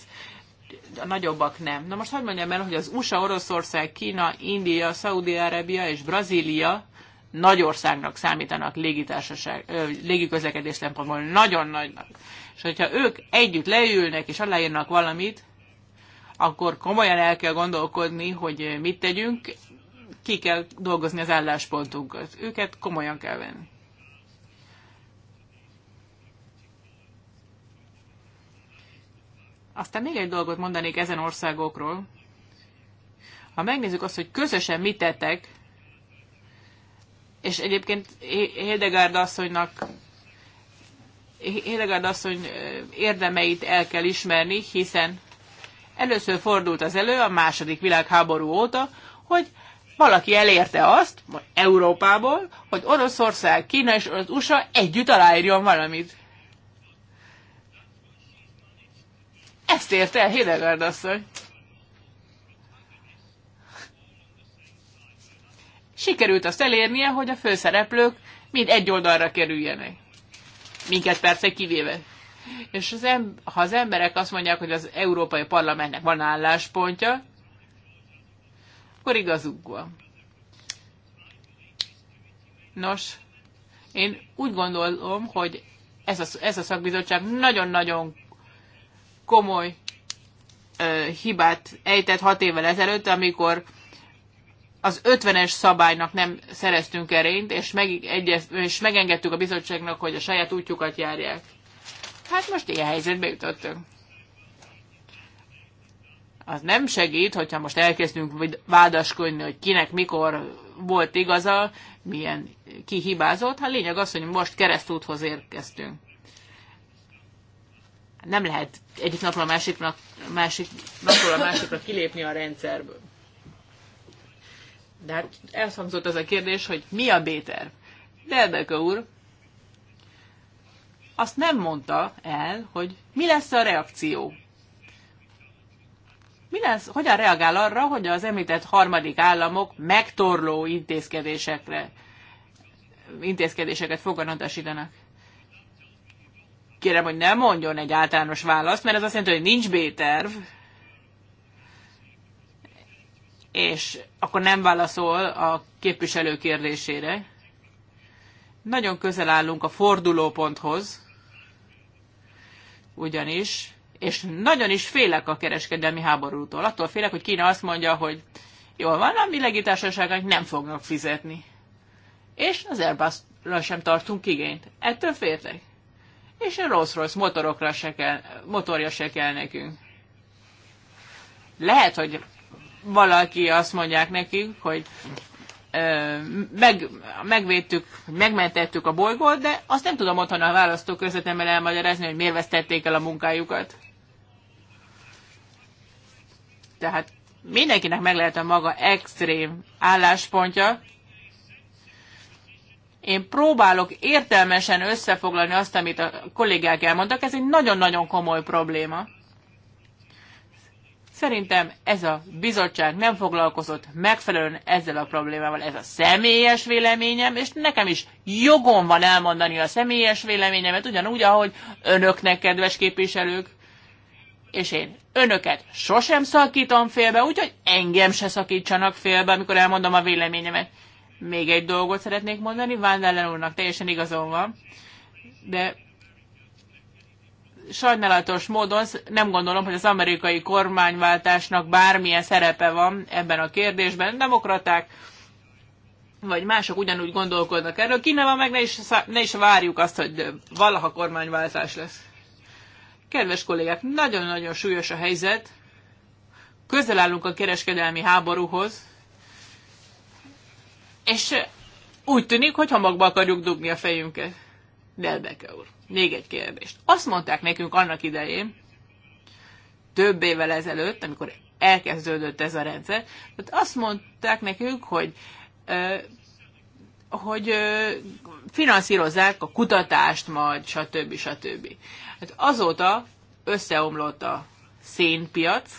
a nagyobbak nem. Na most hagyd mondjam el, hogy az USA, Oroszország, Kína, India, Szaudi-Arabia és Brazília nagy országnak számítanak légitársaság, légiközlekedés szempontból nagyon nagynak. És hogyha ők együtt leülnek és aláírnak valamit, akkor komolyan el kell gondolkodni, hogy mit tegyünk, ki kell dolgozni az álláspontunkat. Őket komolyan kell venni. Aztán még egy dolgot mondanék ezen országokról. Ha megnézzük azt, hogy közösen mit tettek, és egyébként Hildegard asszonynak Hildegard asszony érdemeit el kell ismerni, hiszen először fordult az elő a második világháború óta, hogy valaki elérte azt, Európából, hogy Oroszország, Kína és az USA együtt aláírjon valamit. Ezt érte el Hildegard asszony. sikerült azt elérnie, hogy a főszereplők mind egy oldalra kerüljenek. Minket persze kivéve. És az em- ha az emberek azt mondják, hogy az Európai Parlamentnek van álláspontja, akkor igazuk van. Nos, én úgy gondolom, hogy ez a, ez a szakbizottság nagyon-nagyon komoly ö, hibát ejtett hat évvel ezelőtt, amikor az 50-es szabálynak nem szereztünk erényt, és, meg, egyez, és megengedtük a bizottságnak, hogy a saját útjukat járják. Hát most ilyen helyzetbe jutottunk. Az nem segít, hogyha most elkezdünk vádaskodni, hogy kinek mikor volt igaza, milyen kihibázott. Hát lényeg az, hogy most keresztúthoz érkeztünk. Nem lehet egyik napról a másik, másik napról a másikra kilépni a rendszerből. De hát elhangzott az a kérdés, hogy mi a B-terv. Delbeke úr azt nem mondta el, hogy mi lesz a reakció. Mi lesz, hogyan reagál arra, hogy az említett harmadik államok megtorló intézkedésekre, intézkedéseket foganatosítanak? Kérem, hogy nem mondjon egy általános választ, mert ez azt jelenti, hogy nincs B-terv, és akkor nem válaszol a képviselő kérdésére. Nagyon közel állunk a fordulóponthoz, ugyanis, és nagyon is félek a kereskedelmi háborútól. Attól félek, hogy Kína azt mondja, hogy jól van, a mi legitársaságaink nem fognak fizetni. És az airbus sem tartunk igényt. Ettől féltek. És a Rolls-Royce motorokra se kell, motorja se kell nekünk. Lehet, hogy valaki azt mondják nekik, hogy meg, megvédtük, megmentettük a bolygót, de azt nem tudom otthon a választók közvetlenül elmagyarázni, hogy miért vesztették el a munkájukat. Tehát mindenkinek meg lehet a maga extrém álláspontja. Én próbálok értelmesen összefoglalni azt, amit a kollégák elmondtak. Ez egy nagyon-nagyon komoly probléma. Szerintem ez a bizottság nem foglalkozott megfelelően ezzel a problémával. Ez a személyes véleményem, és nekem is jogom van elmondani a személyes véleményemet, ugyanúgy, ahogy önöknek, kedves képviselők. És én önöket sosem szakítom félbe, úgyhogy engem se szakítsanak félbe, amikor elmondom a véleményemet. Még egy dolgot szeretnék mondani, Vándellen úrnak teljesen igazon van, de sajnálatos módon nem gondolom, hogy az amerikai kormányváltásnak bármilyen szerepe van ebben a kérdésben. Demokraták vagy mások ugyanúgy gondolkodnak erről. van meg ne is, ne is várjuk azt, hogy valaha kormányváltás lesz. Kedves kollégák, nagyon-nagyon súlyos a helyzet. Közel állunk a kereskedelmi háborúhoz, és úgy tűnik, hogy hamakba akarjuk dugni a fejünket. Delbeke úr. Még egy kérdést. Azt mondták nekünk annak idején, több évvel ezelőtt, amikor elkezdődött ez a rendszer, tehát azt mondták nekünk, hogy hogy finanszírozzák a kutatást majd, stb. stb. Hát azóta összeomlott a szénpiac,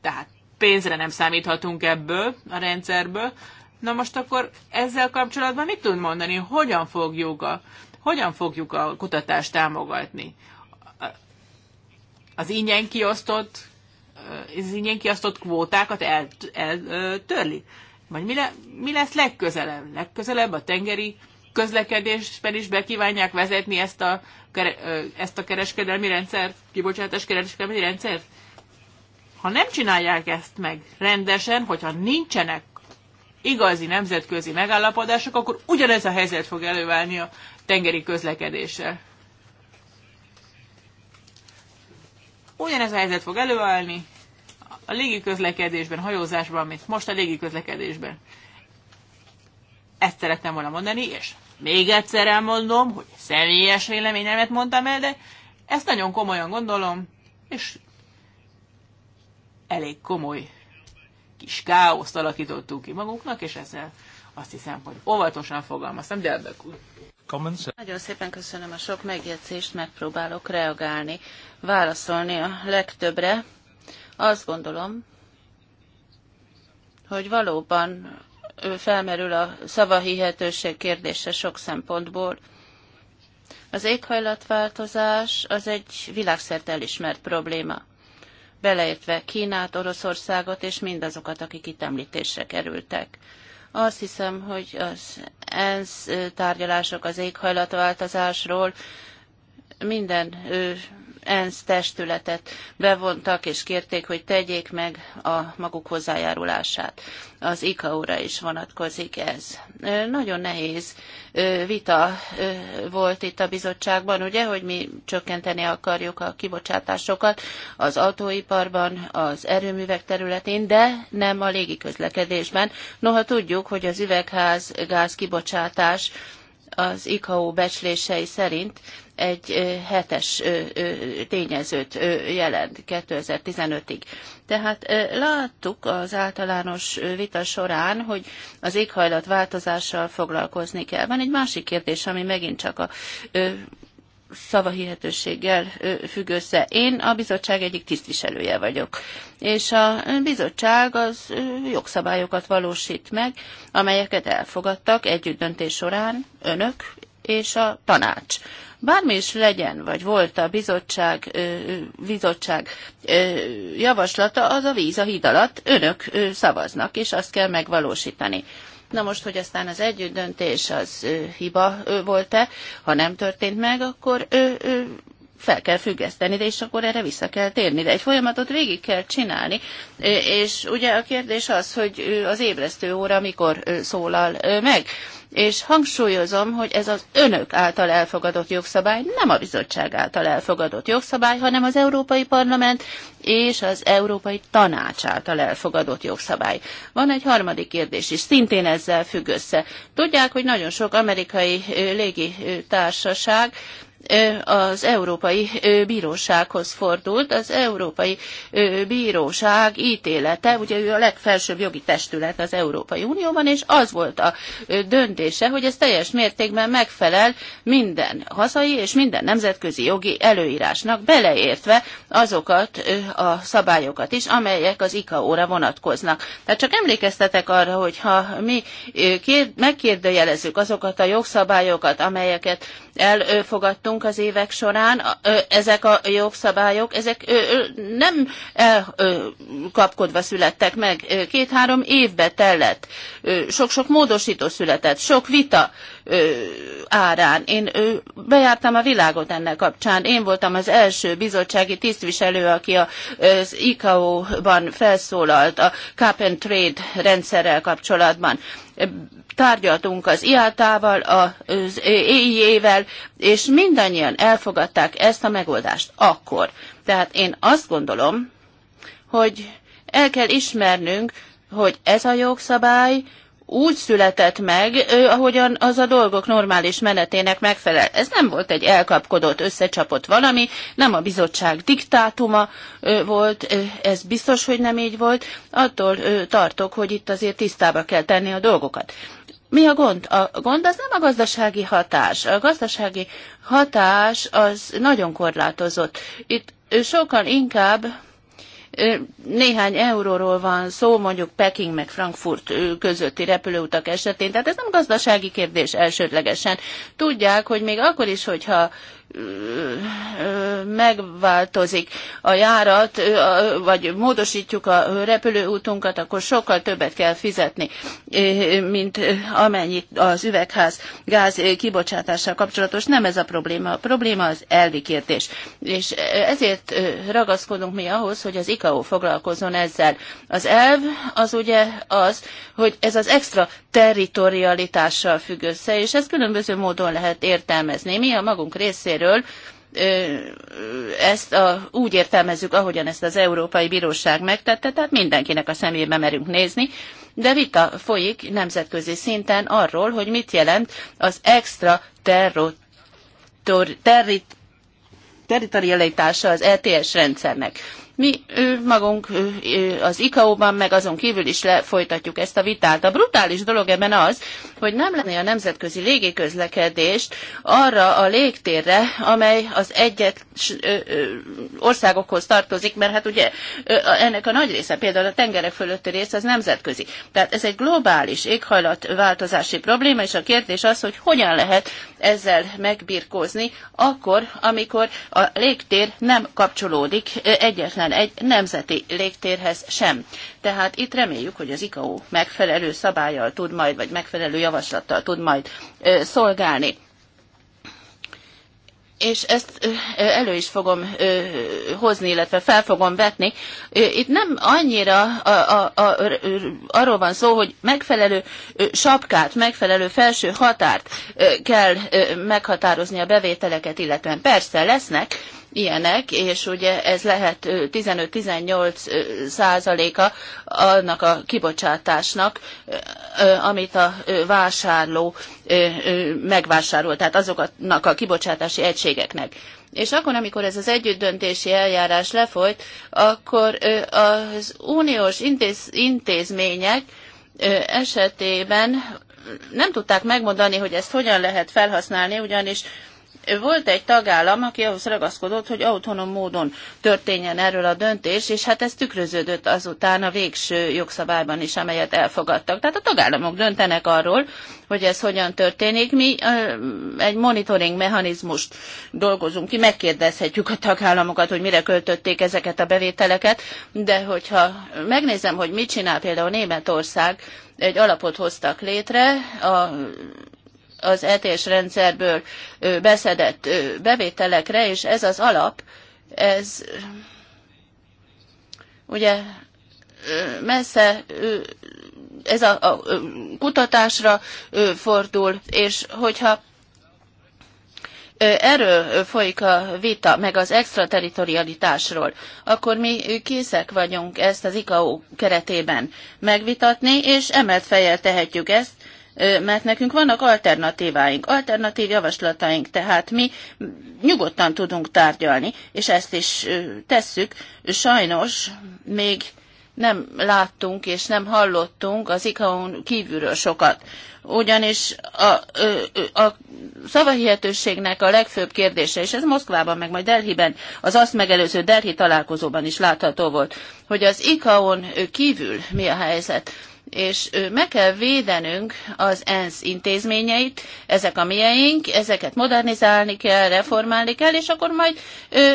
tehát pénzre nem számíthatunk ebből a rendszerből. Na most akkor ezzel kapcsolatban mit tud mondani, hogyan fogjuk a hogyan fogjuk a kutatást támogatni? Az ingyen kiosztott, az ingyen kiosztott kvótákat eltörli? El, Vagy mi, le, mi lesz legközelebb? Legközelebb a tengeri közlekedésben is bekívánják vezetni ezt a, ezt a kereskedelmi rendszert, kibocsátás kereskedelmi rendszert? Ha nem csinálják ezt meg rendesen, hogyha nincsenek igazi nemzetközi megállapodások, akkor ugyanez a helyzet fog előválni a tengeri közlekedése. Ugyanez a helyzet fog előállni a légi közlekedésben, hajózásban, mint most a légi közlekedésben. Ezt szerettem volna mondani, és még egyszer elmondom, hogy személyes véleményemet mondtam el, de ezt nagyon komolyan gondolom, és elég komoly kis káoszt alakítottunk ki magunknak, és ezzel azt hiszem, hogy óvatosan fogalmaztam, de ebben nagyon szépen köszönöm a sok megjegyzést, megpróbálok reagálni, válaszolni a legtöbbre. Azt gondolom, hogy valóban felmerül a szavahihetőség kérdése sok szempontból. Az éghajlatváltozás az egy világszerte elismert probléma, beleértve Kínát, Oroszországot és mindazokat, akik itt említésre kerültek. Azt hiszem, hogy az ENSZ tárgyalások az éghajlatváltozásról minden ENSZ testületet bevontak, és kérték, hogy tegyék meg a maguk hozzájárulását. Az ICAO-ra is vonatkozik ez. Nagyon nehéz vita volt itt a bizottságban, ugye, hogy mi csökkenteni akarjuk a kibocsátásokat az autóiparban, az erőművek területén, de nem a légiközlekedésben. Noha tudjuk, hogy az üvegház gáz kibocsátás az ICAO becslései szerint egy hetes tényezőt jelent 2015-ig. Tehát láttuk az általános vita során, hogy az éghajlat változással foglalkozni kell. Van egy másik kérdés, ami megint csak a szavahihetőséggel függ össze. Én a bizottság egyik tisztviselője vagyok. És a bizottság az jogszabályokat valósít meg, amelyeket elfogadtak együtt döntés során önök és a tanács Bármi is legyen, vagy volt a bizottság, bizottság javaslata, az a víz a híd alatt, önök szavaznak, és azt kell megvalósítani. Na most, hogy aztán az együttdöntés az hiba volt-e, ha nem történt meg, akkor fel kell függeszteni, de és akkor erre vissza kell térni. De egy folyamatot végig kell csinálni, és ugye a kérdés az, hogy az ébresztő óra mikor szólal meg és hangsúlyozom, hogy ez az önök által elfogadott jogszabály, nem a bizottság által elfogadott jogszabály, hanem az Európai Parlament és az Európai Tanács által elfogadott jogszabály. Van egy harmadik kérdés is, szintén ezzel függ össze. Tudják, hogy nagyon sok amerikai légitársaság az Európai Bírósághoz fordult. Az Európai Bíróság ítélete, ugye ő a legfelsőbb jogi testület az Európai Unióban, és az volt a döntése, hogy ez teljes mértékben megfelel minden hazai és minden nemzetközi jogi előírásnak, beleértve azokat a szabályokat is, amelyek az ICAO-ra vonatkoznak. Tehát csak emlékeztetek arra, hogy ha mi megkérdőjelezzük azokat a jogszabályokat, amelyeket elfogadtunk, hallottunk az évek során, ezek a jogszabályok, ezek nem kapkodva születtek meg. Két-három évbe tellett. Sok-sok módosító született, sok vita árán. Én bejártam a világot ennek kapcsán. Én voltam az első bizottsági tisztviselő, aki az ICAO-ban felszólalt a Cap and Trade rendszerrel kapcsolatban tárgyaltunk az IATA-val, az eia vel és mindannyian elfogadták ezt a megoldást akkor. Tehát én azt gondolom, hogy el kell ismernünk, hogy ez a jogszabály úgy született meg, ahogyan az a dolgok normális menetének megfelel. Ez nem volt egy elkapkodott, összecsapott valami, nem a bizottság diktátuma volt, ez biztos, hogy nem így volt. Attól tartok, hogy itt azért tisztába kell tenni a dolgokat. Mi a gond? A gond az nem a gazdasági hatás. A gazdasági hatás az nagyon korlátozott. Itt sokkal inkább néhány euróról van szó, mondjuk Peking meg Frankfurt közötti repülőutak esetén, tehát ez nem gazdasági kérdés elsődlegesen. Tudják, hogy még akkor is, hogyha megváltozik a járat, vagy módosítjuk a repülőútunkat, akkor sokkal többet kell fizetni, mint amennyit az üvegház gáz kibocsátással kapcsolatos. Nem ez a probléma. A probléma az elvi kérdés. És ezért ragaszkodunk mi ahhoz, hogy az ICAO foglalkozzon ezzel. Az elv az ugye az, hogy ez az extra territorialitással függ össze, és ezt különböző módon lehet értelmezni. Mi a magunk részéről részéről, ezt a, úgy értelmezzük, ahogyan ezt az Európai Bíróság megtette, tehát mindenkinek a szemébe merünk nézni, de vita folyik nemzetközi szinten arról, hogy mit jelent az extra territorialitása az ETS rendszernek mi magunk az ICAO-ban, meg azon kívül is lefolytatjuk ezt a vitát. A brutális dolog ebben az, hogy nem lenne a nemzetközi légiközlekedést arra a légtérre, amely az egyet országokhoz tartozik, mert hát ugye ennek a nagy része, például a tengerek fölötti rész, az nemzetközi. Tehát ez egy globális éghajlatváltozási probléma, és a kérdés az, hogy hogyan lehet ezzel megbirkózni, akkor, amikor a légtér nem kapcsolódik egyetlen egyetlen egy nemzeti légtérhez sem. Tehát itt reméljük, hogy az ICAO megfelelő szabályjal tud majd, vagy megfelelő javaslattal tud majd szolgálni és ezt elő is fogom hozni, illetve fel fogom vetni. Itt nem annyira a, a, a, arról van szó, hogy megfelelő sapkát, megfelelő felső határt kell meghatározni a bevételeket, illetve persze lesznek ilyenek, és ugye ez lehet 15-18 százaléka annak a kibocsátásnak, amit a vásárló megvásárol, tehát azoknak a kibocsátási egységeknek. És akkor, amikor ez az együttdöntési eljárás lefolyt, akkor az uniós intéz, intézmények esetében nem tudták megmondani, hogy ezt hogyan lehet felhasználni, ugyanis volt egy tagállam, aki ahhoz ragaszkodott, hogy autonóm módon történjen erről a döntés, és hát ez tükröződött azután a végső jogszabályban is, amelyet elfogadtak. Tehát a tagállamok döntenek arról, hogy ez hogyan történik. Mi egy monitoring mechanizmust dolgozunk ki, megkérdezhetjük a tagállamokat, hogy mire költötték ezeket a bevételeket, de hogyha megnézem, hogy mit csinál például Németország, egy alapot hoztak létre a az ETS rendszerből beszedett bevételekre, és ez az alap, ez ugye messze ez a, a kutatásra fordul, és hogyha erről folyik a vita, meg az extraterritorialitásról, akkor mi készek vagyunk ezt az ICAO keretében megvitatni, és emelt fejjel tehetjük ezt, mert nekünk vannak alternatíváink, alternatív javaslataink, tehát mi nyugodtan tudunk tárgyalni, és ezt is tesszük. Sajnos még nem láttunk és nem hallottunk az ICAO-n kívülről sokat. Ugyanis a, a, a szavahihetőségnek a legfőbb kérdése, és ez Moszkvában, meg majd Delhiben, az azt megelőző Delhi találkozóban is látható volt, hogy az ICAO-n kívül mi a helyzet és meg kell védenünk az ENSZ intézményeit, ezek a mieink, ezeket modernizálni kell, reformálni kell, és akkor majd ö,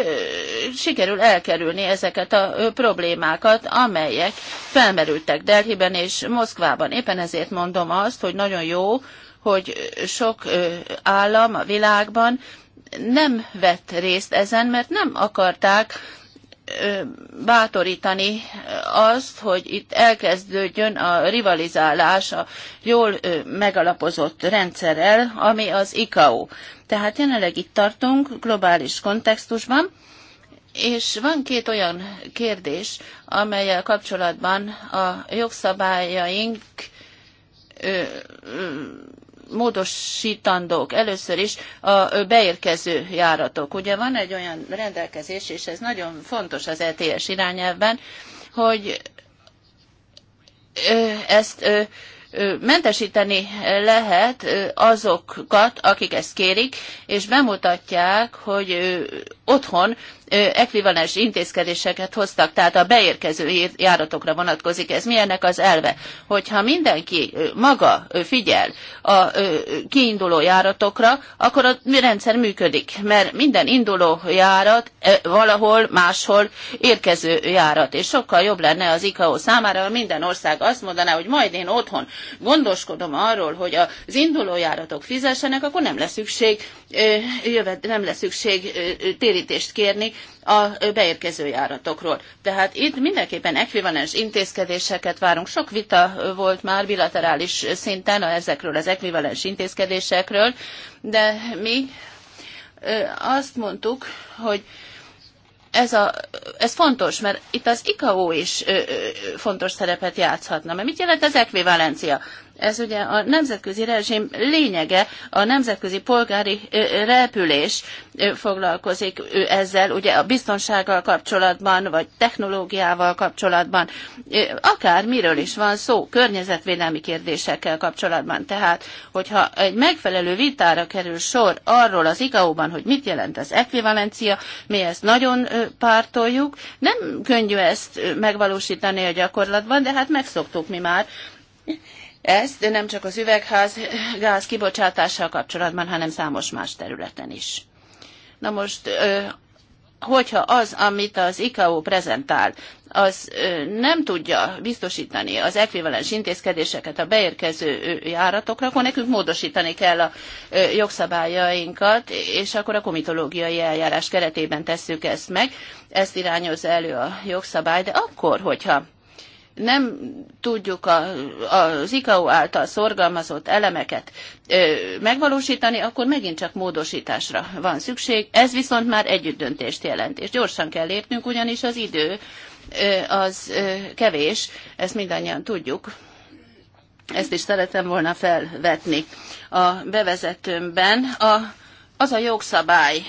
sikerül elkerülni ezeket a ö, problémákat, amelyek felmerültek Delhiben és Moszkvában. Éppen ezért mondom azt, hogy nagyon jó, hogy sok ö, állam a világban nem vett részt ezen, mert nem akarták bátorítani azt, hogy itt elkezdődjön a rivalizálás a jól megalapozott rendszerrel, ami az ICAO. Tehát jelenleg itt tartunk globális kontextusban, és van két olyan kérdés, amelyel kapcsolatban a jogszabályaink módosítandók először is a beérkező járatok. Ugye van egy olyan rendelkezés, és ez nagyon fontos az ETS irányelvben, hogy ezt mentesíteni lehet azokat, akik ezt kérik, és bemutatják, hogy otthon ekvivalens intézkedéseket hoztak, tehát a beérkező járatokra vonatkozik. Ez milyennek az elve? Hogyha mindenki maga figyel a kiinduló járatokra, akkor a rendszer működik, mert minden induló járat valahol máshol érkező járat, és sokkal jobb lenne az ICAO számára, ha minden ország azt mondaná, hogy majd én otthon gondoskodom arról, hogy az induló járatok fizessenek, akkor nem lesz szükség, nem lesz szükség térítést kérni, a beérkező járatokról. Tehát itt mindenképpen ekvivalens intézkedéseket várunk. Sok vita volt már bilaterális szinten ezekről az ekvivalens intézkedésekről, de mi azt mondtuk, hogy ez, a, ez fontos, mert itt az ICAO is ö, ö, fontos szerepet játszhatna. Mert mit jelent ez ekvivalencia? Ez ugye a nemzetközi rezsim lényege, a nemzetközi polgári repülés foglalkozik ezzel, ugye a biztonsággal kapcsolatban, vagy technológiával kapcsolatban, akár miről is van szó, környezetvédelmi kérdésekkel kapcsolatban. Tehát, hogyha egy megfelelő vitára kerül sor arról az igaóban, hogy mit jelent az ekvivalencia, mi ezt nagyon pártoljuk, nem könnyű ezt megvalósítani a gyakorlatban, de hát megszoktuk mi már, ezt, de nem csak az üvegházgáz kibocsátással kapcsolatban, hanem számos más területen is. Na most, hogyha az, amit az ICAO prezentál, az nem tudja biztosítani az ekvivalens intézkedéseket a beérkező járatokra, akkor nekünk módosítani kell a jogszabályainkat, és akkor a komitológiai eljárás keretében tesszük ezt meg. Ezt irányozza elő a jogszabály, de akkor, hogyha nem tudjuk a, az ICAO által szorgalmazott elemeket ö, megvalósítani, akkor megint csak módosításra van szükség. Ez viszont már együttdöntést jelent, és gyorsan kell lépnünk, ugyanis az idő ö, az ö, kevés, ezt mindannyian tudjuk. Ezt is szeretem volna felvetni a bevezetőmben. A az a jogszabály,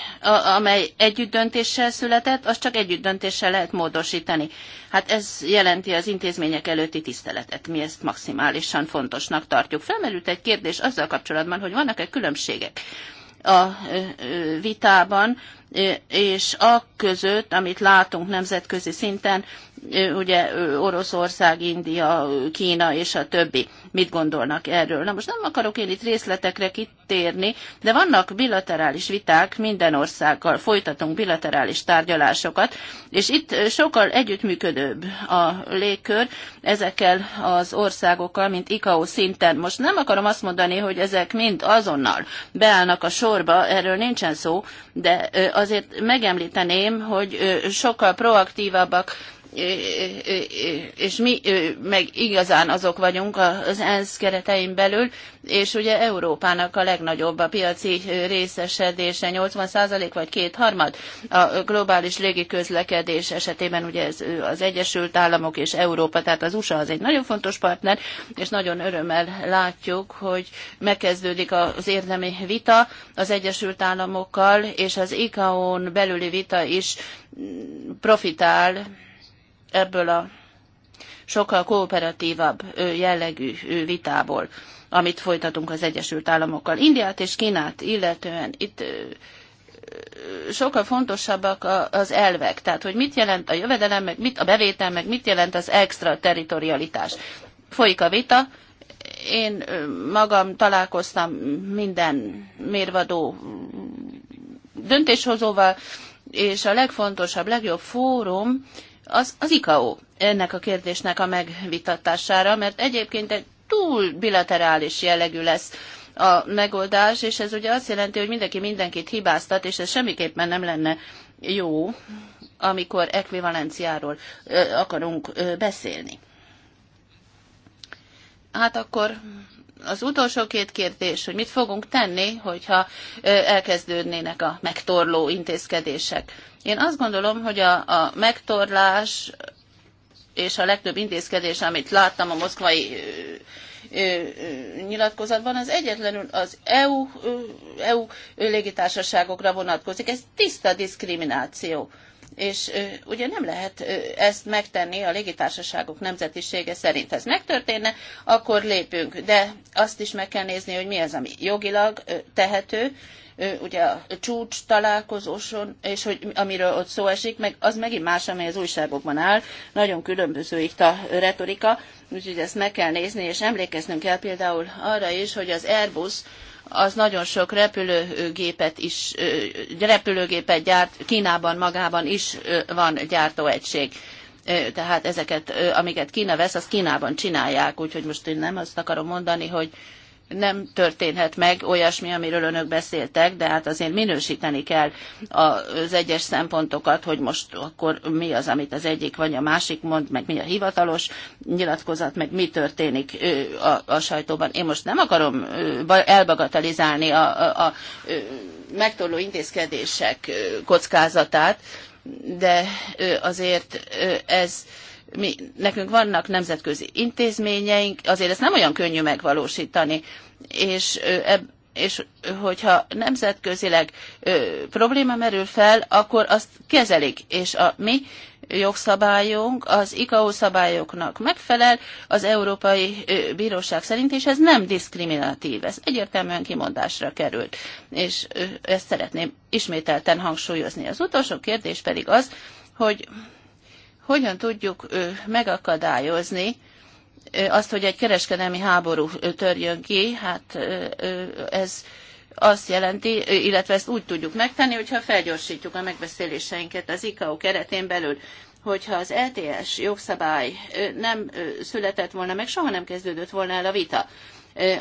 amely együttdöntéssel született, az csak együttdöntéssel lehet módosítani. Hát ez jelenti az intézmények előtti tiszteletet. Mi ezt maximálisan fontosnak tartjuk. Felmerült egy kérdés azzal kapcsolatban, hogy vannak-e különbségek a vitában, és a között, amit látunk nemzetközi szinten, ugye Oroszország, India, Kína és a többi. Mit gondolnak erről? Na most nem akarok én itt részletekre kitérni, de vannak bilaterális viták minden országgal, folytatunk bilaterális tárgyalásokat, és itt sokkal együttműködőbb a légkör ezekkel az országokkal, mint ICAO szinten. Most nem akarom azt mondani, hogy ezek mind azonnal beállnak a sorba, erről nincsen szó, de azért megemlíteném, hogy sokkal proaktívabbak és mi meg igazán azok vagyunk az ENSZ keretein belül, és ugye Európának a legnagyobb a piaci részesedése, 80% vagy kétharmad a globális légiközlekedés esetében, ugye ez az Egyesült Államok és Európa, tehát az USA az egy nagyon fontos partner, és nagyon örömmel látjuk, hogy megkezdődik az érdemi vita az Egyesült Államokkal, és az ICAO-n belüli vita is profitál ebből a sokkal kooperatívabb jellegű vitából, amit folytatunk az Egyesült Államokkal. Indiát és Kínát illetően itt sokkal fontosabbak az elvek, tehát hogy mit jelent a jövedelem, meg mit a bevétel, meg mit jelent az extra territorialitás. Folyik a vita, én magam találkoztam minden mérvadó döntéshozóval, és a legfontosabb, legjobb fórum az, az ICAO ennek a kérdésnek a megvitatására, mert egyébként egy túl bilaterális jellegű lesz a megoldás, és ez ugye azt jelenti, hogy mindenki mindenkit hibáztat, és ez semmiképpen nem lenne jó, amikor ekvivalenciáról akarunk beszélni. Hát akkor az utolsó két kérdés, hogy mit fogunk tenni, hogyha elkezdődnének a megtorló intézkedések. Én azt gondolom, hogy a, a megtorlás és a legtöbb intézkedés, amit láttam a moszkvai nyilatkozatban, az egyetlenül az EU, EU légitársaságokra vonatkozik. Ez tiszta diszkrimináció és ugye nem lehet ezt megtenni a légitársaságok nemzetisége szerint. Ez megtörténne, akkor lépünk, de azt is meg kell nézni, hogy mi az, ami jogilag tehető, ugye a csúcs találkozóson, és hogy amiről ott szó esik, meg az megint más, amely az újságokban áll, nagyon különböző itt a retorika, úgyhogy ezt meg kell nézni, és emlékeznünk kell például arra is, hogy az Airbus az nagyon sok repülőgépet is, repülőgépet gyárt, Kínában magában is van gyártóegység. Tehát ezeket, amiket Kína vesz, azt Kínában csinálják, úgyhogy most én nem azt akarom mondani, hogy nem történhet meg olyasmi, amiről önök beszéltek, de hát azért minősíteni kell az egyes szempontokat, hogy most akkor mi az, amit az egyik vagy a másik mond, meg mi a hivatalos nyilatkozat, meg mi történik a, a sajtóban. Én most nem akarom elbagatelizálni a, a, a megtorló intézkedések kockázatát, de azért ez mi, nekünk vannak nemzetközi intézményeink, azért ezt nem olyan könnyű megvalósítani, és és hogyha nemzetközileg ö, probléma merül fel, akkor azt kezelik, és a mi jogszabályunk az ICAO szabályoknak megfelel, az Európai ö, Bíróság szerint, és ez nem diszkriminatív, ez egyértelműen kimondásra került, és ö, ezt szeretném ismételten hangsúlyozni. Az utolsó kérdés pedig az, hogy hogyan tudjuk megakadályozni azt, hogy egy kereskedelmi háború törjön ki, hát ez azt jelenti, illetve ezt úgy tudjuk megtenni, hogyha felgyorsítjuk a megbeszéléseinket az ICAO keretén belül hogyha az LTS jogszabály nem született volna, meg soha nem kezdődött volna el a vita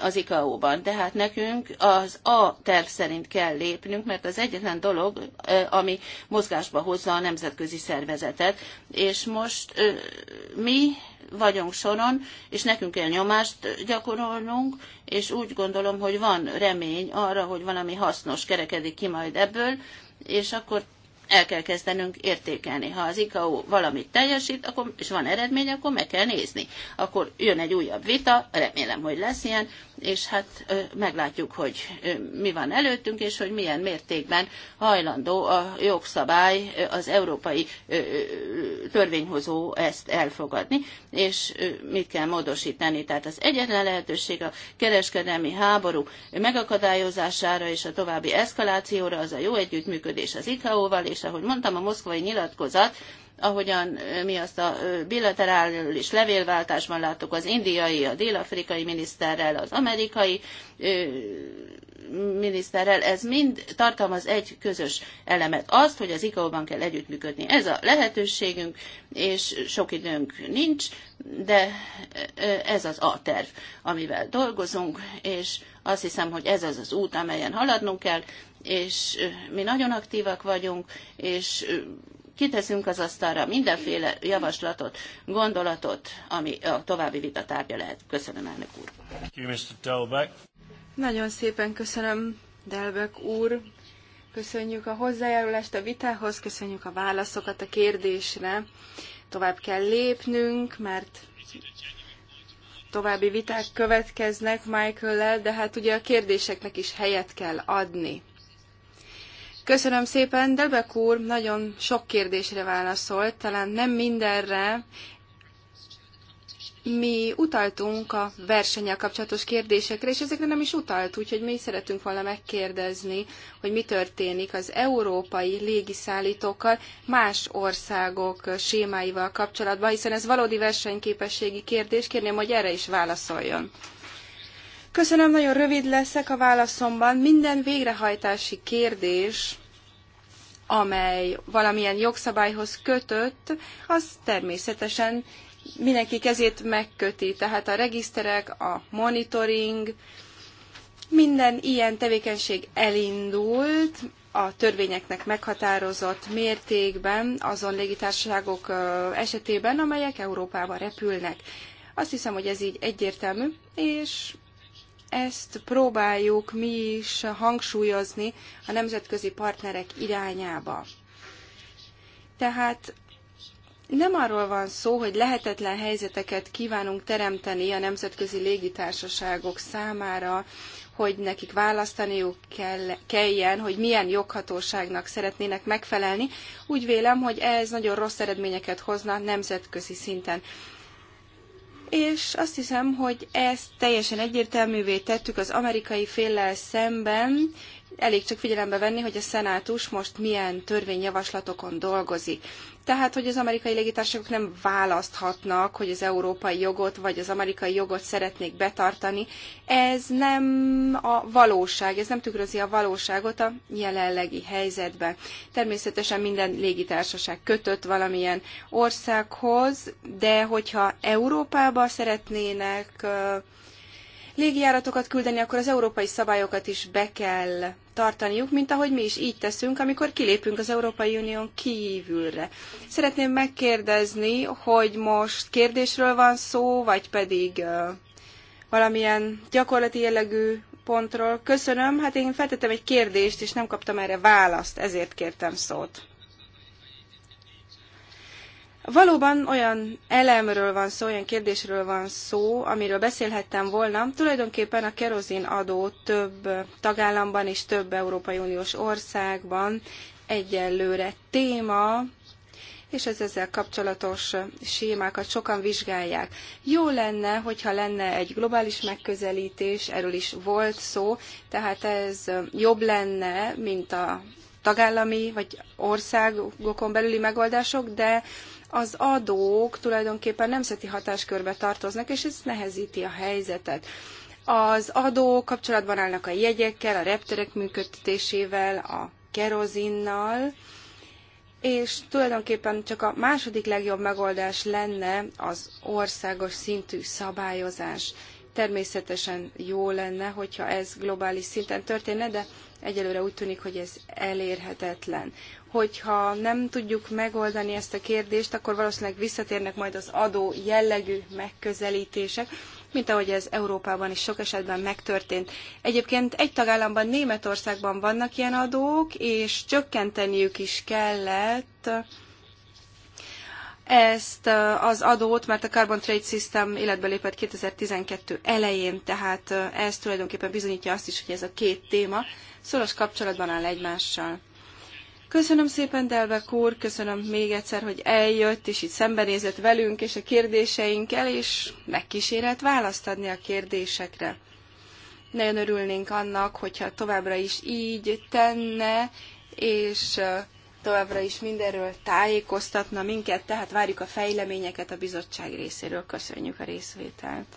az ICAO-ban. Tehát nekünk az A terv szerint kell lépnünk, mert az egyetlen dolog, ami mozgásba hozza a nemzetközi szervezetet. És most mi vagyunk soron, és nekünk kell nyomást gyakorolnunk, és úgy gondolom, hogy van remény arra, hogy valami hasznos kerekedik ki majd ebből, és akkor el kell kezdenünk értékelni. Ha az ICAO valamit teljesít, akkor, és van eredmény, akkor meg kell nézni. Akkor jön egy újabb vita, remélem, hogy lesz ilyen, és hát meglátjuk, hogy mi van előttünk, és hogy milyen mértékben hajlandó a jogszabály, az európai törvényhozó ezt elfogadni, és mit kell módosítani. Tehát az egyetlen lehetőség a kereskedelmi háború megakadályozására és a további eszkalációra az a jó együttműködés az ICAO-val, és ahogy mondtam, a moszkvai nyilatkozat ahogyan mi azt a bilaterális levélváltásban láttuk az indiai, a dél-afrikai miniszterrel, az amerikai miniszterrel, ez mind tartalmaz egy közös elemet. Azt, hogy az ICAO-ban kell együttműködni. Ez a lehetőségünk, és sok időnk nincs, de ez az a terv, amivel dolgozunk, és azt hiszem, hogy ez az az út, amelyen haladnunk kell, és mi nagyon aktívak vagyunk, és kiteszünk az asztalra mindenféle javaslatot, gondolatot, ami a további vita tárgya lehet. Köszönöm, elnök úr. Nagyon szépen köszönöm, Delbek úr. Köszönjük a hozzájárulást a vitához, köszönjük a válaszokat a kérdésre. Tovább kell lépnünk, mert további viták következnek Michael-lel, de hát ugye a kérdéseknek is helyet kell adni. Köszönöm szépen, Debek úr nagyon sok kérdésre válaszolt, talán nem mindenre. Mi utaltunk a versenyel kapcsolatos kérdésekre, és ezekre nem is utalt, úgyhogy mi szeretünk volna megkérdezni, hogy mi történik az európai légiszállítókkal más országok sémáival kapcsolatban, hiszen ez valódi versenyképességi kérdés, kérném, hogy erre is válaszoljon. Köszönöm, nagyon rövid leszek a válaszomban. Minden végrehajtási kérdés, amely valamilyen jogszabályhoz kötött, az természetesen mindenki kezét megköti, tehát a regiszterek, a monitoring, minden ilyen tevékenység elindult a törvényeknek meghatározott mértékben azon légitársaságok esetében, amelyek Európába repülnek. Azt hiszem, hogy ez így egyértelmű, és ezt próbáljuk mi is hangsúlyozni a nemzetközi partnerek irányába. Tehát nem arról van szó, hogy lehetetlen helyzeteket kívánunk teremteni a nemzetközi légitársaságok számára, hogy nekik választaniuk kell, kelljen, hogy milyen joghatóságnak szeretnének megfelelni. Úgy vélem, hogy ez nagyon rossz eredményeket hozna nemzetközi szinten és azt hiszem, hogy ezt teljesen egyértelművé tettük az amerikai féllel szemben, Elég csak figyelembe venni, hogy a szenátus most milyen törvényjavaslatokon dolgozik. Tehát, hogy az amerikai légitársaságok nem választhatnak, hogy az európai jogot vagy az amerikai jogot szeretnék betartani. Ez nem a valóság, ez nem tükrözi a valóságot a jelenlegi helyzetben. Természetesen minden légitársaság kötött valamilyen országhoz, de hogyha Európába szeretnének uh, légijáratokat küldeni, akkor az európai szabályokat is be kell tartaniuk, mint ahogy mi is így teszünk, amikor kilépünk az Európai Unión kívülre. Szeretném megkérdezni, hogy most kérdésről van szó, vagy pedig valamilyen gyakorlati jellegű pontról. Köszönöm, hát én feltettem egy kérdést, és nem kaptam erre választ, ezért kértem szót. Valóban olyan elemről van szó, olyan kérdésről van szó, amiről beszélhettem volna. Tulajdonképpen a kerozin adó több tagállamban és több Európai Uniós országban egyelőre téma, és az ezzel kapcsolatos sémákat sokan vizsgálják. Jó lenne, hogyha lenne egy globális megközelítés, erről is volt szó, tehát ez jobb lenne, mint a tagállami vagy országokon belüli megoldások, de az adók tulajdonképpen nemzeti hatáskörbe tartoznak, és ez nehezíti a helyzetet. Az adók kapcsolatban állnak a jegyekkel, a repterek működtetésével, a kerozinnal, és tulajdonképpen csak a második legjobb megoldás lenne az országos szintű szabályozás. Természetesen jó lenne, hogyha ez globális szinten történne, de egyelőre úgy tűnik, hogy ez elérhetetlen hogyha nem tudjuk megoldani ezt a kérdést, akkor valószínűleg visszatérnek majd az adó jellegű megközelítések, mint ahogy ez Európában is sok esetben megtörtént. Egyébként egy tagállamban, Németországban vannak ilyen adók, és csökkenteniük is kellett ezt az adót, mert a Carbon Trade System életbe lépett 2012 elején, tehát ez tulajdonképpen bizonyítja azt is, hogy ez a két téma szoros kapcsolatban áll egymással. Köszönöm szépen, Delbek úr, köszönöm még egyszer, hogy eljött, és itt szembenézett velünk, és a kérdéseinkkel, és megkísérelt választ adni a kérdésekre. Nagyon örülnénk annak, hogyha továbbra is így tenne, és továbbra is mindenről tájékoztatna minket, tehát várjuk a fejleményeket a bizottság részéről. Köszönjük a részvételt!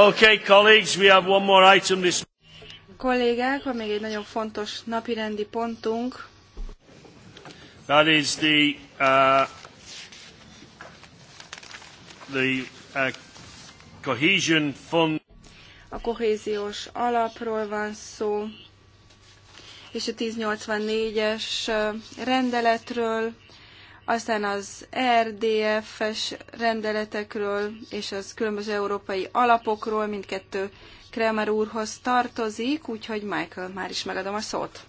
Okay, colleagues, we have one more item this... Kollégák, van még egy nagyon fontos napirendi pontunk. That is the, uh, the uh, cohesion fund. A kohéziós alapról van szó, és a 1084-es uh, rendeletről aztán az RDF-es rendeletekről és az különböző európai alapokról mindkettő Kremer úrhoz tartozik, úgyhogy Michael, már is megadom a szót.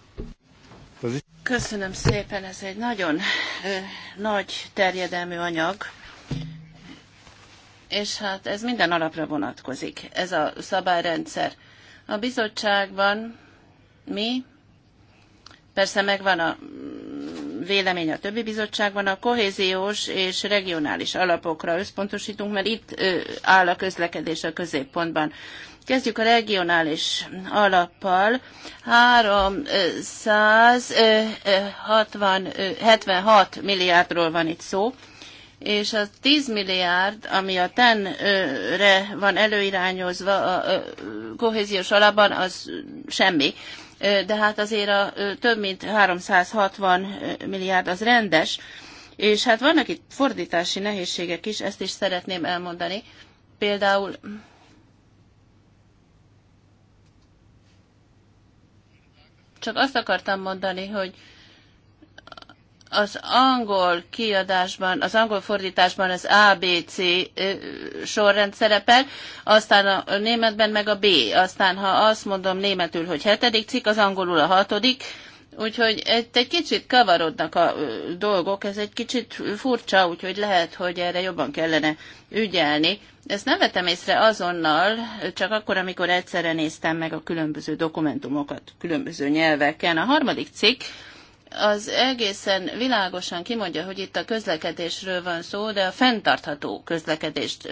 Köszönöm szépen, ez egy nagyon ö, nagy terjedelmű anyag, és hát ez minden alapra vonatkozik, ez a szabályrendszer. A bizottságban mi, persze megvan a vélemény a többi bizottságban, a kohéziós és regionális alapokra összpontosítunk, mert itt áll a közlekedés a középpontban. Kezdjük a regionális alappal. 376 milliárdról van itt szó, és a 10 milliárd, ami a TEN-re van előirányozva a kohéziós alapban, az semmi de hát azért a több mint 360 milliárd az rendes, és hát vannak itt fordítási nehézségek is, ezt is szeretném elmondani. Például csak azt akartam mondani, hogy az angol kiadásban, az angol fordításban az ABC sorrend szerepel, aztán a németben meg a B. Aztán, ha azt mondom németül, hogy hetedik cikk, az angolul a hatodik, Úgyhogy itt egy kicsit kavarodnak a dolgok, ez egy kicsit furcsa, úgyhogy lehet, hogy erre jobban kellene ügyelni. Ezt nem vettem észre azonnal, csak akkor, amikor egyszerre néztem meg a különböző dokumentumokat különböző nyelveken. A harmadik cikk, az egészen világosan kimondja, hogy itt a közlekedésről van szó, de a fenntartható közlekedést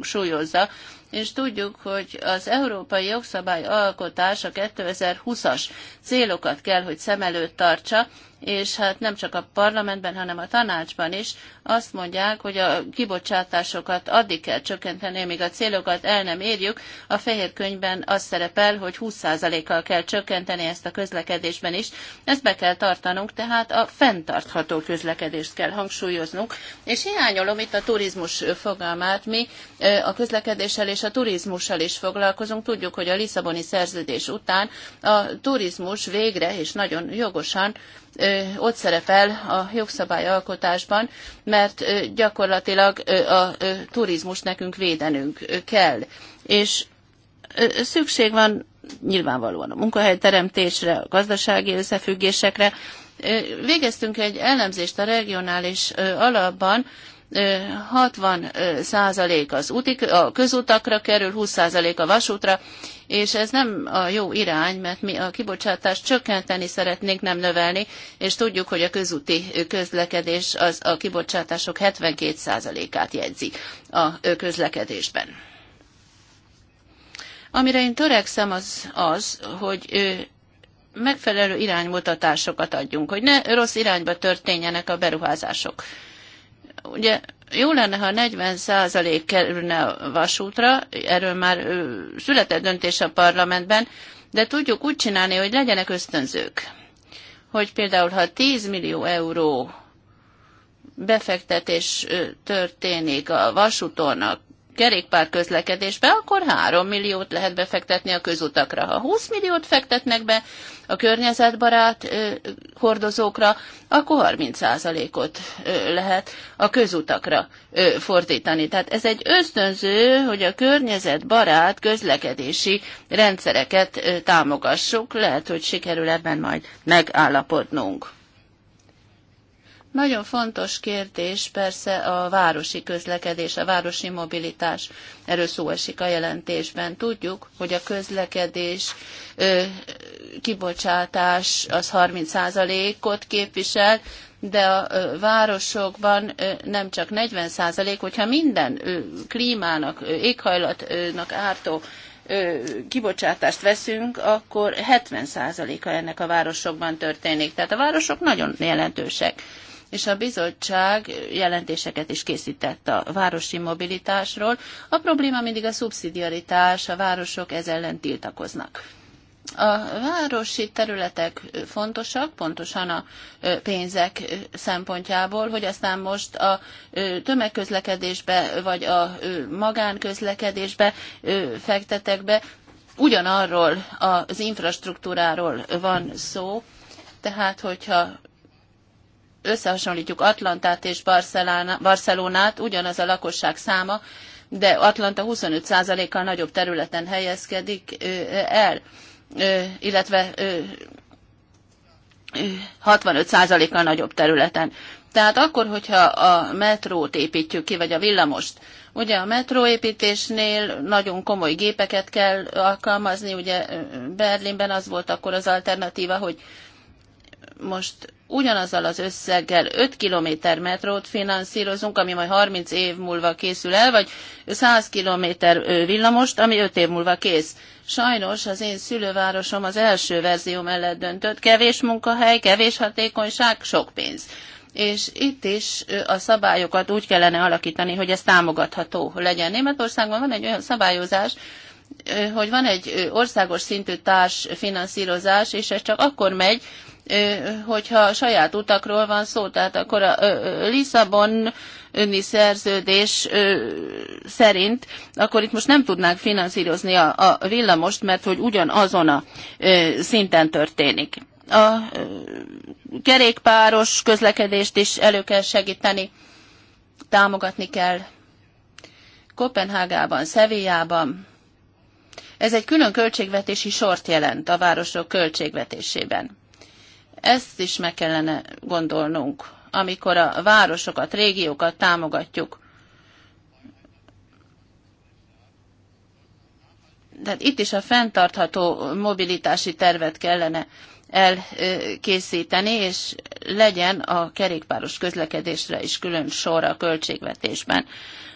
súlyozza, és tudjuk, hogy az európai jogszabály alkotása 2020-as célokat kell, hogy szem előtt tartsa, és hát nem csak a parlamentben, hanem a tanácsban is azt mondják, hogy a kibocsátásokat addig kell csökkenteni, amíg a célokat el nem érjük. A fehér könyvben az szerepel, hogy 20%-kal kell csökkenteni ezt a közlekedésben is. Ezt be kell tartanunk, tehát a fenntartható közlekedést kell hangsúlyoznunk. És hiányolom itt a turizmus fogalmát. Mi a közlekedéssel és a turizmussal is foglalkozunk. Tudjuk, hogy a Lisszaboni szerződés után a turizmus végre és nagyon jogosan ott szerepel a jogszabályalkotásban, mert gyakorlatilag a turizmus nekünk védenünk kell. És szükség van nyilvánvalóan a munkahelyteremtésre, a gazdasági összefüggésekre. Végeztünk egy elemzést a regionális alapban, 60 százalék az úti, a közutakra kerül, 20 százalék a vasútra, és ez nem a jó irány, mert mi a kibocsátást csökkenteni szeretnénk, nem növelni, és tudjuk, hogy a közúti közlekedés az a kibocsátások 72 százalékát jegyzi a közlekedésben. Amire én törekszem az az, hogy megfelelő iránymutatásokat adjunk, hogy ne rossz irányba történjenek a beruházások Ugye jó lenne, ha 40 százalék kerülne a vasútra, erről már született döntés a parlamentben, de tudjuk úgy csinálni, hogy legyenek ösztönzők. Hogy például, ha 10 millió euró befektetés történik a vasúton, a kerékpár közlekedésbe, akkor 3 milliót lehet befektetni a közutakra. Ha 20 milliót fektetnek be a környezetbarát ö, hordozókra, akkor 30%-ot lehet a közutakra ö, fordítani. Tehát ez egy ösztönző, hogy a környezetbarát közlekedési rendszereket ö, támogassuk. Lehet, hogy sikerül ebben majd megállapodnunk. Nagyon fontos kérdés persze a városi közlekedés, a városi mobilitás. Erről szó esik a jelentésben. Tudjuk, hogy a közlekedés ö, kibocsátás az 30%-ot képvisel, de a városokban nem csak 40 hogyha minden klímának, éghajlatnak ártó kibocsátást veszünk, akkor 70 a ennek a városokban történik. Tehát a városok nagyon jelentősek és a bizottság jelentéseket is készített a városi mobilitásról. A probléma mindig a szubszidiaritás, a városok ez ellen tiltakoznak. A városi területek fontosak, pontosan a pénzek szempontjából, hogy aztán most a tömegközlekedésbe vagy a magánközlekedésbe fektetek be. Ugyanarról az infrastruktúráról van szó, tehát hogyha összehasonlítjuk Atlantát és Barcelonát, ugyanaz a lakosság száma, de Atlanta 25%-kal nagyobb területen helyezkedik el, illetve 65%-kal nagyobb területen. Tehát akkor, hogyha a metrót építjük ki, vagy a villamost, ugye a metróépítésnél nagyon komoly gépeket kell alkalmazni, ugye Berlinben az volt akkor az alternatíva, hogy most ugyanazzal az összeggel 5 kilométer metrót finanszírozunk, ami majd 30 év múlva készül el, vagy 100 kilométer villamost, ami 5 év múlva kész. Sajnos az én szülővárosom az első verzió mellett döntött, kevés munkahely, kevés hatékonyság, sok pénz. És itt is a szabályokat úgy kellene alakítani, hogy ez támogatható legyen. Németországban van egy olyan szabályozás, hogy van egy országos szintű társfinanszírozás, és ez csak akkor megy, hogyha a saját utakról van szó, tehát akkor a Lisszabon önni szerződés szerint, akkor itt most nem tudnánk finanszírozni a, a villamost, mert hogy ugyanazon a szinten történik. A kerékpáros közlekedést is elő kell segíteni, támogatni kell. Kopenhágában, Szevijában, ez egy külön költségvetési sort jelent a városok költségvetésében. Ezt is meg kellene gondolnunk, amikor a városokat, régiókat támogatjuk. Tehát itt is a fenntartható mobilitási tervet kellene elkészíteni, és legyen a kerékpáros közlekedésre is külön sor a költségvetésben.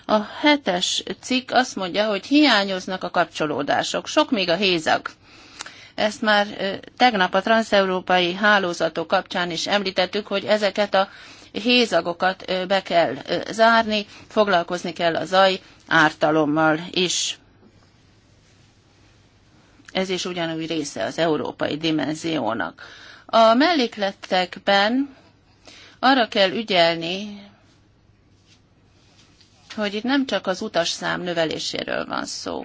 A hetes cikk azt mondja, hogy hiányoznak a kapcsolódások, sok még a hézag. Ezt már tegnap a transeurópai hálózatok kapcsán is említettük, hogy ezeket a hézagokat be kell zárni, foglalkozni kell a zaj ártalommal is. Ez is ugyanúgy része az európai dimenziónak. A mellékletekben arra kell ügyelni, hogy itt nem csak az utasszám növeléséről van szó.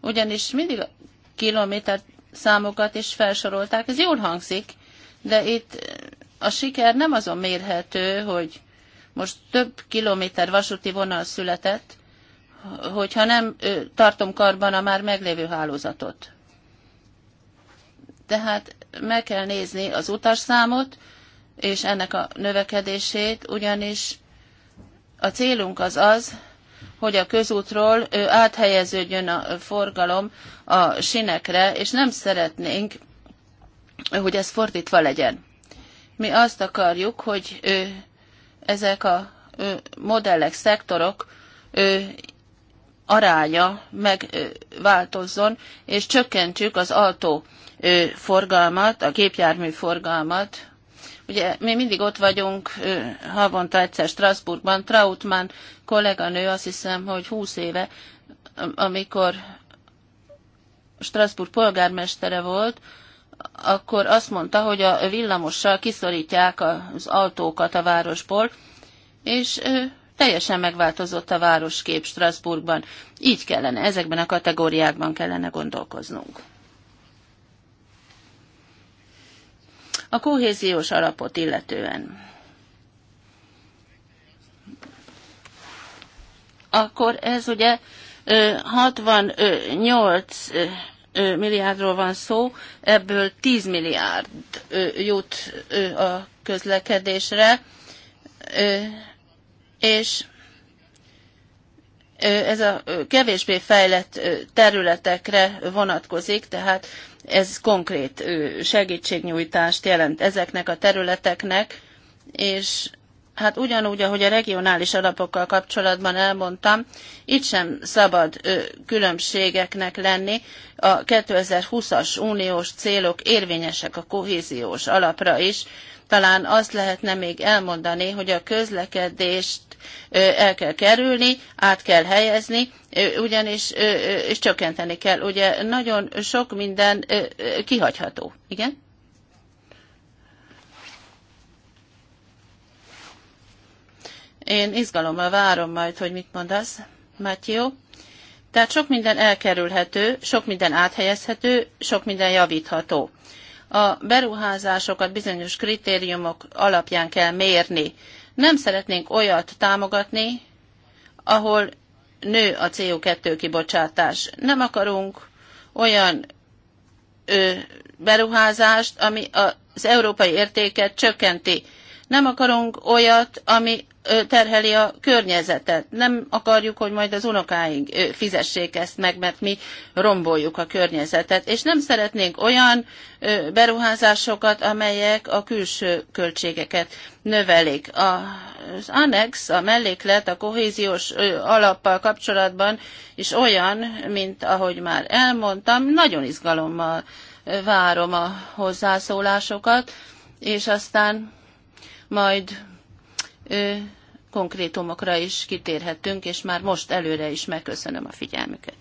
Ugyanis mindig a kilométer számokat is felsorolták. Ez jól hangzik, de itt a siker nem azon mérhető, hogy most több kilométer vasúti vonal született, hogyha nem tartom karban a már meglévő hálózatot. Tehát meg kell nézni az utasszámot és ennek a növekedését, ugyanis a célunk az az, hogy a közútról áthelyeződjön a forgalom a sinekre, és nem szeretnénk, hogy ez fordítva legyen. Mi azt akarjuk, hogy ezek a modellek, szektorok aránya megváltozzon, és csökkentsük az autó forgalmat, a gépjármű forgalmat. Ugye mi mindig ott vagyunk havonta egyszer Strasbourgban, Trautmann kolléganő azt hiszem, hogy húsz éve, amikor Strasbourg polgármestere volt, akkor azt mondta, hogy a villamossal kiszorítják az autókat a városból, és teljesen megváltozott a városkép Strasbourgban. Így kellene, ezekben a kategóriákban kellene gondolkoznunk. A kohéziós alapot illetően. akkor ez ugye 68 milliárdról van szó, ebből 10 milliárd jut a közlekedésre, és ez a kevésbé fejlett területekre vonatkozik, tehát ez konkrét segítségnyújtást jelent ezeknek a területeknek, és hát ugyanúgy, ahogy a regionális alapokkal kapcsolatban elmondtam, itt sem szabad ö, különbségeknek lenni. A 2020-as uniós célok érvényesek a kohéziós alapra is. Talán azt lehetne még elmondani, hogy a közlekedést ö, el kell kerülni, át kell helyezni, ö, ugyanis és csökkenteni kell. Ugye nagyon sok minden kihagyható. Igen? Én izgalommal várom majd, hogy mit mondasz, Matthew. Tehát sok minden elkerülhető, sok minden áthelyezhető, sok minden javítható. A beruházásokat bizonyos kritériumok alapján kell mérni. Nem szeretnénk olyat támogatni, ahol nő a CO2 kibocsátás. Nem akarunk olyan ö, beruházást, ami az európai értéket csökkenti nem akarunk olyat, ami terheli a környezetet. Nem akarjuk, hogy majd az unokáink fizessék ezt meg, mert mi romboljuk a környezetet. És nem szeretnénk olyan beruházásokat, amelyek a külső költségeket növelik. Az annex, a melléklet a kohéziós alappal kapcsolatban is olyan, mint ahogy már elmondtam, nagyon izgalommal várom a hozzászólásokat, és aztán majd ö, konkrétumokra is kitérhetünk, és már most előre is megköszönöm a figyelmüket.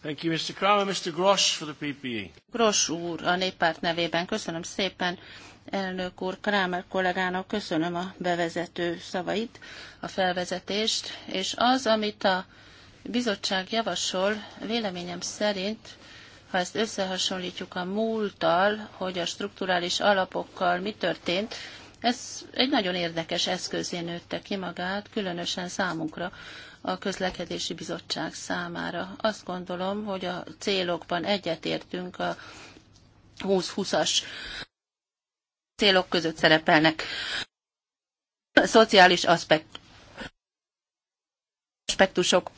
Thank you, Mr. Kramer. Mr. Grosch for the PPE. Grosch úr, a néppárt nevében köszönöm szépen. Elnök úr, Kramer kollégának köszönöm a bevezető szavait, a felvezetést, és az, amit a bizottság javasol, véleményem szerint ha ezt összehasonlítjuk a múlttal, hogy a strukturális alapokkal mi történt, ez egy nagyon érdekes eszközé nőtte ki magát, különösen számunkra, a közlekedési bizottság számára. Azt gondolom, hogy a célokban egyetértünk a 20-20-as célok között szerepelnek a szociális aspektusok,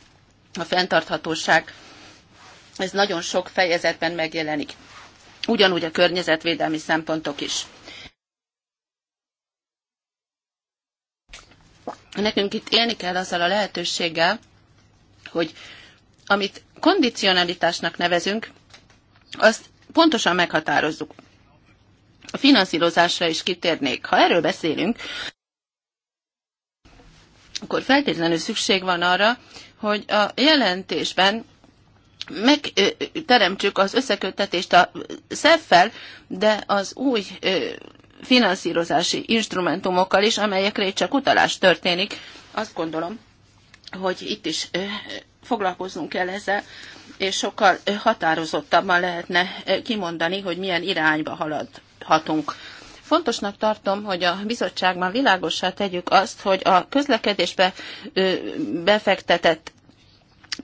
a fenntarthatóság ez nagyon sok fejezetben megjelenik. Ugyanúgy a környezetvédelmi szempontok is. Nekünk itt élni kell azzal a lehetőséggel, hogy amit kondicionalitásnak nevezünk, azt pontosan meghatározzuk. A finanszírozásra is kitérnék. Ha erről beszélünk, akkor feltétlenül szükség van arra, hogy a jelentésben megteremtsük az összeköttetést a szeffel, de az új finanszírozási instrumentumokkal is, amelyekre itt csak utalás történik. Azt gondolom, hogy itt is foglalkoznunk kell ezzel, és sokkal határozottabban lehetne kimondani, hogy milyen irányba haladhatunk. Fontosnak tartom, hogy a bizottságban világossá tegyük azt, hogy a közlekedésbe befektetett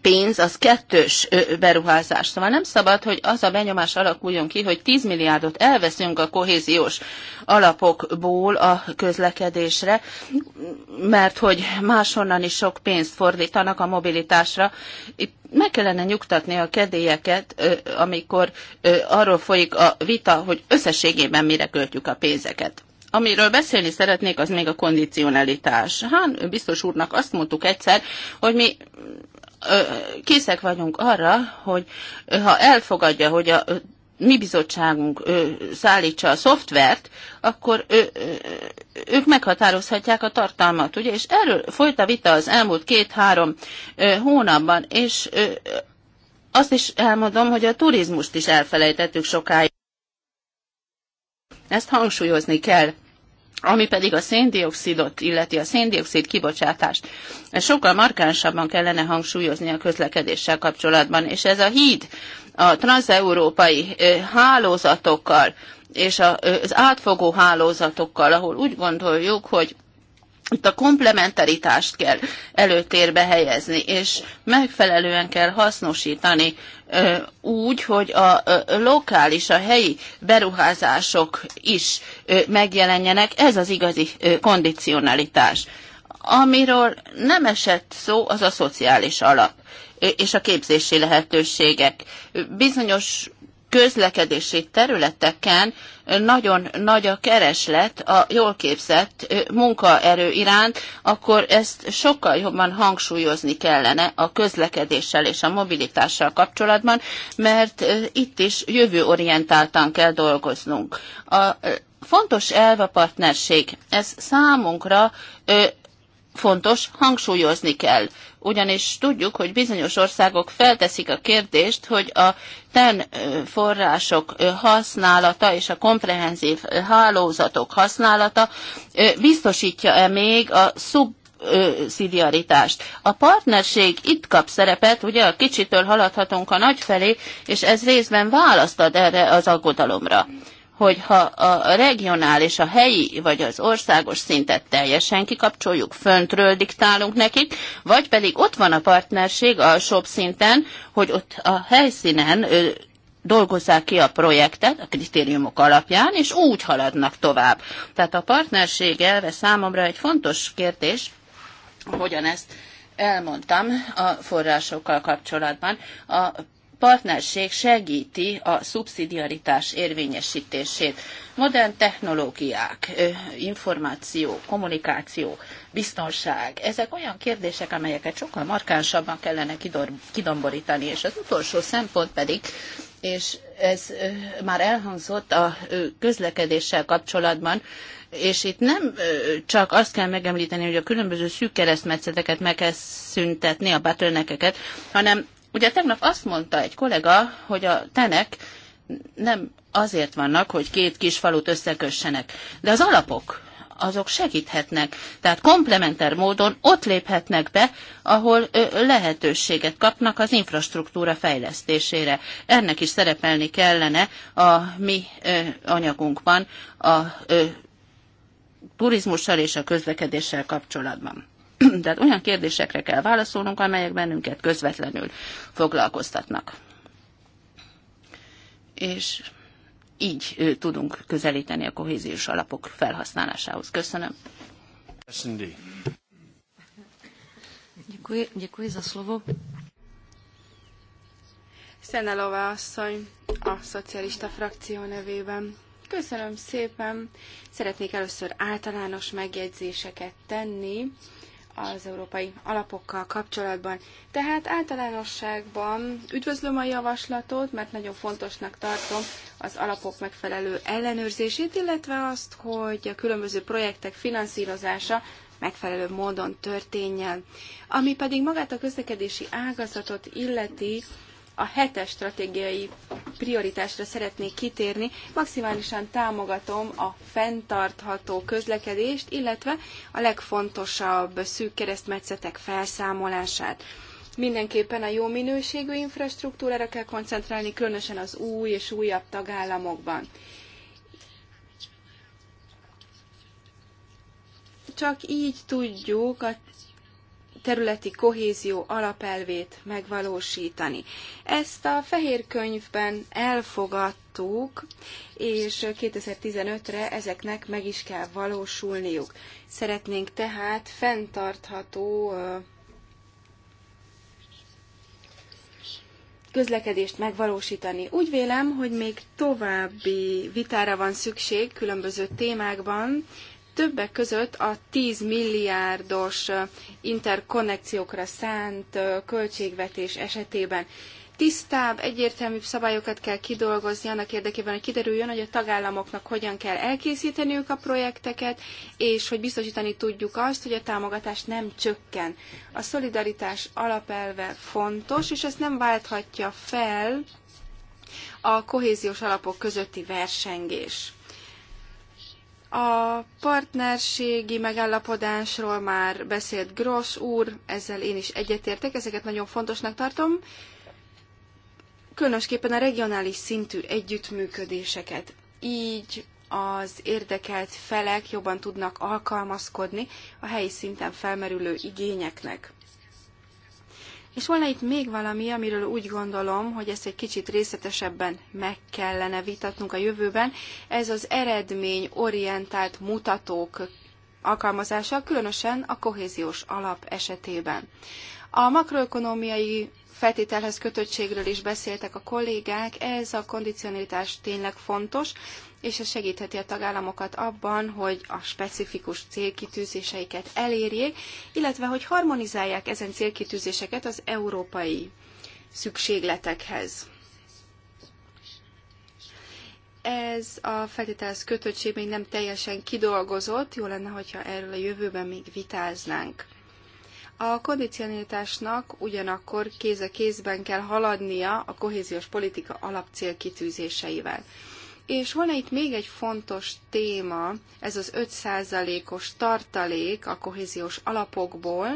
pénz az kettős beruházás. Szóval nem szabad, hogy az a benyomás alakuljon ki, hogy 10 milliárdot elveszünk a kohéziós alapokból a közlekedésre, mert hogy máshonnan is sok pénzt fordítanak a mobilitásra. Itt meg kellene nyugtatni a kedélyeket, amikor arról folyik a vita, hogy összességében mire költjük a pénzeket. Amiről beszélni szeretnék, az még a kondicionalitás. Hán biztos úrnak azt mondtuk egyszer, hogy mi készek vagyunk arra, hogy ha elfogadja, hogy a mi bizottságunk ö, szállítsa a szoftvert, akkor ö, ö, ők meghatározhatják a tartalmat, ugye? És erről folyt a vita az elmúlt két-három hónapban, és ö, azt is elmondom, hogy a turizmust is elfelejtettük sokáig. Ezt hangsúlyozni kell. Ami pedig a széndiokszidot illeti, a széndiokszid kibocsátást, ez sokkal markánsabban kellene hangsúlyozni a közlekedéssel kapcsolatban, és ez a híd a transeurópai hálózatokkal és az átfogó hálózatokkal, ahol úgy gondoljuk, hogy itt a komplementaritást kell előtérbe helyezni, és megfelelően kell hasznosítani úgy, hogy a lokális, a helyi beruházások is megjelenjenek. Ez az igazi kondicionalitás. Amiről nem esett szó, az a szociális alap és a képzési lehetőségek. Bizonyos közlekedési területeken nagyon nagy a kereslet a jól képzett munkaerő iránt, akkor ezt sokkal jobban hangsúlyozni kellene a közlekedéssel és a mobilitással kapcsolatban, mert itt is jövőorientáltan kell dolgoznunk. A fontos elv a partnerség. Ez számunkra fontos, hangsúlyozni kell. Ugyanis tudjuk, hogy bizonyos országok felteszik a kérdést, hogy a TEN források használata és a komprehenzív hálózatok használata biztosítja-e még a szub szubszidiaritást. A partnerség itt kap szerepet, ugye a kicsitől haladhatunk a nagy felé, és ez részben választ ad erre az aggodalomra hogy ha a regionális, a helyi vagy az országos szintet teljesen kikapcsoljuk, föntről diktálunk nekik, vagy pedig ott van a partnerség a alsóbb szinten, hogy ott a helyszínen dolgozzák ki a projektet a kritériumok alapján, és úgy haladnak tovább. Tehát a partnerség elve számomra egy fontos kérdés, hogyan ezt elmondtam a forrásokkal kapcsolatban. A partnerség segíti a szubszidiaritás érvényesítését. Modern technológiák, információ, kommunikáció, biztonság, ezek olyan kérdések, amelyeket sokkal markánsabban kellene kidomborítani, és az utolsó szempont pedig, és ez már elhangzott a közlekedéssel kapcsolatban, és itt nem csak azt kell megemlíteni, hogy a különböző szűk keresztmetszeteket meg kell szüntetni, a bottleneckeket, hanem Ugye tegnap azt mondta egy kollega, hogy a tenek nem azért vannak, hogy két kis falut összekössenek, de az alapok azok segíthetnek. Tehát komplementer módon ott léphetnek be, ahol lehetőséget kapnak az infrastruktúra fejlesztésére. Ennek is szerepelni kellene a mi anyagunkban a turizmussal és a közlekedéssel kapcsolatban. Tehát olyan kérdésekre kell válaszolnunk, amelyek bennünket közvetlenül foglalkoztatnak. És így tudunk közelíteni a kohéziós alapok felhasználásához. Köszönöm. SND. Děkuji, děkuji za slovo. Szenelová asszony a szocialista frakció nevében. Köszönöm szépen. Szeretnék először általános megjegyzéseket tenni az európai alapokkal kapcsolatban. Tehát általánosságban üdvözlöm a javaslatot, mert nagyon fontosnak tartom az alapok megfelelő ellenőrzését, illetve azt, hogy a különböző projektek finanszírozása megfelelő módon történjen. Ami pedig magát a közlekedési ágazatot illeti, a hetes stratégiai prioritásra szeretnék kitérni. Maximálisan támogatom a fenntartható közlekedést, illetve a legfontosabb szűk keresztmetszetek felszámolását. Mindenképpen a jó minőségű infrastruktúrára kell koncentrálni, különösen az új és újabb tagállamokban. Csak így tudjuk a területi kohézió alapelvét megvalósítani. Ezt a fehér könyvben elfogadtuk, és 2015-re ezeknek meg is kell valósulniuk. Szeretnénk tehát fenntartható közlekedést megvalósítani. Úgy vélem, hogy még további vitára van szükség különböző témákban, Többek között a 10 milliárdos interkonnekciókra szánt költségvetés esetében tisztább, egyértelműbb szabályokat kell kidolgozni annak érdekében, hogy kiderüljön, hogy a tagállamoknak hogyan kell elkészíteniük a projekteket, és hogy biztosítani tudjuk azt, hogy a támogatás nem csökken. A szolidaritás alapelve fontos, és ezt nem válthatja fel a kohéziós alapok közötti versengés. A partnerségi megállapodásról már beszélt Gross úr, ezzel én is egyetértek, ezeket nagyon fontosnak tartom, különösképpen a regionális szintű együttműködéseket. Így az érdekelt felek jobban tudnak alkalmazkodni a helyi szinten felmerülő igényeknek. És volna itt még valami, amiről úgy gondolom, hogy ezt egy kicsit részletesebben meg kellene vitatnunk a jövőben. Ez az eredmény orientált mutatók alkalmazása, különösen a kohéziós alap esetében. A makroökonomiai feltételhez kötöttségről is beszéltek a kollégák, ez a kondicionalitás tényleg fontos, és ez segítheti a tagállamokat abban, hogy a specifikus célkitűzéseiket elérjék, illetve hogy harmonizálják ezen célkitűzéseket az európai szükségletekhez. Ez a feltételhez kötöttség még nem teljesen kidolgozott, jó lenne, hogyha erről a jövőben még vitáznánk. A kondicionalitásnak ugyanakkor kéz a kézben kell haladnia a kohéziós politika kitűzéseivel. És volna itt még egy fontos téma, ez az 5%-os tartalék a kohéziós alapokból.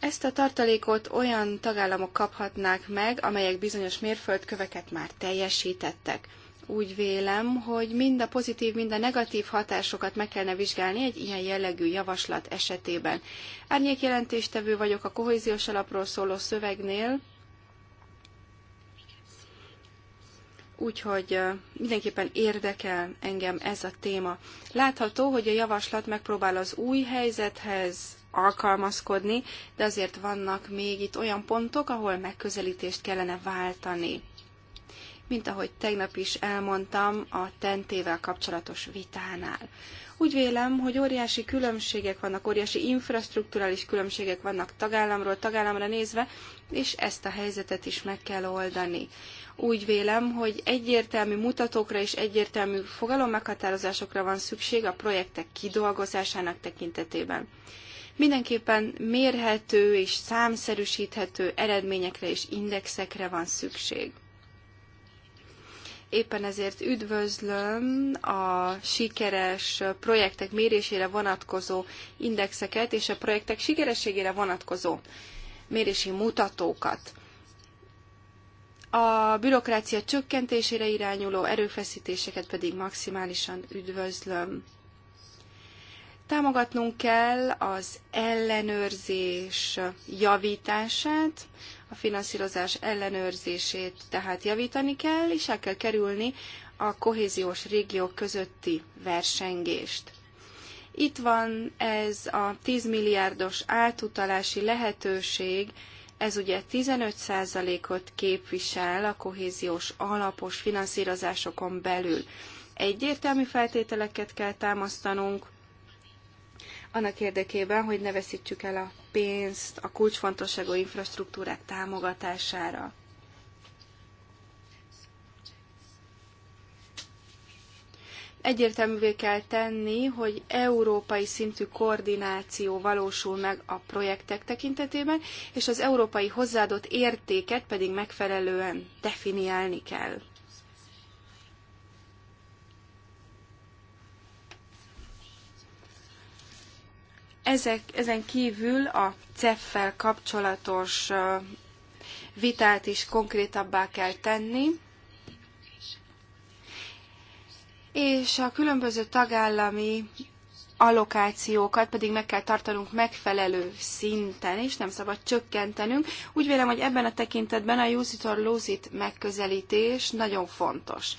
Ezt a tartalékot olyan tagállamok kaphatnák meg, amelyek bizonyos mérföldköveket már teljesítettek úgy vélem, hogy mind a pozitív, mind a negatív hatásokat meg kellene vizsgálni egy ilyen jellegű javaslat esetében. Árnyék jelentéstevő vagyok a kohéziós alapról szóló szövegnél, úgyhogy mindenképpen érdekel engem ez a téma. Látható, hogy a javaslat megpróbál az új helyzethez alkalmazkodni, de azért vannak még itt olyan pontok, ahol megközelítést kellene váltani mint ahogy tegnap is elmondtam a tentével kapcsolatos vitánál. Úgy vélem, hogy óriási különbségek vannak, óriási infrastruktúrális különbségek vannak tagállamról tagállamra nézve, és ezt a helyzetet is meg kell oldani. Úgy vélem, hogy egyértelmű mutatókra és egyértelmű fogalommeghatározásokra van szükség a projektek kidolgozásának tekintetében mindenképpen mérhető és számszerűsíthető eredményekre és indexekre van szükség. Éppen ezért üdvözlöm a sikeres projektek mérésére vonatkozó indexeket és a projektek sikerességére vonatkozó mérési mutatókat. A bürokrácia csökkentésére irányuló erőfeszítéseket pedig maximálisan üdvözlöm. Támogatnunk kell az ellenőrzés javítását, a finanszírozás ellenőrzését tehát javítani kell, és el kell kerülni a kohéziós régiók közötti versengést. Itt van ez a 10 milliárdos átutalási lehetőség, ez ugye 15%-ot képvisel a kohéziós alapos finanszírozásokon belül. Egyértelmű feltételeket kell támasztanunk, annak érdekében, hogy ne veszítsük el a pénzt a kulcsfontosságú infrastruktúrák támogatására. Egyértelművé kell tenni, hogy európai szintű koordináció valósul meg a projektek tekintetében, és az európai hozzáadott értéket pedig megfelelően definiálni kell. Ezek, ezen kívül a CEF-fel kapcsolatos vitát is konkrétabbá kell tenni, és a különböző tagállami allokációkat pedig meg kell tartanunk megfelelő szinten, és nem szabad csökkentenünk. Úgy vélem, hogy ebben a tekintetben a use it or lose it megközelítés nagyon fontos.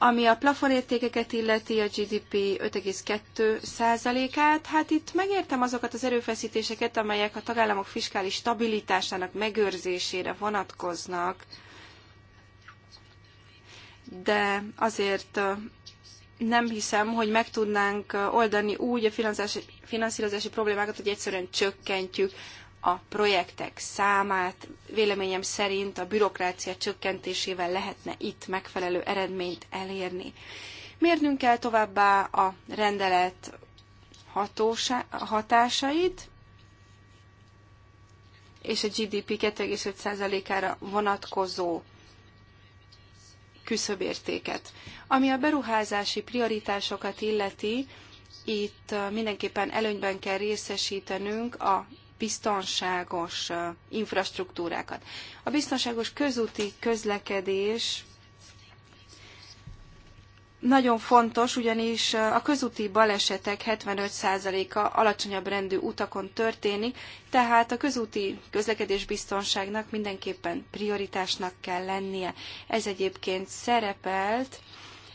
Ami a plafonértékeket illeti a GDP 5,2%-át, hát itt megértem azokat az erőfeszítéseket, amelyek a tagállamok fiskális stabilitásának megőrzésére vonatkoznak, de azért nem hiszem, hogy meg tudnánk oldani úgy a finanszírozási problémákat, hogy egyszerűen csökkentjük a projektek számát. Véleményem szerint a bürokrácia csökkentésével lehetne itt megfelelő eredményt elérni. Mérnünk kell továbbá a rendelet hatósa, hatásait, és a GDP 2,5%-ára vonatkozó küszöbértéket. Ami a beruházási prioritásokat illeti, itt mindenképpen előnyben kell részesítenünk a biztonságos infrastruktúrákat. A biztonságos közúti közlekedés nagyon fontos, ugyanis a közúti balesetek 75%-a alacsonyabb rendű utakon történik, tehát a közúti közlekedés biztonságnak mindenképpen prioritásnak kell lennie. Ez egyébként szerepelt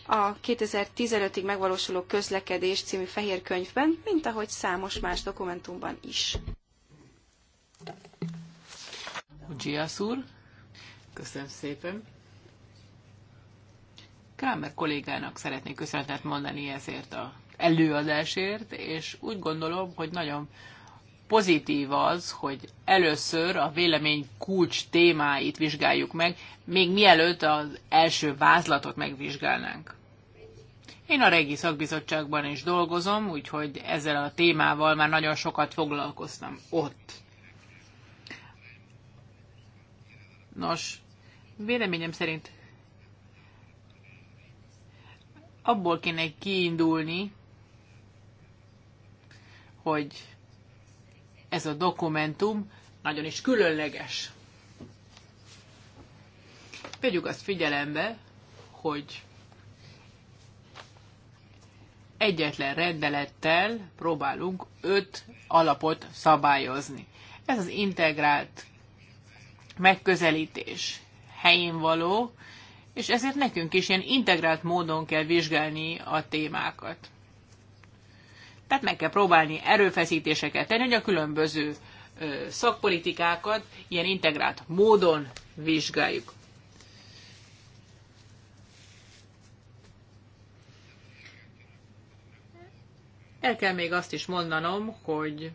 a 2015-ig megvalósuló közlekedés című fehér könyvben, mint ahogy számos más dokumentumban is. Ucsiasz úr. Köszönöm szépen. Kramer kollégának szeretnék köszönetet mondani ezért a előadásért, és úgy gondolom, hogy nagyon pozitív az, hogy először a vélemény kulcs témáit vizsgáljuk meg, még mielőtt az első vázlatot megvizsgálnánk. Én a Regi Szakbizottságban is dolgozom, úgyhogy ezzel a témával már nagyon sokat foglalkoztam ott. Nos, véleményem szerint abból kéne kiindulni, hogy ez a dokumentum nagyon is különleges. Vegyük azt figyelembe, hogy egyetlen rendelettel próbálunk öt alapot szabályozni. Ez az integrált megközelítés helyén való, és ezért nekünk is ilyen integrált módon kell vizsgálni a témákat. Tehát meg kell próbálni erőfeszítéseket tenni, hogy a különböző szakpolitikákat ilyen integrált módon vizsgáljuk. El kell még azt is mondanom, hogy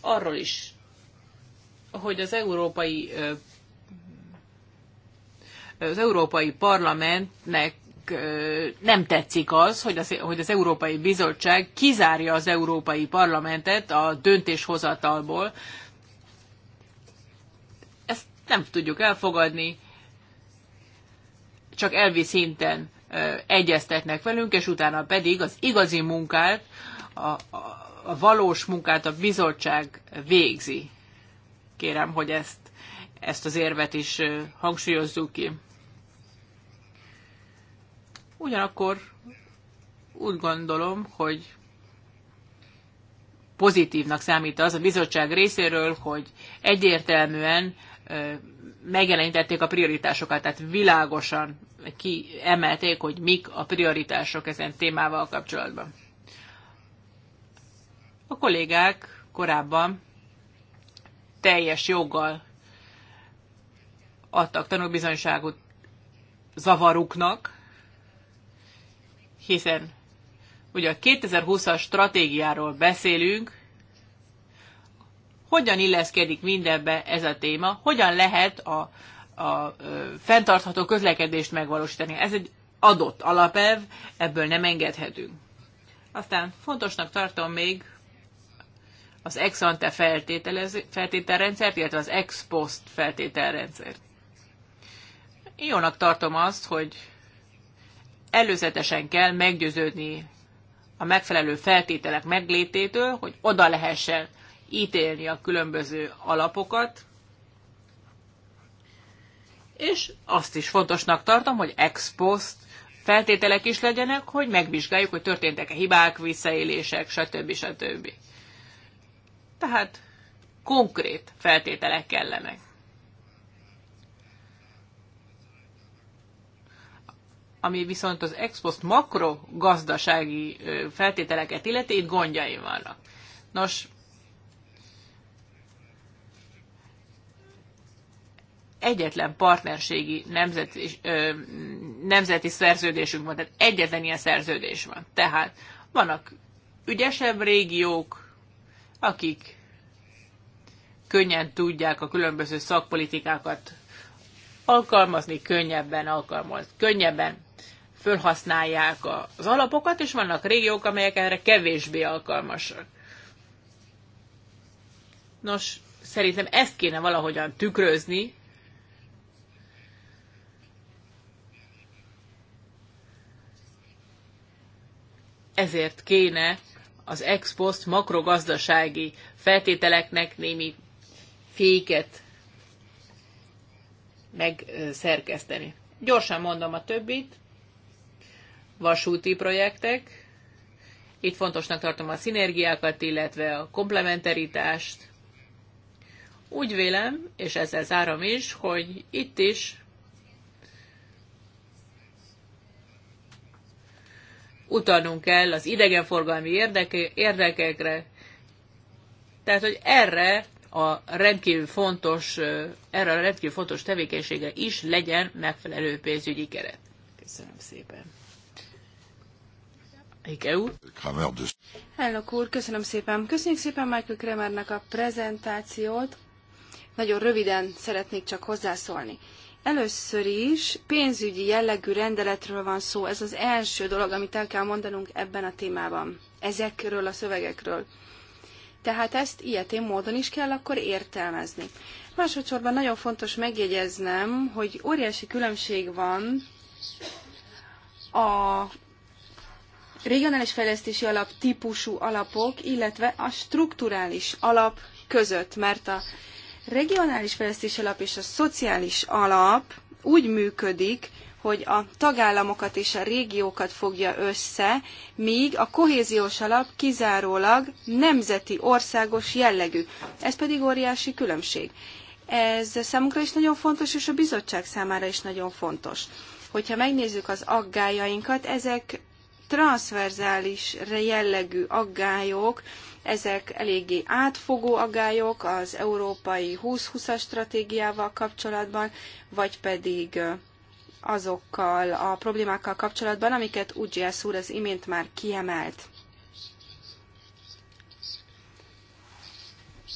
arról is, hogy az európai az európai parlamentnek nem tetszik az, hogy az, hogy az Európai Bizottság kizárja az Európai Parlamentet a döntéshozatalból. Ezt nem tudjuk elfogadni, csak elvi szinten egyeztetnek velünk, és utána pedig az igazi munkát, a, a valós munkát a bizottság végzi. Kérem, hogy ezt, ezt az érvet is hangsúlyozzuk ki. Ugyanakkor úgy gondolom, hogy pozitívnak számít az a bizottság részéről, hogy egyértelműen megjelenítették a prioritásokat, tehát világosan kiemelték, hogy mik a prioritások ezen témával kapcsolatban. A kollégák korábban teljes joggal adtak tanúbizonyságot zavaruknak, hiszen ugye a 2020-as stratégiáról beszélünk, hogyan illeszkedik mindenbe ez a téma, hogyan lehet a, a, a fenntartható közlekedést megvalósítani. Ez egy adott alapelv, ebből nem engedhetünk. Aztán fontosnak tartom még az ex ante feltételrendszert, illetve az ex post feltételrendszert. Jónak tartom azt, hogy előzetesen kell meggyőződni a megfelelő feltételek meglététől, hogy oda lehessen ítélni a különböző alapokat, és azt is fontosnak tartom, hogy ex post feltételek is legyenek, hogy megvizsgáljuk, hogy történtek-e hibák, visszaélések, stb. stb. Tehát konkrét feltételek kellenek. Ami viszont az expost makro gazdasági feltételeket illeti, itt gondjaim vannak. Nos, egyetlen partnerségi nemzeti, nemzeti szerződésünk van, tehát egyetlen ilyen szerződés van. Tehát vannak ügyesebb régiók, akik könnyen tudják a különböző szakpolitikákat alkalmazni, könnyebben alkalmaz, könnyebben fölhasználják az alapokat, és vannak régiók, amelyek erre kevésbé alkalmasak. Nos, szerintem ezt kéne valahogyan tükrözni, ezért kéne az ex post makrogazdasági feltételeknek némi féket megszerkeszteni. Gyorsan mondom a többit. Vasúti projektek. Itt fontosnak tartom a szinergiákat, illetve a komplementaritást. Úgy vélem, és ezzel zárom is, hogy itt is utalnunk kell az idegenforgalmi érdeke, érdekekre. Tehát, hogy erre a rendkívül fontos, erre a rendkívül fontos tevékenységre is legyen megfelelő pénzügyi keret. Köszönöm szépen. Hello, úr, köszönöm szépen. Köszönjük szépen Michael Kremernek a prezentációt. Nagyon röviden szeretnék csak hozzászólni. Először is pénzügyi jellegű rendeletről van szó. Ez az első dolog, amit el kell mondanunk ebben a témában. Ezekről a szövegekről. Tehát ezt ilyetén módon is kell akkor értelmezni. Másodszorban nagyon fontos megjegyeznem, hogy óriási különbség van a regionális fejlesztési alap típusú alapok, illetve a strukturális alap között, mert a regionális fejlesztés alap és a szociális alap úgy működik, hogy a tagállamokat és a régiókat fogja össze, míg a kohéziós alap kizárólag nemzeti, országos jellegű. Ez pedig óriási különbség. Ez számunkra is nagyon fontos, és a bizottság számára is nagyon fontos. Hogyha megnézzük az aggájainkat, ezek transzverzális jellegű aggályok, ezek eléggé átfogó agályok az európai 2020-as stratégiával kapcsolatban, vagy pedig azokkal a problémákkal kapcsolatban, amiket UGS úr az imént már kiemelt.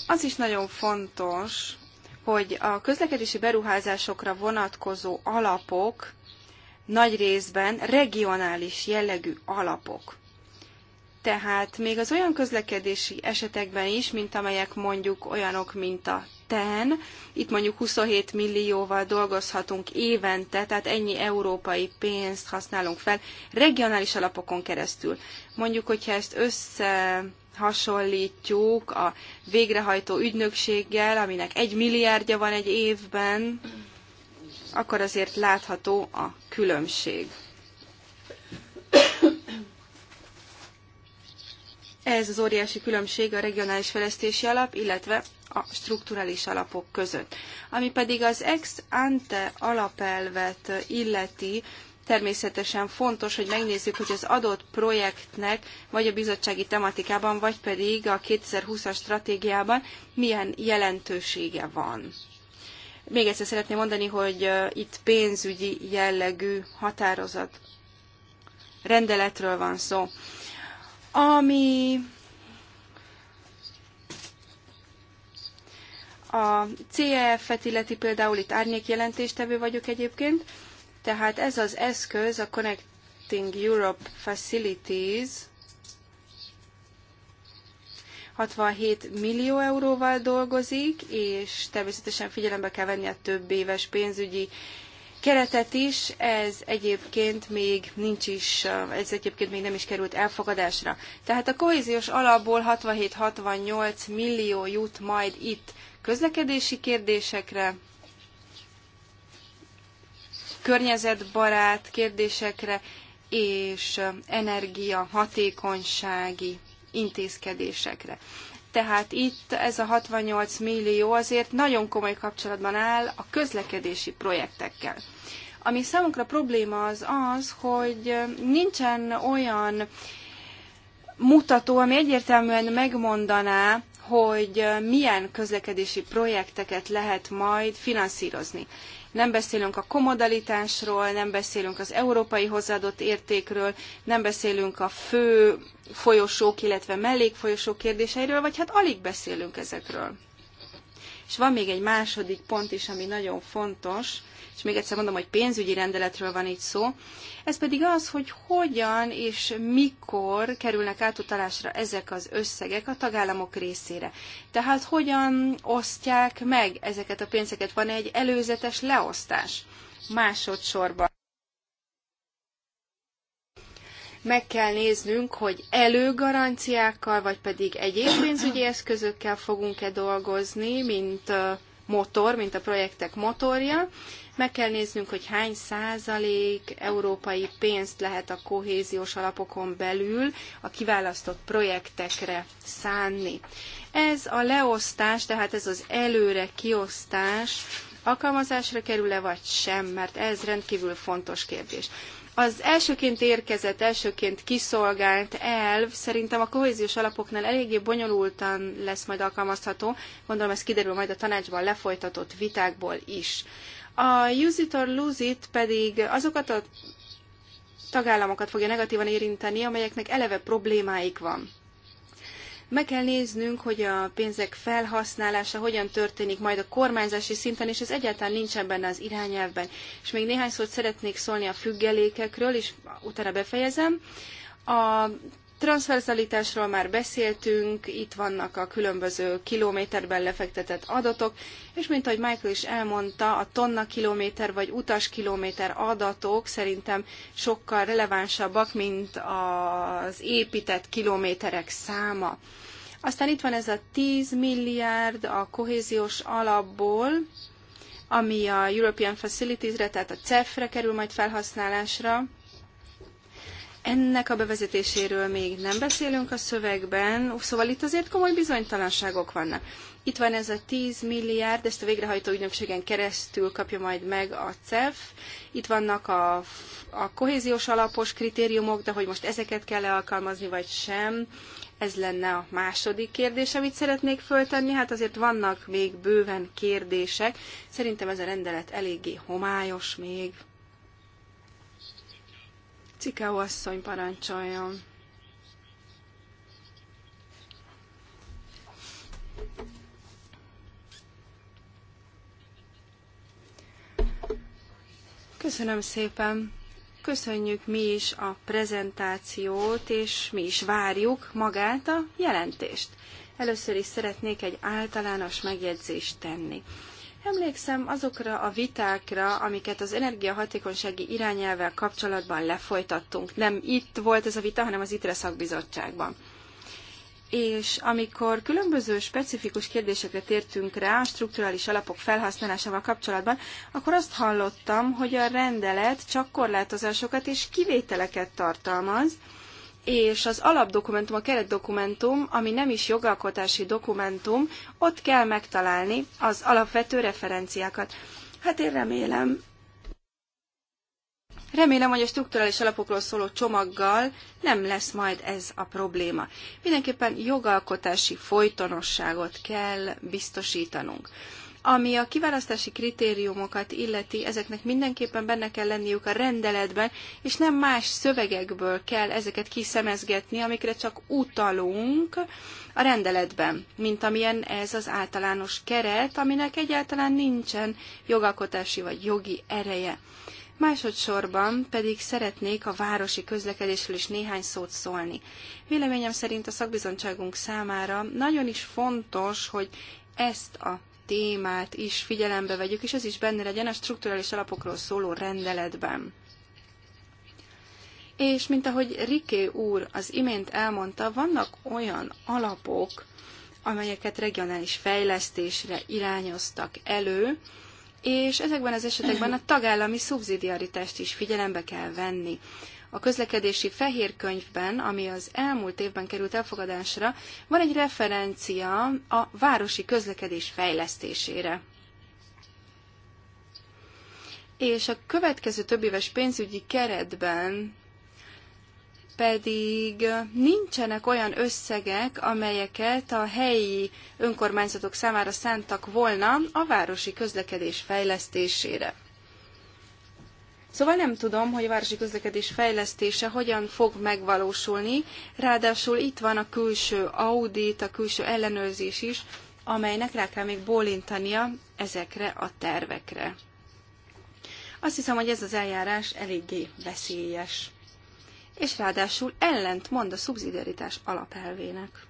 Az is nagyon fontos, hogy a közlekedési beruházásokra vonatkozó alapok nagy részben regionális jellegű alapok. Tehát még az olyan közlekedési esetekben is, mint amelyek mondjuk olyanok, mint a ten, itt mondjuk 27 millióval dolgozhatunk évente, tehát ennyi európai pénzt használunk fel regionális alapokon keresztül. Mondjuk, hogyha ezt össze hasonlítjuk a végrehajtó ügynökséggel, aminek egy milliárdja van egy évben, akkor azért látható a különbség. Ez az óriási különbség a regionális fejlesztési alap, illetve a strukturális alapok között. Ami pedig az ex ante alapelvet illeti, természetesen fontos, hogy megnézzük, hogy az adott projektnek, vagy a bizottsági tematikában, vagy pedig a 2020-as stratégiában milyen jelentősége van. Még egyszer szeretném mondani, hogy itt pénzügyi jellegű határozat rendeletről van szó. Ami a CEF-et illeti például itt árnyékjelentéstevő vagyok egyébként, tehát ez az eszköz, a Connecting Europe Facilities 67 millió euróval dolgozik, és természetesen figyelembe kell venni a több éves pénzügyi keretet is, ez egyébként még nincs is, eh, ez egyébként még nem is került elfogadásra. Tehát a kohéziós alapból 67-68 millió jut majd itt közlekedési kérdésekre, környezetbarát kérdésekre és eh, energiahatékonysági intézkedésekre tehát itt ez a 68 millió azért nagyon komoly kapcsolatban áll a közlekedési projektekkel. Ami számunkra probléma az az, hogy nincsen olyan mutató, ami egyértelműen megmondaná, hogy milyen közlekedési projekteket lehet majd finanszírozni nem beszélünk a komodalitásról, nem beszélünk az európai hozzáadott értékről, nem beszélünk a fő folyosók, illetve mellékfolyosók kérdéseiről, vagy hát alig beszélünk ezekről. És van még egy második pont is, ami nagyon fontos, és még egyszer mondom, hogy pénzügyi rendeletről van itt szó, ez pedig az, hogy hogyan és mikor kerülnek átutalásra ezek az összegek a tagállamok részére. Tehát hogyan osztják meg ezeket a pénzeket? Van egy előzetes leosztás másodszorban. meg kell néznünk, hogy előgaranciákkal, vagy pedig egyéb pénzügyi eszközökkel fogunk-e dolgozni, mint motor, mint a projektek motorja. Meg kell néznünk, hogy hány százalék európai pénzt lehet a kohéziós alapokon belül a kiválasztott projektekre szánni. Ez a leosztás, tehát ez az előre kiosztás alkalmazásra kerül-e vagy sem, mert ez rendkívül fontos kérdés. Az elsőként érkezett, elsőként kiszolgált elv szerintem a kohéziós alapoknál eléggé bonyolultan lesz majd alkalmazható, gondolom ez kiderül majd a tanácsban lefolytatott vitákból is. A use it or lose it pedig azokat a tagállamokat fogja negatívan érinteni, amelyeknek eleve problémáik van meg kell néznünk, hogy a pénzek felhasználása hogyan történik majd a kormányzási szinten, és ez egyáltalán nincs benne az irányelvben. És még néhány szót szeretnék szólni a függelékekről, és utána befejezem. A Transferzalitásról már beszéltünk, itt vannak a különböző kilométerben lefektetett adatok, és mint ahogy Michael is elmondta, a tonna kilométer vagy utas kilométer adatok szerintem sokkal relevánsabbak, mint az épített kilométerek száma. Aztán itt van ez a 10 milliárd a kohéziós alapból, ami a European Facilities-re, tehát a CEF-re kerül majd felhasználásra ennek a bevezetéséről még nem beszélünk a szövegben, szóval itt azért komoly bizonytalanságok vannak. Itt van ez a 10 milliárd, ezt a végrehajtó ügynökségen keresztül kapja majd meg a CEF. Itt vannak a, a kohéziós alapos kritériumok, de hogy most ezeket kell -e alkalmazni, vagy sem, ez lenne a második kérdés, amit szeretnék föltenni. Hát azért vannak még bőven kérdések. Szerintem ez a rendelet eléggé homályos még. Cikáó asszony parancsoljon. Köszönöm szépen. Köszönjük mi is a prezentációt, és mi is várjuk magát a jelentést. Először is szeretnék egy általános megjegyzést tenni. Emlékszem azokra a vitákra, amiket az energiahatékonysági irányelvvel kapcsolatban lefolytattunk. Nem itt volt ez a vita, hanem az ITRE szakbizottságban. És amikor különböző specifikus kérdésekre tértünk rá a strukturális alapok felhasználásával kapcsolatban, akkor azt hallottam, hogy a rendelet csak korlátozásokat és kivételeket tartalmaz, és az alapdokumentum, a keretdokumentum, ami nem is jogalkotási dokumentum, ott kell megtalálni az alapvető referenciákat. Hát én remélem, Remélem, hogy a strukturális alapokról szóló csomaggal nem lesz majd ez a probléma. Mindenképpen jogalkotási folytonosságot kell biztosítanunk. Ami a kiválasztási kritériumokat illeti, ezeknek mindenképpen benne kell lenniük a rendeletben, és nem más szövegekből kell ezeket kiszemezgetni, amikre csak utalunk a rendeletben, mint amilyen ez az általános keret, aminek egyáltalán nincsen jogalkotási vagy jogi ereje. Másodszorban pedig szeretnék a városi közlekedésről is néhány szót szólni. Véleményem szerint a szakbizottságunk számára nagyon is fontos, hogy ezt a témát is figyelembe vegyük, és ez is benne legyen a strukturális alapokról szóló rendeletben. És mint ahogy Riké úr az imént elmondta, vannak olyan alapok, amelyeket regionális fejlesztésre irányoztak elő, és ezekben az esetekben a tagállami szubszidiaritást is figyelembe kell venni. A közlekedési fehér könyvben, ami az elmúlt évben került elfogadásra, van egy referencia a városi közlekedés fejlesztésére. És a következő éves pénzügyi keretben pedig nincsenek olyan összegek, amelyeket a helyi önkormányzatok számára szántak volna a városi közlekedés fejlesztésére. Szóval nem tudom, hogy a városi közlekedés fejlesztése hogyan fog megvalósulni, ráadásul itt van a külső audit, a külső ellenőrzés is, amelynek rá kell még bólintania ezekre a tervekre. Azt hiszem, hogy ez az eljárás eléggé veszélyes. És ráadásul ellent mond a szubszidiaritás alapelvének.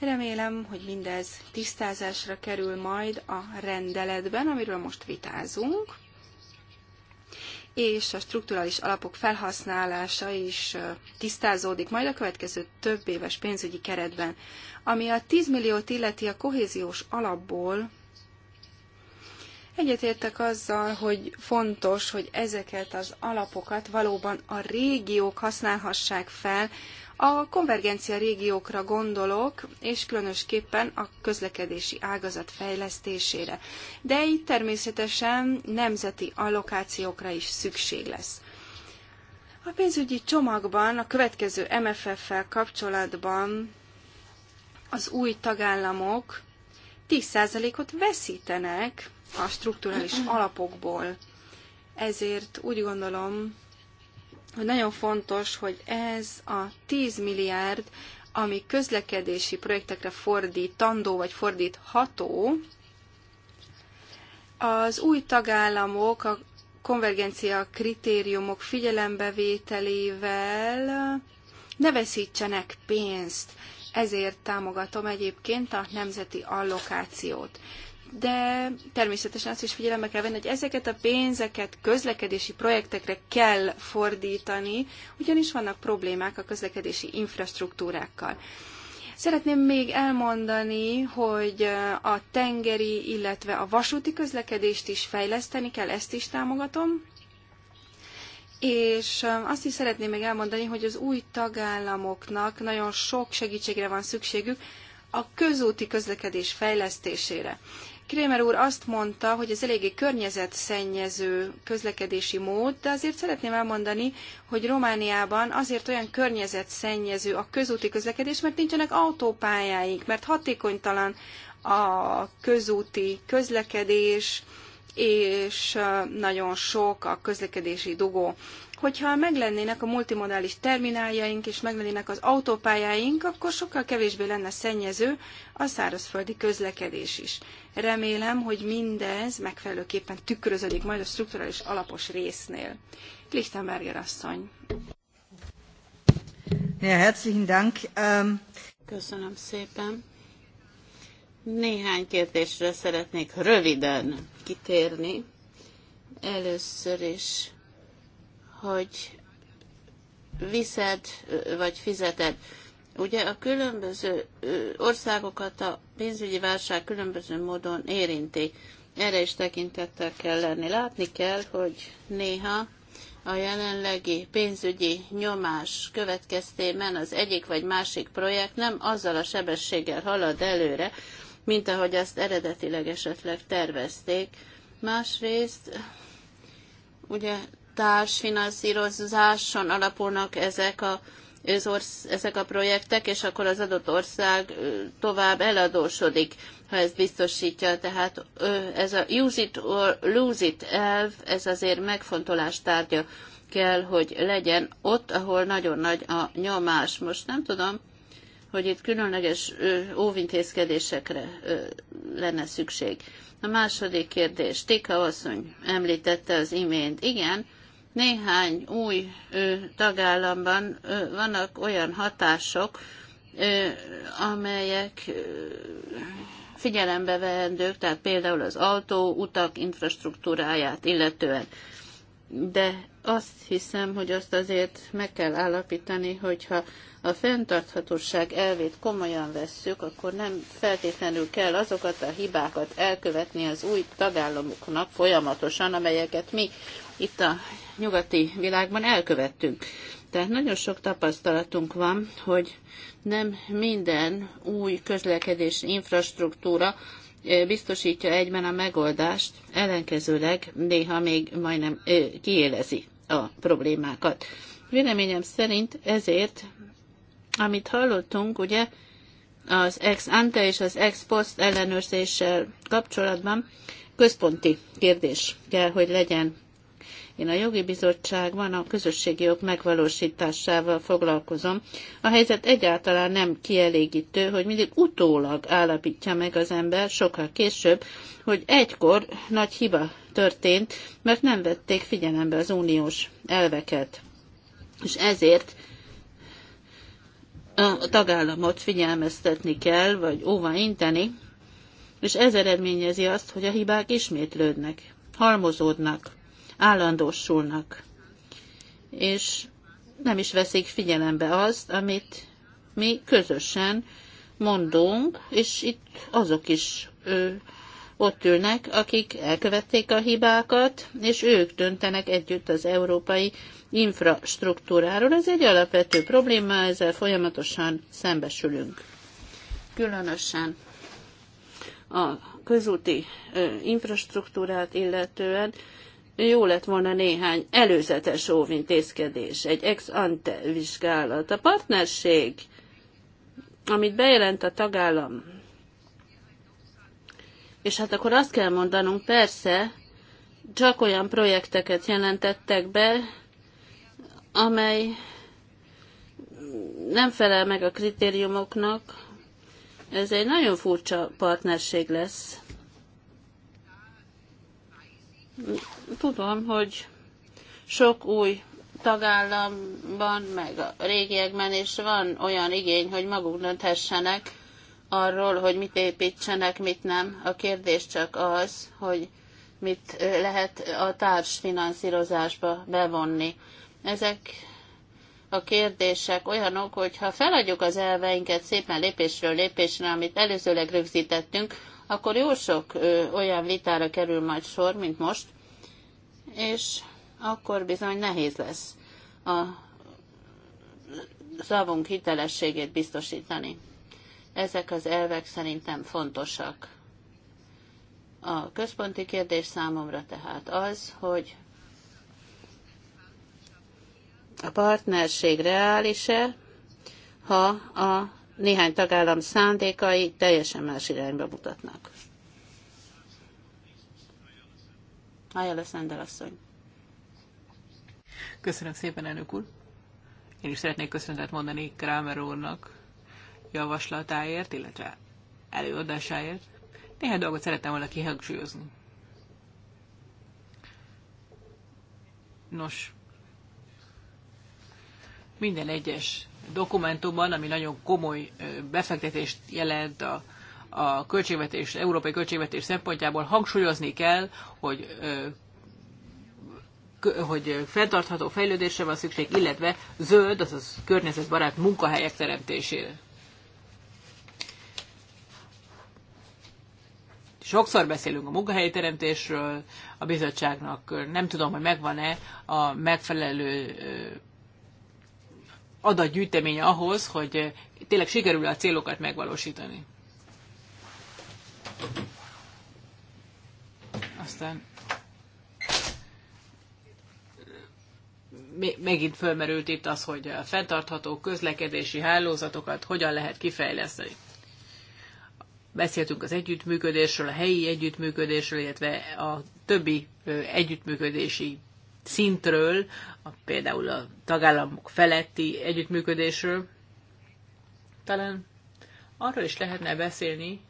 Remélem, hogy mindez tisztázásra kerül majd a rendeletben, amiről most vitázunk és a strukturális alapok felhasználása is tisztázódik majd a következő több éves pénzügyi keretben. Ami a 10 milliót illeti a kohéziós alapból, Egyetértek azzal, hogy fontos, hogy ezeket az alapokat valóban a régiók használhassák fel a konvergencia régiókra gondolok, és különösképpen a közlekedési ágazat fejlesztésére. De itt természetesen nemzeti allokációkra is szükség lesz. A pénzügyi csomagban, a következő MFF-fel kapcsolatban az új tagállamok 10%-ot veszítenek a strukturális alapokból. Ezért úgy gondolom, hogy nagyon fontos, hogy ez a 10 milliárd, ami közlekedési projektekre fordítandó vagy fordítható, az új tagállamok a konvergencia kritériumok figyelembevételével ne veszítsenek pénzt. Ezért támogatom egyébként a nemzeti allokációt de természetesen azt is figyelembe kell venni, hogy ezeket a pénzeket közlekedési projektekre kell fordítani, ugyanis vannak problémák a közlekedési infrastruktúrákkal. Szeretném még elmondani, hogy a tengeri, illetve a vasúti közlekedést is fejleszteni kell, ezt is támogatom. És azt is szeretném még elmondani, hogy az új tagállamoknak nagyon sok segítségre van szükségük a közúti közlekedés fejlesztésére. Krémer úr azt mondta, hogy ez eléggé környezetszennyező közlekedési mód, de azért szeretném elmondani, hogy Romániában azért olyan környezetszennyező a közúti közlekedés, mert nincsenek autópályáink, mert hatékonytalan a közúti közlekedés, és nagyon sok a közlekedési dugó. Hogyha meglennének a multimodális termináljaink és meglennének az autópályáink, akkor sokkal kevésbé lenne szennyező a szárazföldi közlekedés is. Remélem, hogy mindez megfelelőképpen tükröződik majd a strukturális alapos résznél. Lichtenberger asszony. Ja, herzlichen Dank. Um... Köszönöm szépen. Néhány kérdésre szeretnék röviden kitérni. Először is hogy viszed vagy fizeted. Ugye a különböző országokat a pénzügyi válság különböző módon érinti. Erre is tekintettel kell lenni. Látni kell, hogy néha a jelenlegi pénzügyi nyomás következtében az egyik vagy másik projekt nem azzal a sebességgel halad előre, mint ahogy azt eredetileg esetleg tervezték. Másrészt ugye társfinanszírozáson alapulnak ezek a ezek a projektek, és akkor az adott ország tovább eladósodik, ha ezt biztosítja. Tehát ez a use it or lose it elv, ez azért megfontolás tárgya kell, hogy legyen ott, ahol nagyon nagy a nyomás. Most nem tudom, hogy itt különleges óvintézkedésekre lenne szükség. A második kérdés. Tika asszony említette az imént. Igen, néhány új tagállamban vannak olyan hatások, amelyek figyelembe veendők, tehát például az autóutak infrastruktúráját illetően. De azt hiszem, hogy azt azért meg kell állapítani, hogyha a fenntarthatóság elvét komolyan vesszük, akkor nem feltétlenül kell azokat a hibákat elkövetni az új tagállamoknak folyamatosan, amelyeket mi itt a nyugati világban elkövettünk. Tehát nagyon sok tapasztalatunk van, hogy nem minden új közlekedés infrastruktúra e, biztosítja egyben a megoldást, ellenkezőleg néha még majdnem e, kiélezi a problémákat. Véleményem szerint ezért, amit hallottunk, ugye az ex ante és az ex post ellenőrzéssel kapcsolatban központi kérdés kell, hogy legyen én a jogi bizottságban a közösségi jog megvalósításával foglalkozom. A helyzet egyáltalán nem kielégítő, hogy mindig utólag állapítja meg az ember sokkal később, hogy egykor nagy hiba történt, mert nem vették figyelembe az uniós elveket. És ezért a tagállamot figyelmeztetni kell, vagy óva inteni, és ez eredményezi azt, hogy a hibák ismétlődnek, halmozódnak állandósulnak, és nem is veszik figyelembe azt, amit mi közösen mondunk, és itt azok is ő, ott ülnek, akik elkövették a hibákat, és ők döntenek együtt az európai infrastruktúráról. Ez egy alapvető probléma, ezzel folyamatosan szembesülünk. Különösen a közúti ö, infrastruktúrát illetően jó lett volna néhány előzetes óvintézkedés, egy ex ante vizsgálat. A partnerség, amit bejelent a tagállam, és hát akkor azt kell mondanunk, persze, csak olyan projekteket jelentettek be, amely nem felel meg a kritériumoknak. Ez egy nagyon furcsa partnerség lesz. Tudom, hogy sok új tagállamban, meg a régiekben is van olyan igény, hogy maguk dönthessenek arról, hogy mit építsenek, mit nem. A kérdés csak az, hogy mit lehet a társfinanszírozásba bevonni. Ezek a kérdések olyanok, hogy ha feladjuk az elveinket szépen lépésről lépésre, amit előzőleg rögzítettünk, akkor jó sok ö, olyan vitára kerül majd sor, mint most, és akkor bizony nehéz lesz a szavunk hitelességét biztosítani. Ezek az elvek szerintem fontosak. A központi kérdés számomra tehát az, hogy a partnerség reális-e, ha a néhány tagállam szándékai teljesen más irányba mutatnak. Hájjel Szendel asszony. Köszönöm szépen, elnök úr. Én is szeretnék köszönetet mondani Kramer úrnak javaslatáért, illetve előadásáért. Néhány dolgot szerettem volna kihangsúlyozni. Nos, minden egyes dokumentumban, ami nagyon komoly befektetést jelent a a költségvetés, európai költségvetés szempontjából hangsúlyozni kell, hogy hogy fenntartható fejlődésre van szükség, illetve zöld, azaz környezetbarát munkahelyek teremtésére. Sokszor beszélünk a teremtésről, a bizottságnak nem tudom, hogy megvan-e a megfelelő adatgyűjteménye ahhoz, hogy tényleg sikerül a célokat megvalósítani. Aztán megint fölmerült itt az, hogy a fenntartható közlekedési hálózatokat hogyan lehet kifejleszteni. Beszéltünk az együttműködésről, a helyi együttműködésről, illetve a többi együttműködési szintről, a, például a tagállamok feletti együttműködésről. Talán arról is lehetne beszélni,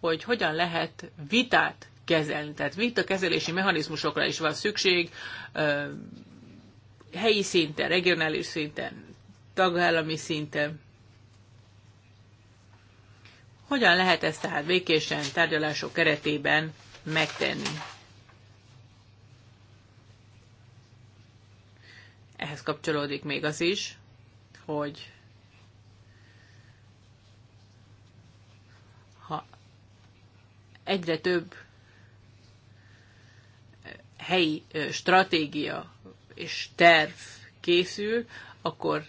hogy hogyan lehet vitát kezelni. Tehát vita kezelési mechanizmusokra is van szükség, helyi szinten, regionális szinten, tagállami szinten. Hogyan lehet ezt tehát békésen tárgyalások keretében megtenni? Ehhez kapcsolódik még az is, hogy ha egyre több helyi stratégia és terv készül, akkor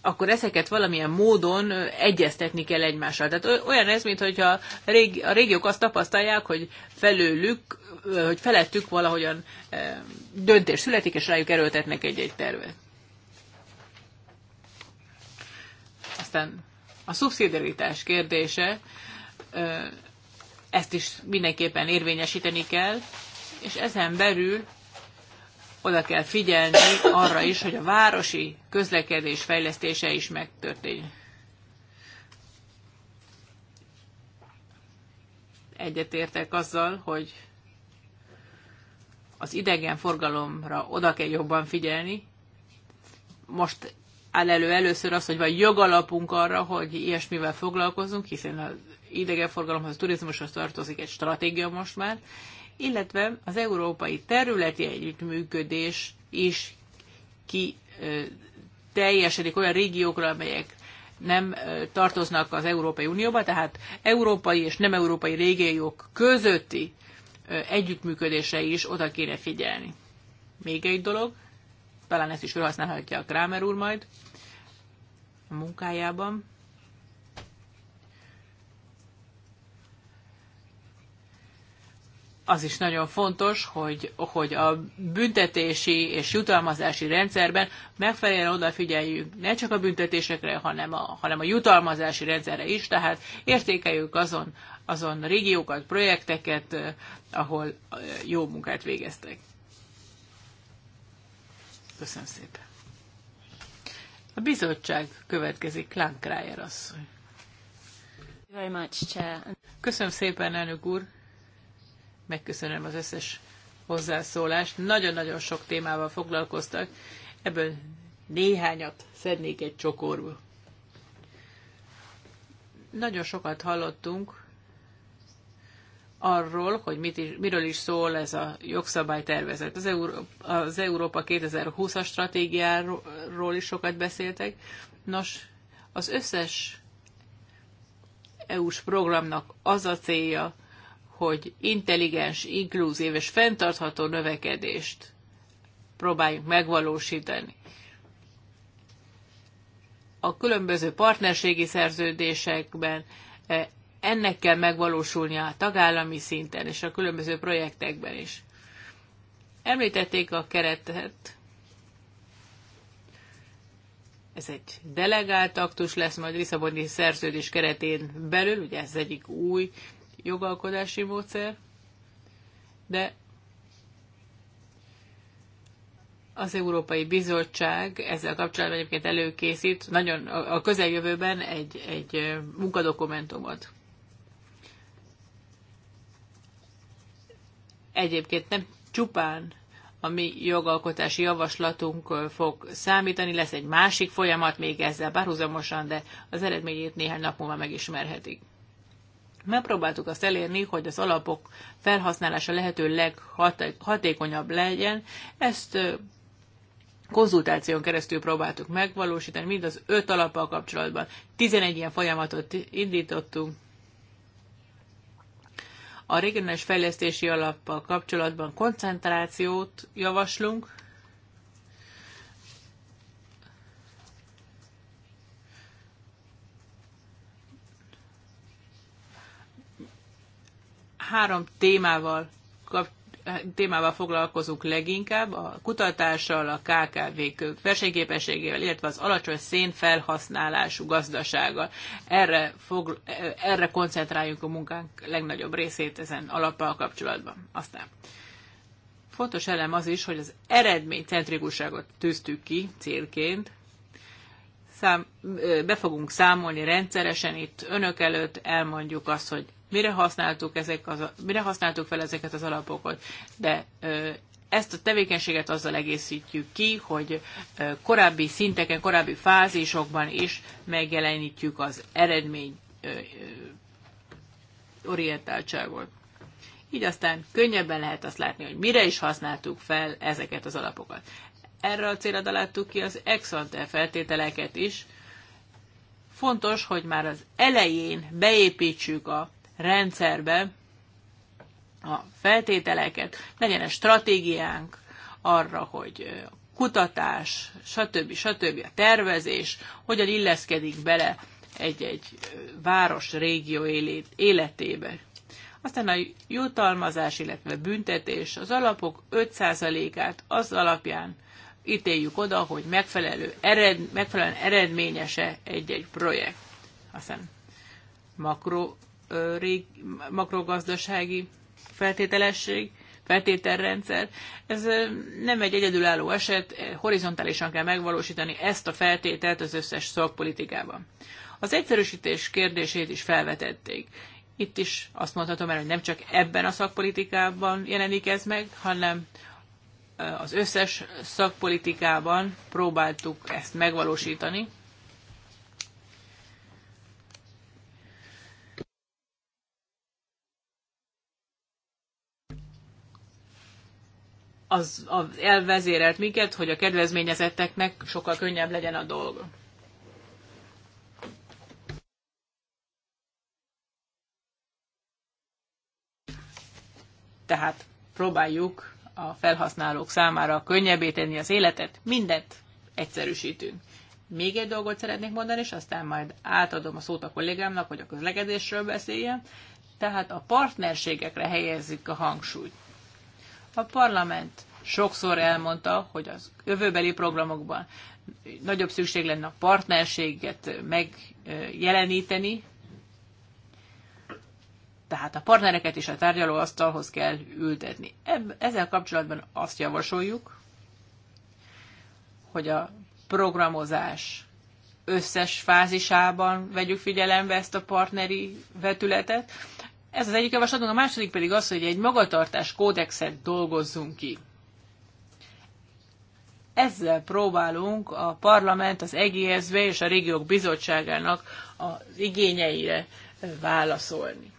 akkor ezeket valamilyen módon egyeztetni kell egymással. Tehát olyan ez, mintha a régiók azt tapasztalják, hogy felőlük, hogy felettük valahogyan döntés születik, és rájuk erőltetnek egy-egy tervet. Aztán a szubszidiaritás kérdése, ezt is mindenképpen érvényesíteni kell, és ezen belül oda kell figyelni arra is, hogy a városi közlekedés fejlesztése is megtörténjen. Egyetértek azzal, hogy az idegenforgalomra oda kell jobban figyelni. Most áll elő először az, hogy van jogalapunk arra, hogy ilyesmivel foglalkozunk, hiszen az idegenforgalomhoz, turizmushoz tartozik egy stratégia most már, illetve az európai területi együttműködés is ki teljesedik olyan régiókra, amelyek nem tartoznak az Európai Unióba, tehát európai és nem európai régiók közötti együttműködése is oda kéne figyelni. Még egy dolog, talán ezt is felhasználhatja a Kramer úr majd a munkájában. az is nagyon fontos, hogy, hogy a büntetési és jutalmazási rendszerben megfelelően odafigyeljünk ne csak a büntetésekre, hanem a, hanem a jutalmazási rendszerre is, tehát értékeljük azon, azon régiókat, projekteket, eh, ahol eh, jó munkát végeztek. Köszönöm szépen. A bizottság következik, Lankrájer asszony. Very much, Chair. Köszönöm szépen, elnök úr. Megköszönöm az összes hozzászólást. Nagyon-nagyon sok témával foglalkoztak. Ebből néhányat szednék egy csokorba. Nagyon sokat hallottunk arról, hogy mit is, miről is szól ez a jogszabálytervezet. Az, Euró- az Európa 2020-as stratégiáról is sokat beszéltek. Nos, az összes EU-s programnak az a célja, hogy intelligens, inkluzív és fenntartható növekedést próbáljuk megvalósítani. A különböző partnerségi szerződésekben ennek kell megvalósulnia a tagállami szinten és a különböző projektekben is. Említették a keretet. Ez egy delegált aktus lesz majd Lisszaboni szerződés keretén belül, ugye ez egyik új jogalkodási módszer, de az Európai Bizottság ezzel kapcsolatban egyébként előkészít nagyon a közeljövőben egy, egy munkadokumentumot. egyébként nem csupán a mi jogalkotási javaslatunk fog számítani, lesz egy másik folyamat még ezzel párhuzamosan, de az eredményét néhány nap múlva megismerhetik. Megpróbáltuk azt elérni, hogy az alapok felhasználása lehető leghatékonyabb legyen. Ezt konzultáción keresztül próbáltuk megvalósítani, mind az öt alappal kapcsolatban. 11 ilyen folyamatot indítottunk, a regionális fejlesztési alappal kapcsolatban koncentrációt javaslunk. Három témával kap, témával foglalkozunk leginkább, a kutatással, a KKV-k versenyképességével, illetve az alacsony szénfelhasználású gazdasággal. Erre, fog, erre koncentráljunk a munkánk legnagyobb részét ezen alappal kapcsolatban. Aztán fontos elem az is, hogy az eredménycentrikusságot tűztük ki célként, szám, be fogunk számolni rendszeresen itt önök előtt, elmondjuk azt, hogy mire használtuk, ezek az, mire használtuk fel ezeket az alapokat. De ezt a tevékenységet azzal egészítjük ki, hogy korábbi szinteken, korábbi fázisokban is megjelenítjük az eredmény orientáltságot. Így aztán könnyebben lehet azt látni, hogy mire is használtuk fel ezeket az alapokat. Erre a célra találtuk ki az exante feltételeket is. Fontos, hogy már az elején beépítsük a rendszerbe a feltételeket, legyen egy stratégiánk arra, hogy kutatás, stb. stb. a tervezés, hogyan illeszkedik bele egy-egy város, régió életébe. Aztán a jutalmazás, illetve büntetés, az alapok 5%-át az alapján ítéljük oda, hogy megfelelő ered, megfelelően eredményese egy-egy projekt. Aztán makro rég, makrogazdasági feltételesség, feltételrendszer. Ez nem egy egyedülálló eset, horizontálisan kell megvalósítani ezt a feltételt az összes szakpolitikában. Az egyszerűsítés kérdését is felvetették. Itt is azt mondhatom el, hogy nem csak ebben a szakpolitikában jelenik ez meg, hanem az összes szakpolitikában próbáltuk ezt megvalósítani. az, az elvezérelt minket, hogy a kedvezményezetteknek sokkal könnyebb legyen a dolga. Tehát próbáljuk a felhasználók számára könnyebbé tenni az életet, mindent egyszerűsítünk. Még egy dolgot szeretnék mondani, és aztán majd átadom a szót a kollégámnak, hogy a közlekedésről beszéljen. Tehát a partnerségekre helyezzük a hangsúlyt. A parlament sokszor elmondta, hogy az jövőbeli programokban nagyobb szükség lenne a partnerséget megjeleníteni, tehát a partnereket is a tárgyalóasztalhoz kell ültetni. Ezzel kapcsolatban azt javasoljuk, hogy a programozás összes fázisában vegyük figyelembe ezt a partneri vetületet, ez az egyik javaslatunk, a második pedig az, hogy egy magatartás kódexet dolgozzunk ki. Ezzel próbálunk a parlament, az EGSZB és a régiók bizottságának az igényeire válaszolni.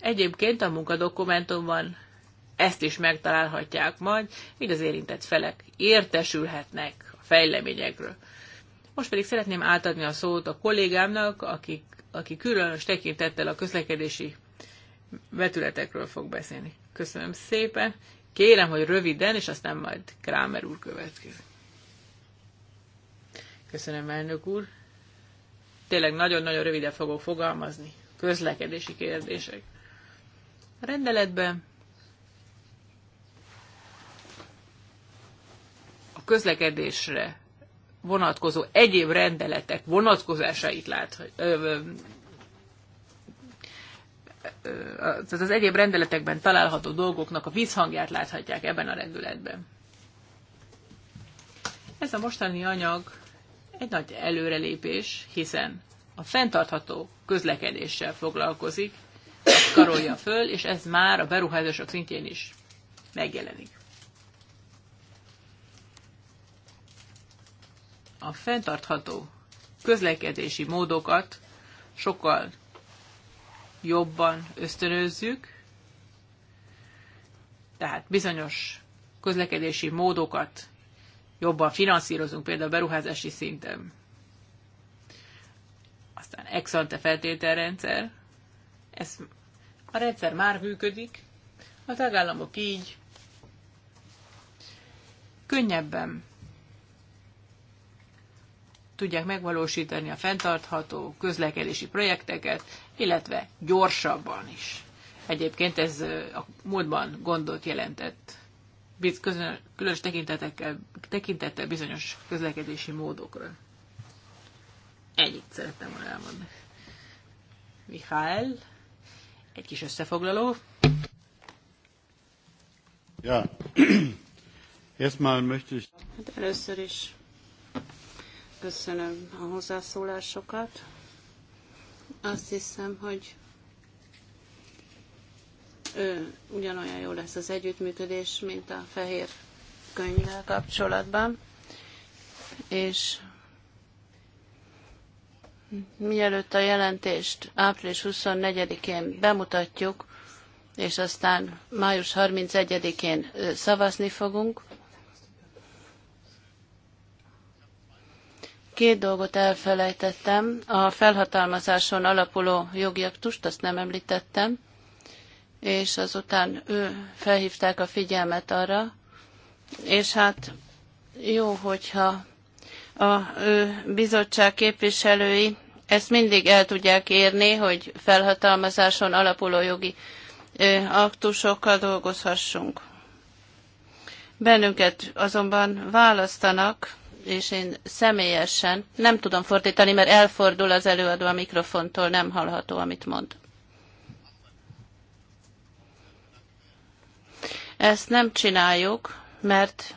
Egyébként a munkadokumentumban ezt is megtalálhatják majd, így az érintett felek értesülhetnek a fejleményekről. Most pedig szeretném átadni a szót a kollégámnak, akik aki különös tekintettel a közlekedési vetületekről fog beszélni. Köszönöm szépen. Kérem, hogy röviden, és aztán majd Krámer úr következik. Köszönöm, elnök úr. Tényleg nagyon-nagyon röviden fogok fogalmazni. Közlekedési kérdések. A rendeletben a közlekedésre vonatkozó egyéb rendeletek vonatkozásait lát, tehát az egyéb rendeletekben található dolgoknak a vízhangját láthatják ebben a rendületben. Ez a mostani anyag egy nagy előrelépés, hiszen a fenntartható közlekedéssel foglalkozik, karolja föl, és ez már a beruházások szintjén is megjelenik. a fenntartható közlekedési módokat sokkal jobban ösztönözzük, tehát bizonyos közlekedési módokat jobban finanszírozunk, például beruházási szinten. Aztán exante feltételrendszer, ez a rendszer már működik, a tagállamok így könnyebben tudják megvalósítani a fenntartható közlekedési projekteket, illetve gyorsabban is. Egyébként ez a múltban gondot jelentett, különös tekintettel bizonyos közlekedési módokra. Ennyit szerettem volna elmondani. Mihály, egy kis összefoglaló. Ja, erstmal möchte ich... Hát először is Köszönöm a hozzászólásokat. Azt hiszem, hogy ő ugyanolyan jó lesz az együttműködés, mint a fehér könyvvel kapcsolatban. És mielőtt a jelentést április 24-én bemutatjuk, és aztán május 31-én szavazni fogunk, Két dolgot elfelejtettem. A felhatalmazáson alapuló jogi aktust, azt nem említettem, és azután ő felhívták a figyelmet arra, és hát jó, hogyha a bizottság képviselői ezt mindig el tudják érni, hogy felhatalmazáson alapuló jogi aktusokkal dolgozhassunk. Bennünket azonban választanak, és én személyesen nem tudom fordítani, mert elfordul az előadó a mikrofontól, nem hallható, amit mond. Ezt nem csináljuk, mert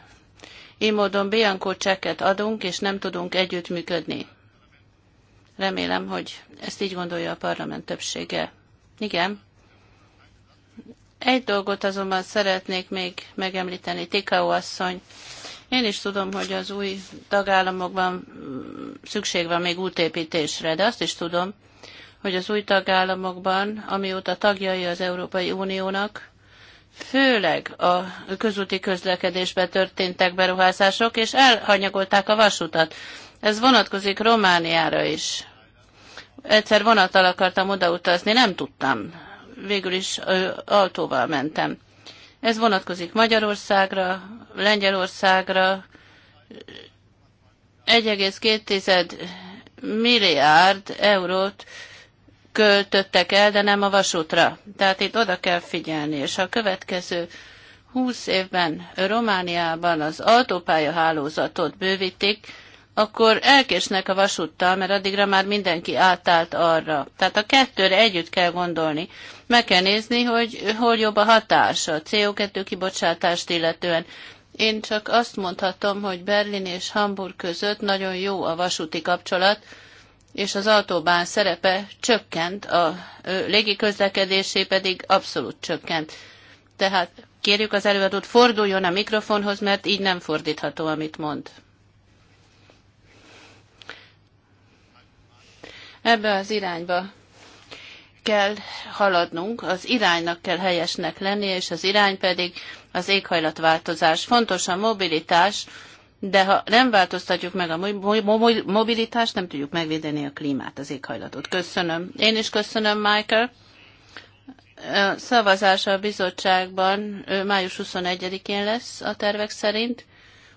így módon Bianco cseket adunk, és nem tudunk együttműködni. Remélem, hogy ezt így gondolja a parlament többsége. Igen. Egy dolgot azonban szeretnék még megemlíteni, Tikau asszony én is tudom, hogy az új tagállamokban mm, szükség van még útépítésre, de azt is tudom, hogy az új tagállamokban, amióta tagjai az Európai Uniónak, főleg a közúti közlekedésbe történtek beruházások, és elhanyagolták a vasutat. Ez vonatkozik Romániára is. Egyszer vonattal akartam odautazni, nem tudtam. Végül is autóval mentem. Ez vonatkozik Magyarországra, Lengyelországra, 1,2 milliárd eurót költöttek el, de nem a vasútra. Tehát itt oda kell figyelni, és a következő 20 évben Romániában az autópályahálózatot bővítik, akkor elkésnek a vasúttal, mert addigra már mindenki átállt arra. Tehát a kettőre együtt kell gondolni. Meg kell nézni, hogy hol jobb a hatás a CO2 kibocsátást illetően. Én csak azt mondhatom, hogy Berlin és Hamburg között nagyon jó a vasúti kapcsolat, és az autóbán szerepe csökkent, a közlekedésé pedig abszolút csökkent. Tehát kérjük az előadót, forduljon a mikrofonhoz, mert így nem fordítható, amit mond. Ebbe az irányba kell haladnunk, az iránynak kell helyesnek lennie, és az irány pedig az éghajlatváltozás. Fontos a mobilitás, de ha nem változtatjuk meg a mobilitást, nem tudjuk megvédeni a klímát, az éghajlatot. Köszönöm. Én is köszönöm, Michael. A szavazása a bizottságban május 21-én lesz a tervek szerint,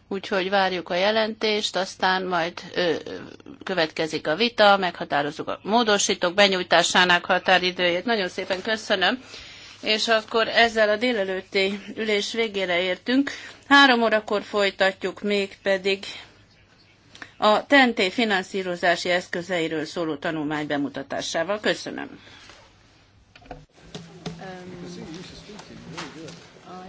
úgyhogy várjuk a jelentést, aztán majd ö, következik a vita, meghatározzuk a módosítók benyújtásának határidőjét. Nagyon szépen köszönöm. És akkor ezzel a délelőtti ülés végére értünk. Három órakor folytatjuk még pedig a TNT finanszírozási eszközeiről szóló tanulmány bemutatásával. Köszönöm. Um.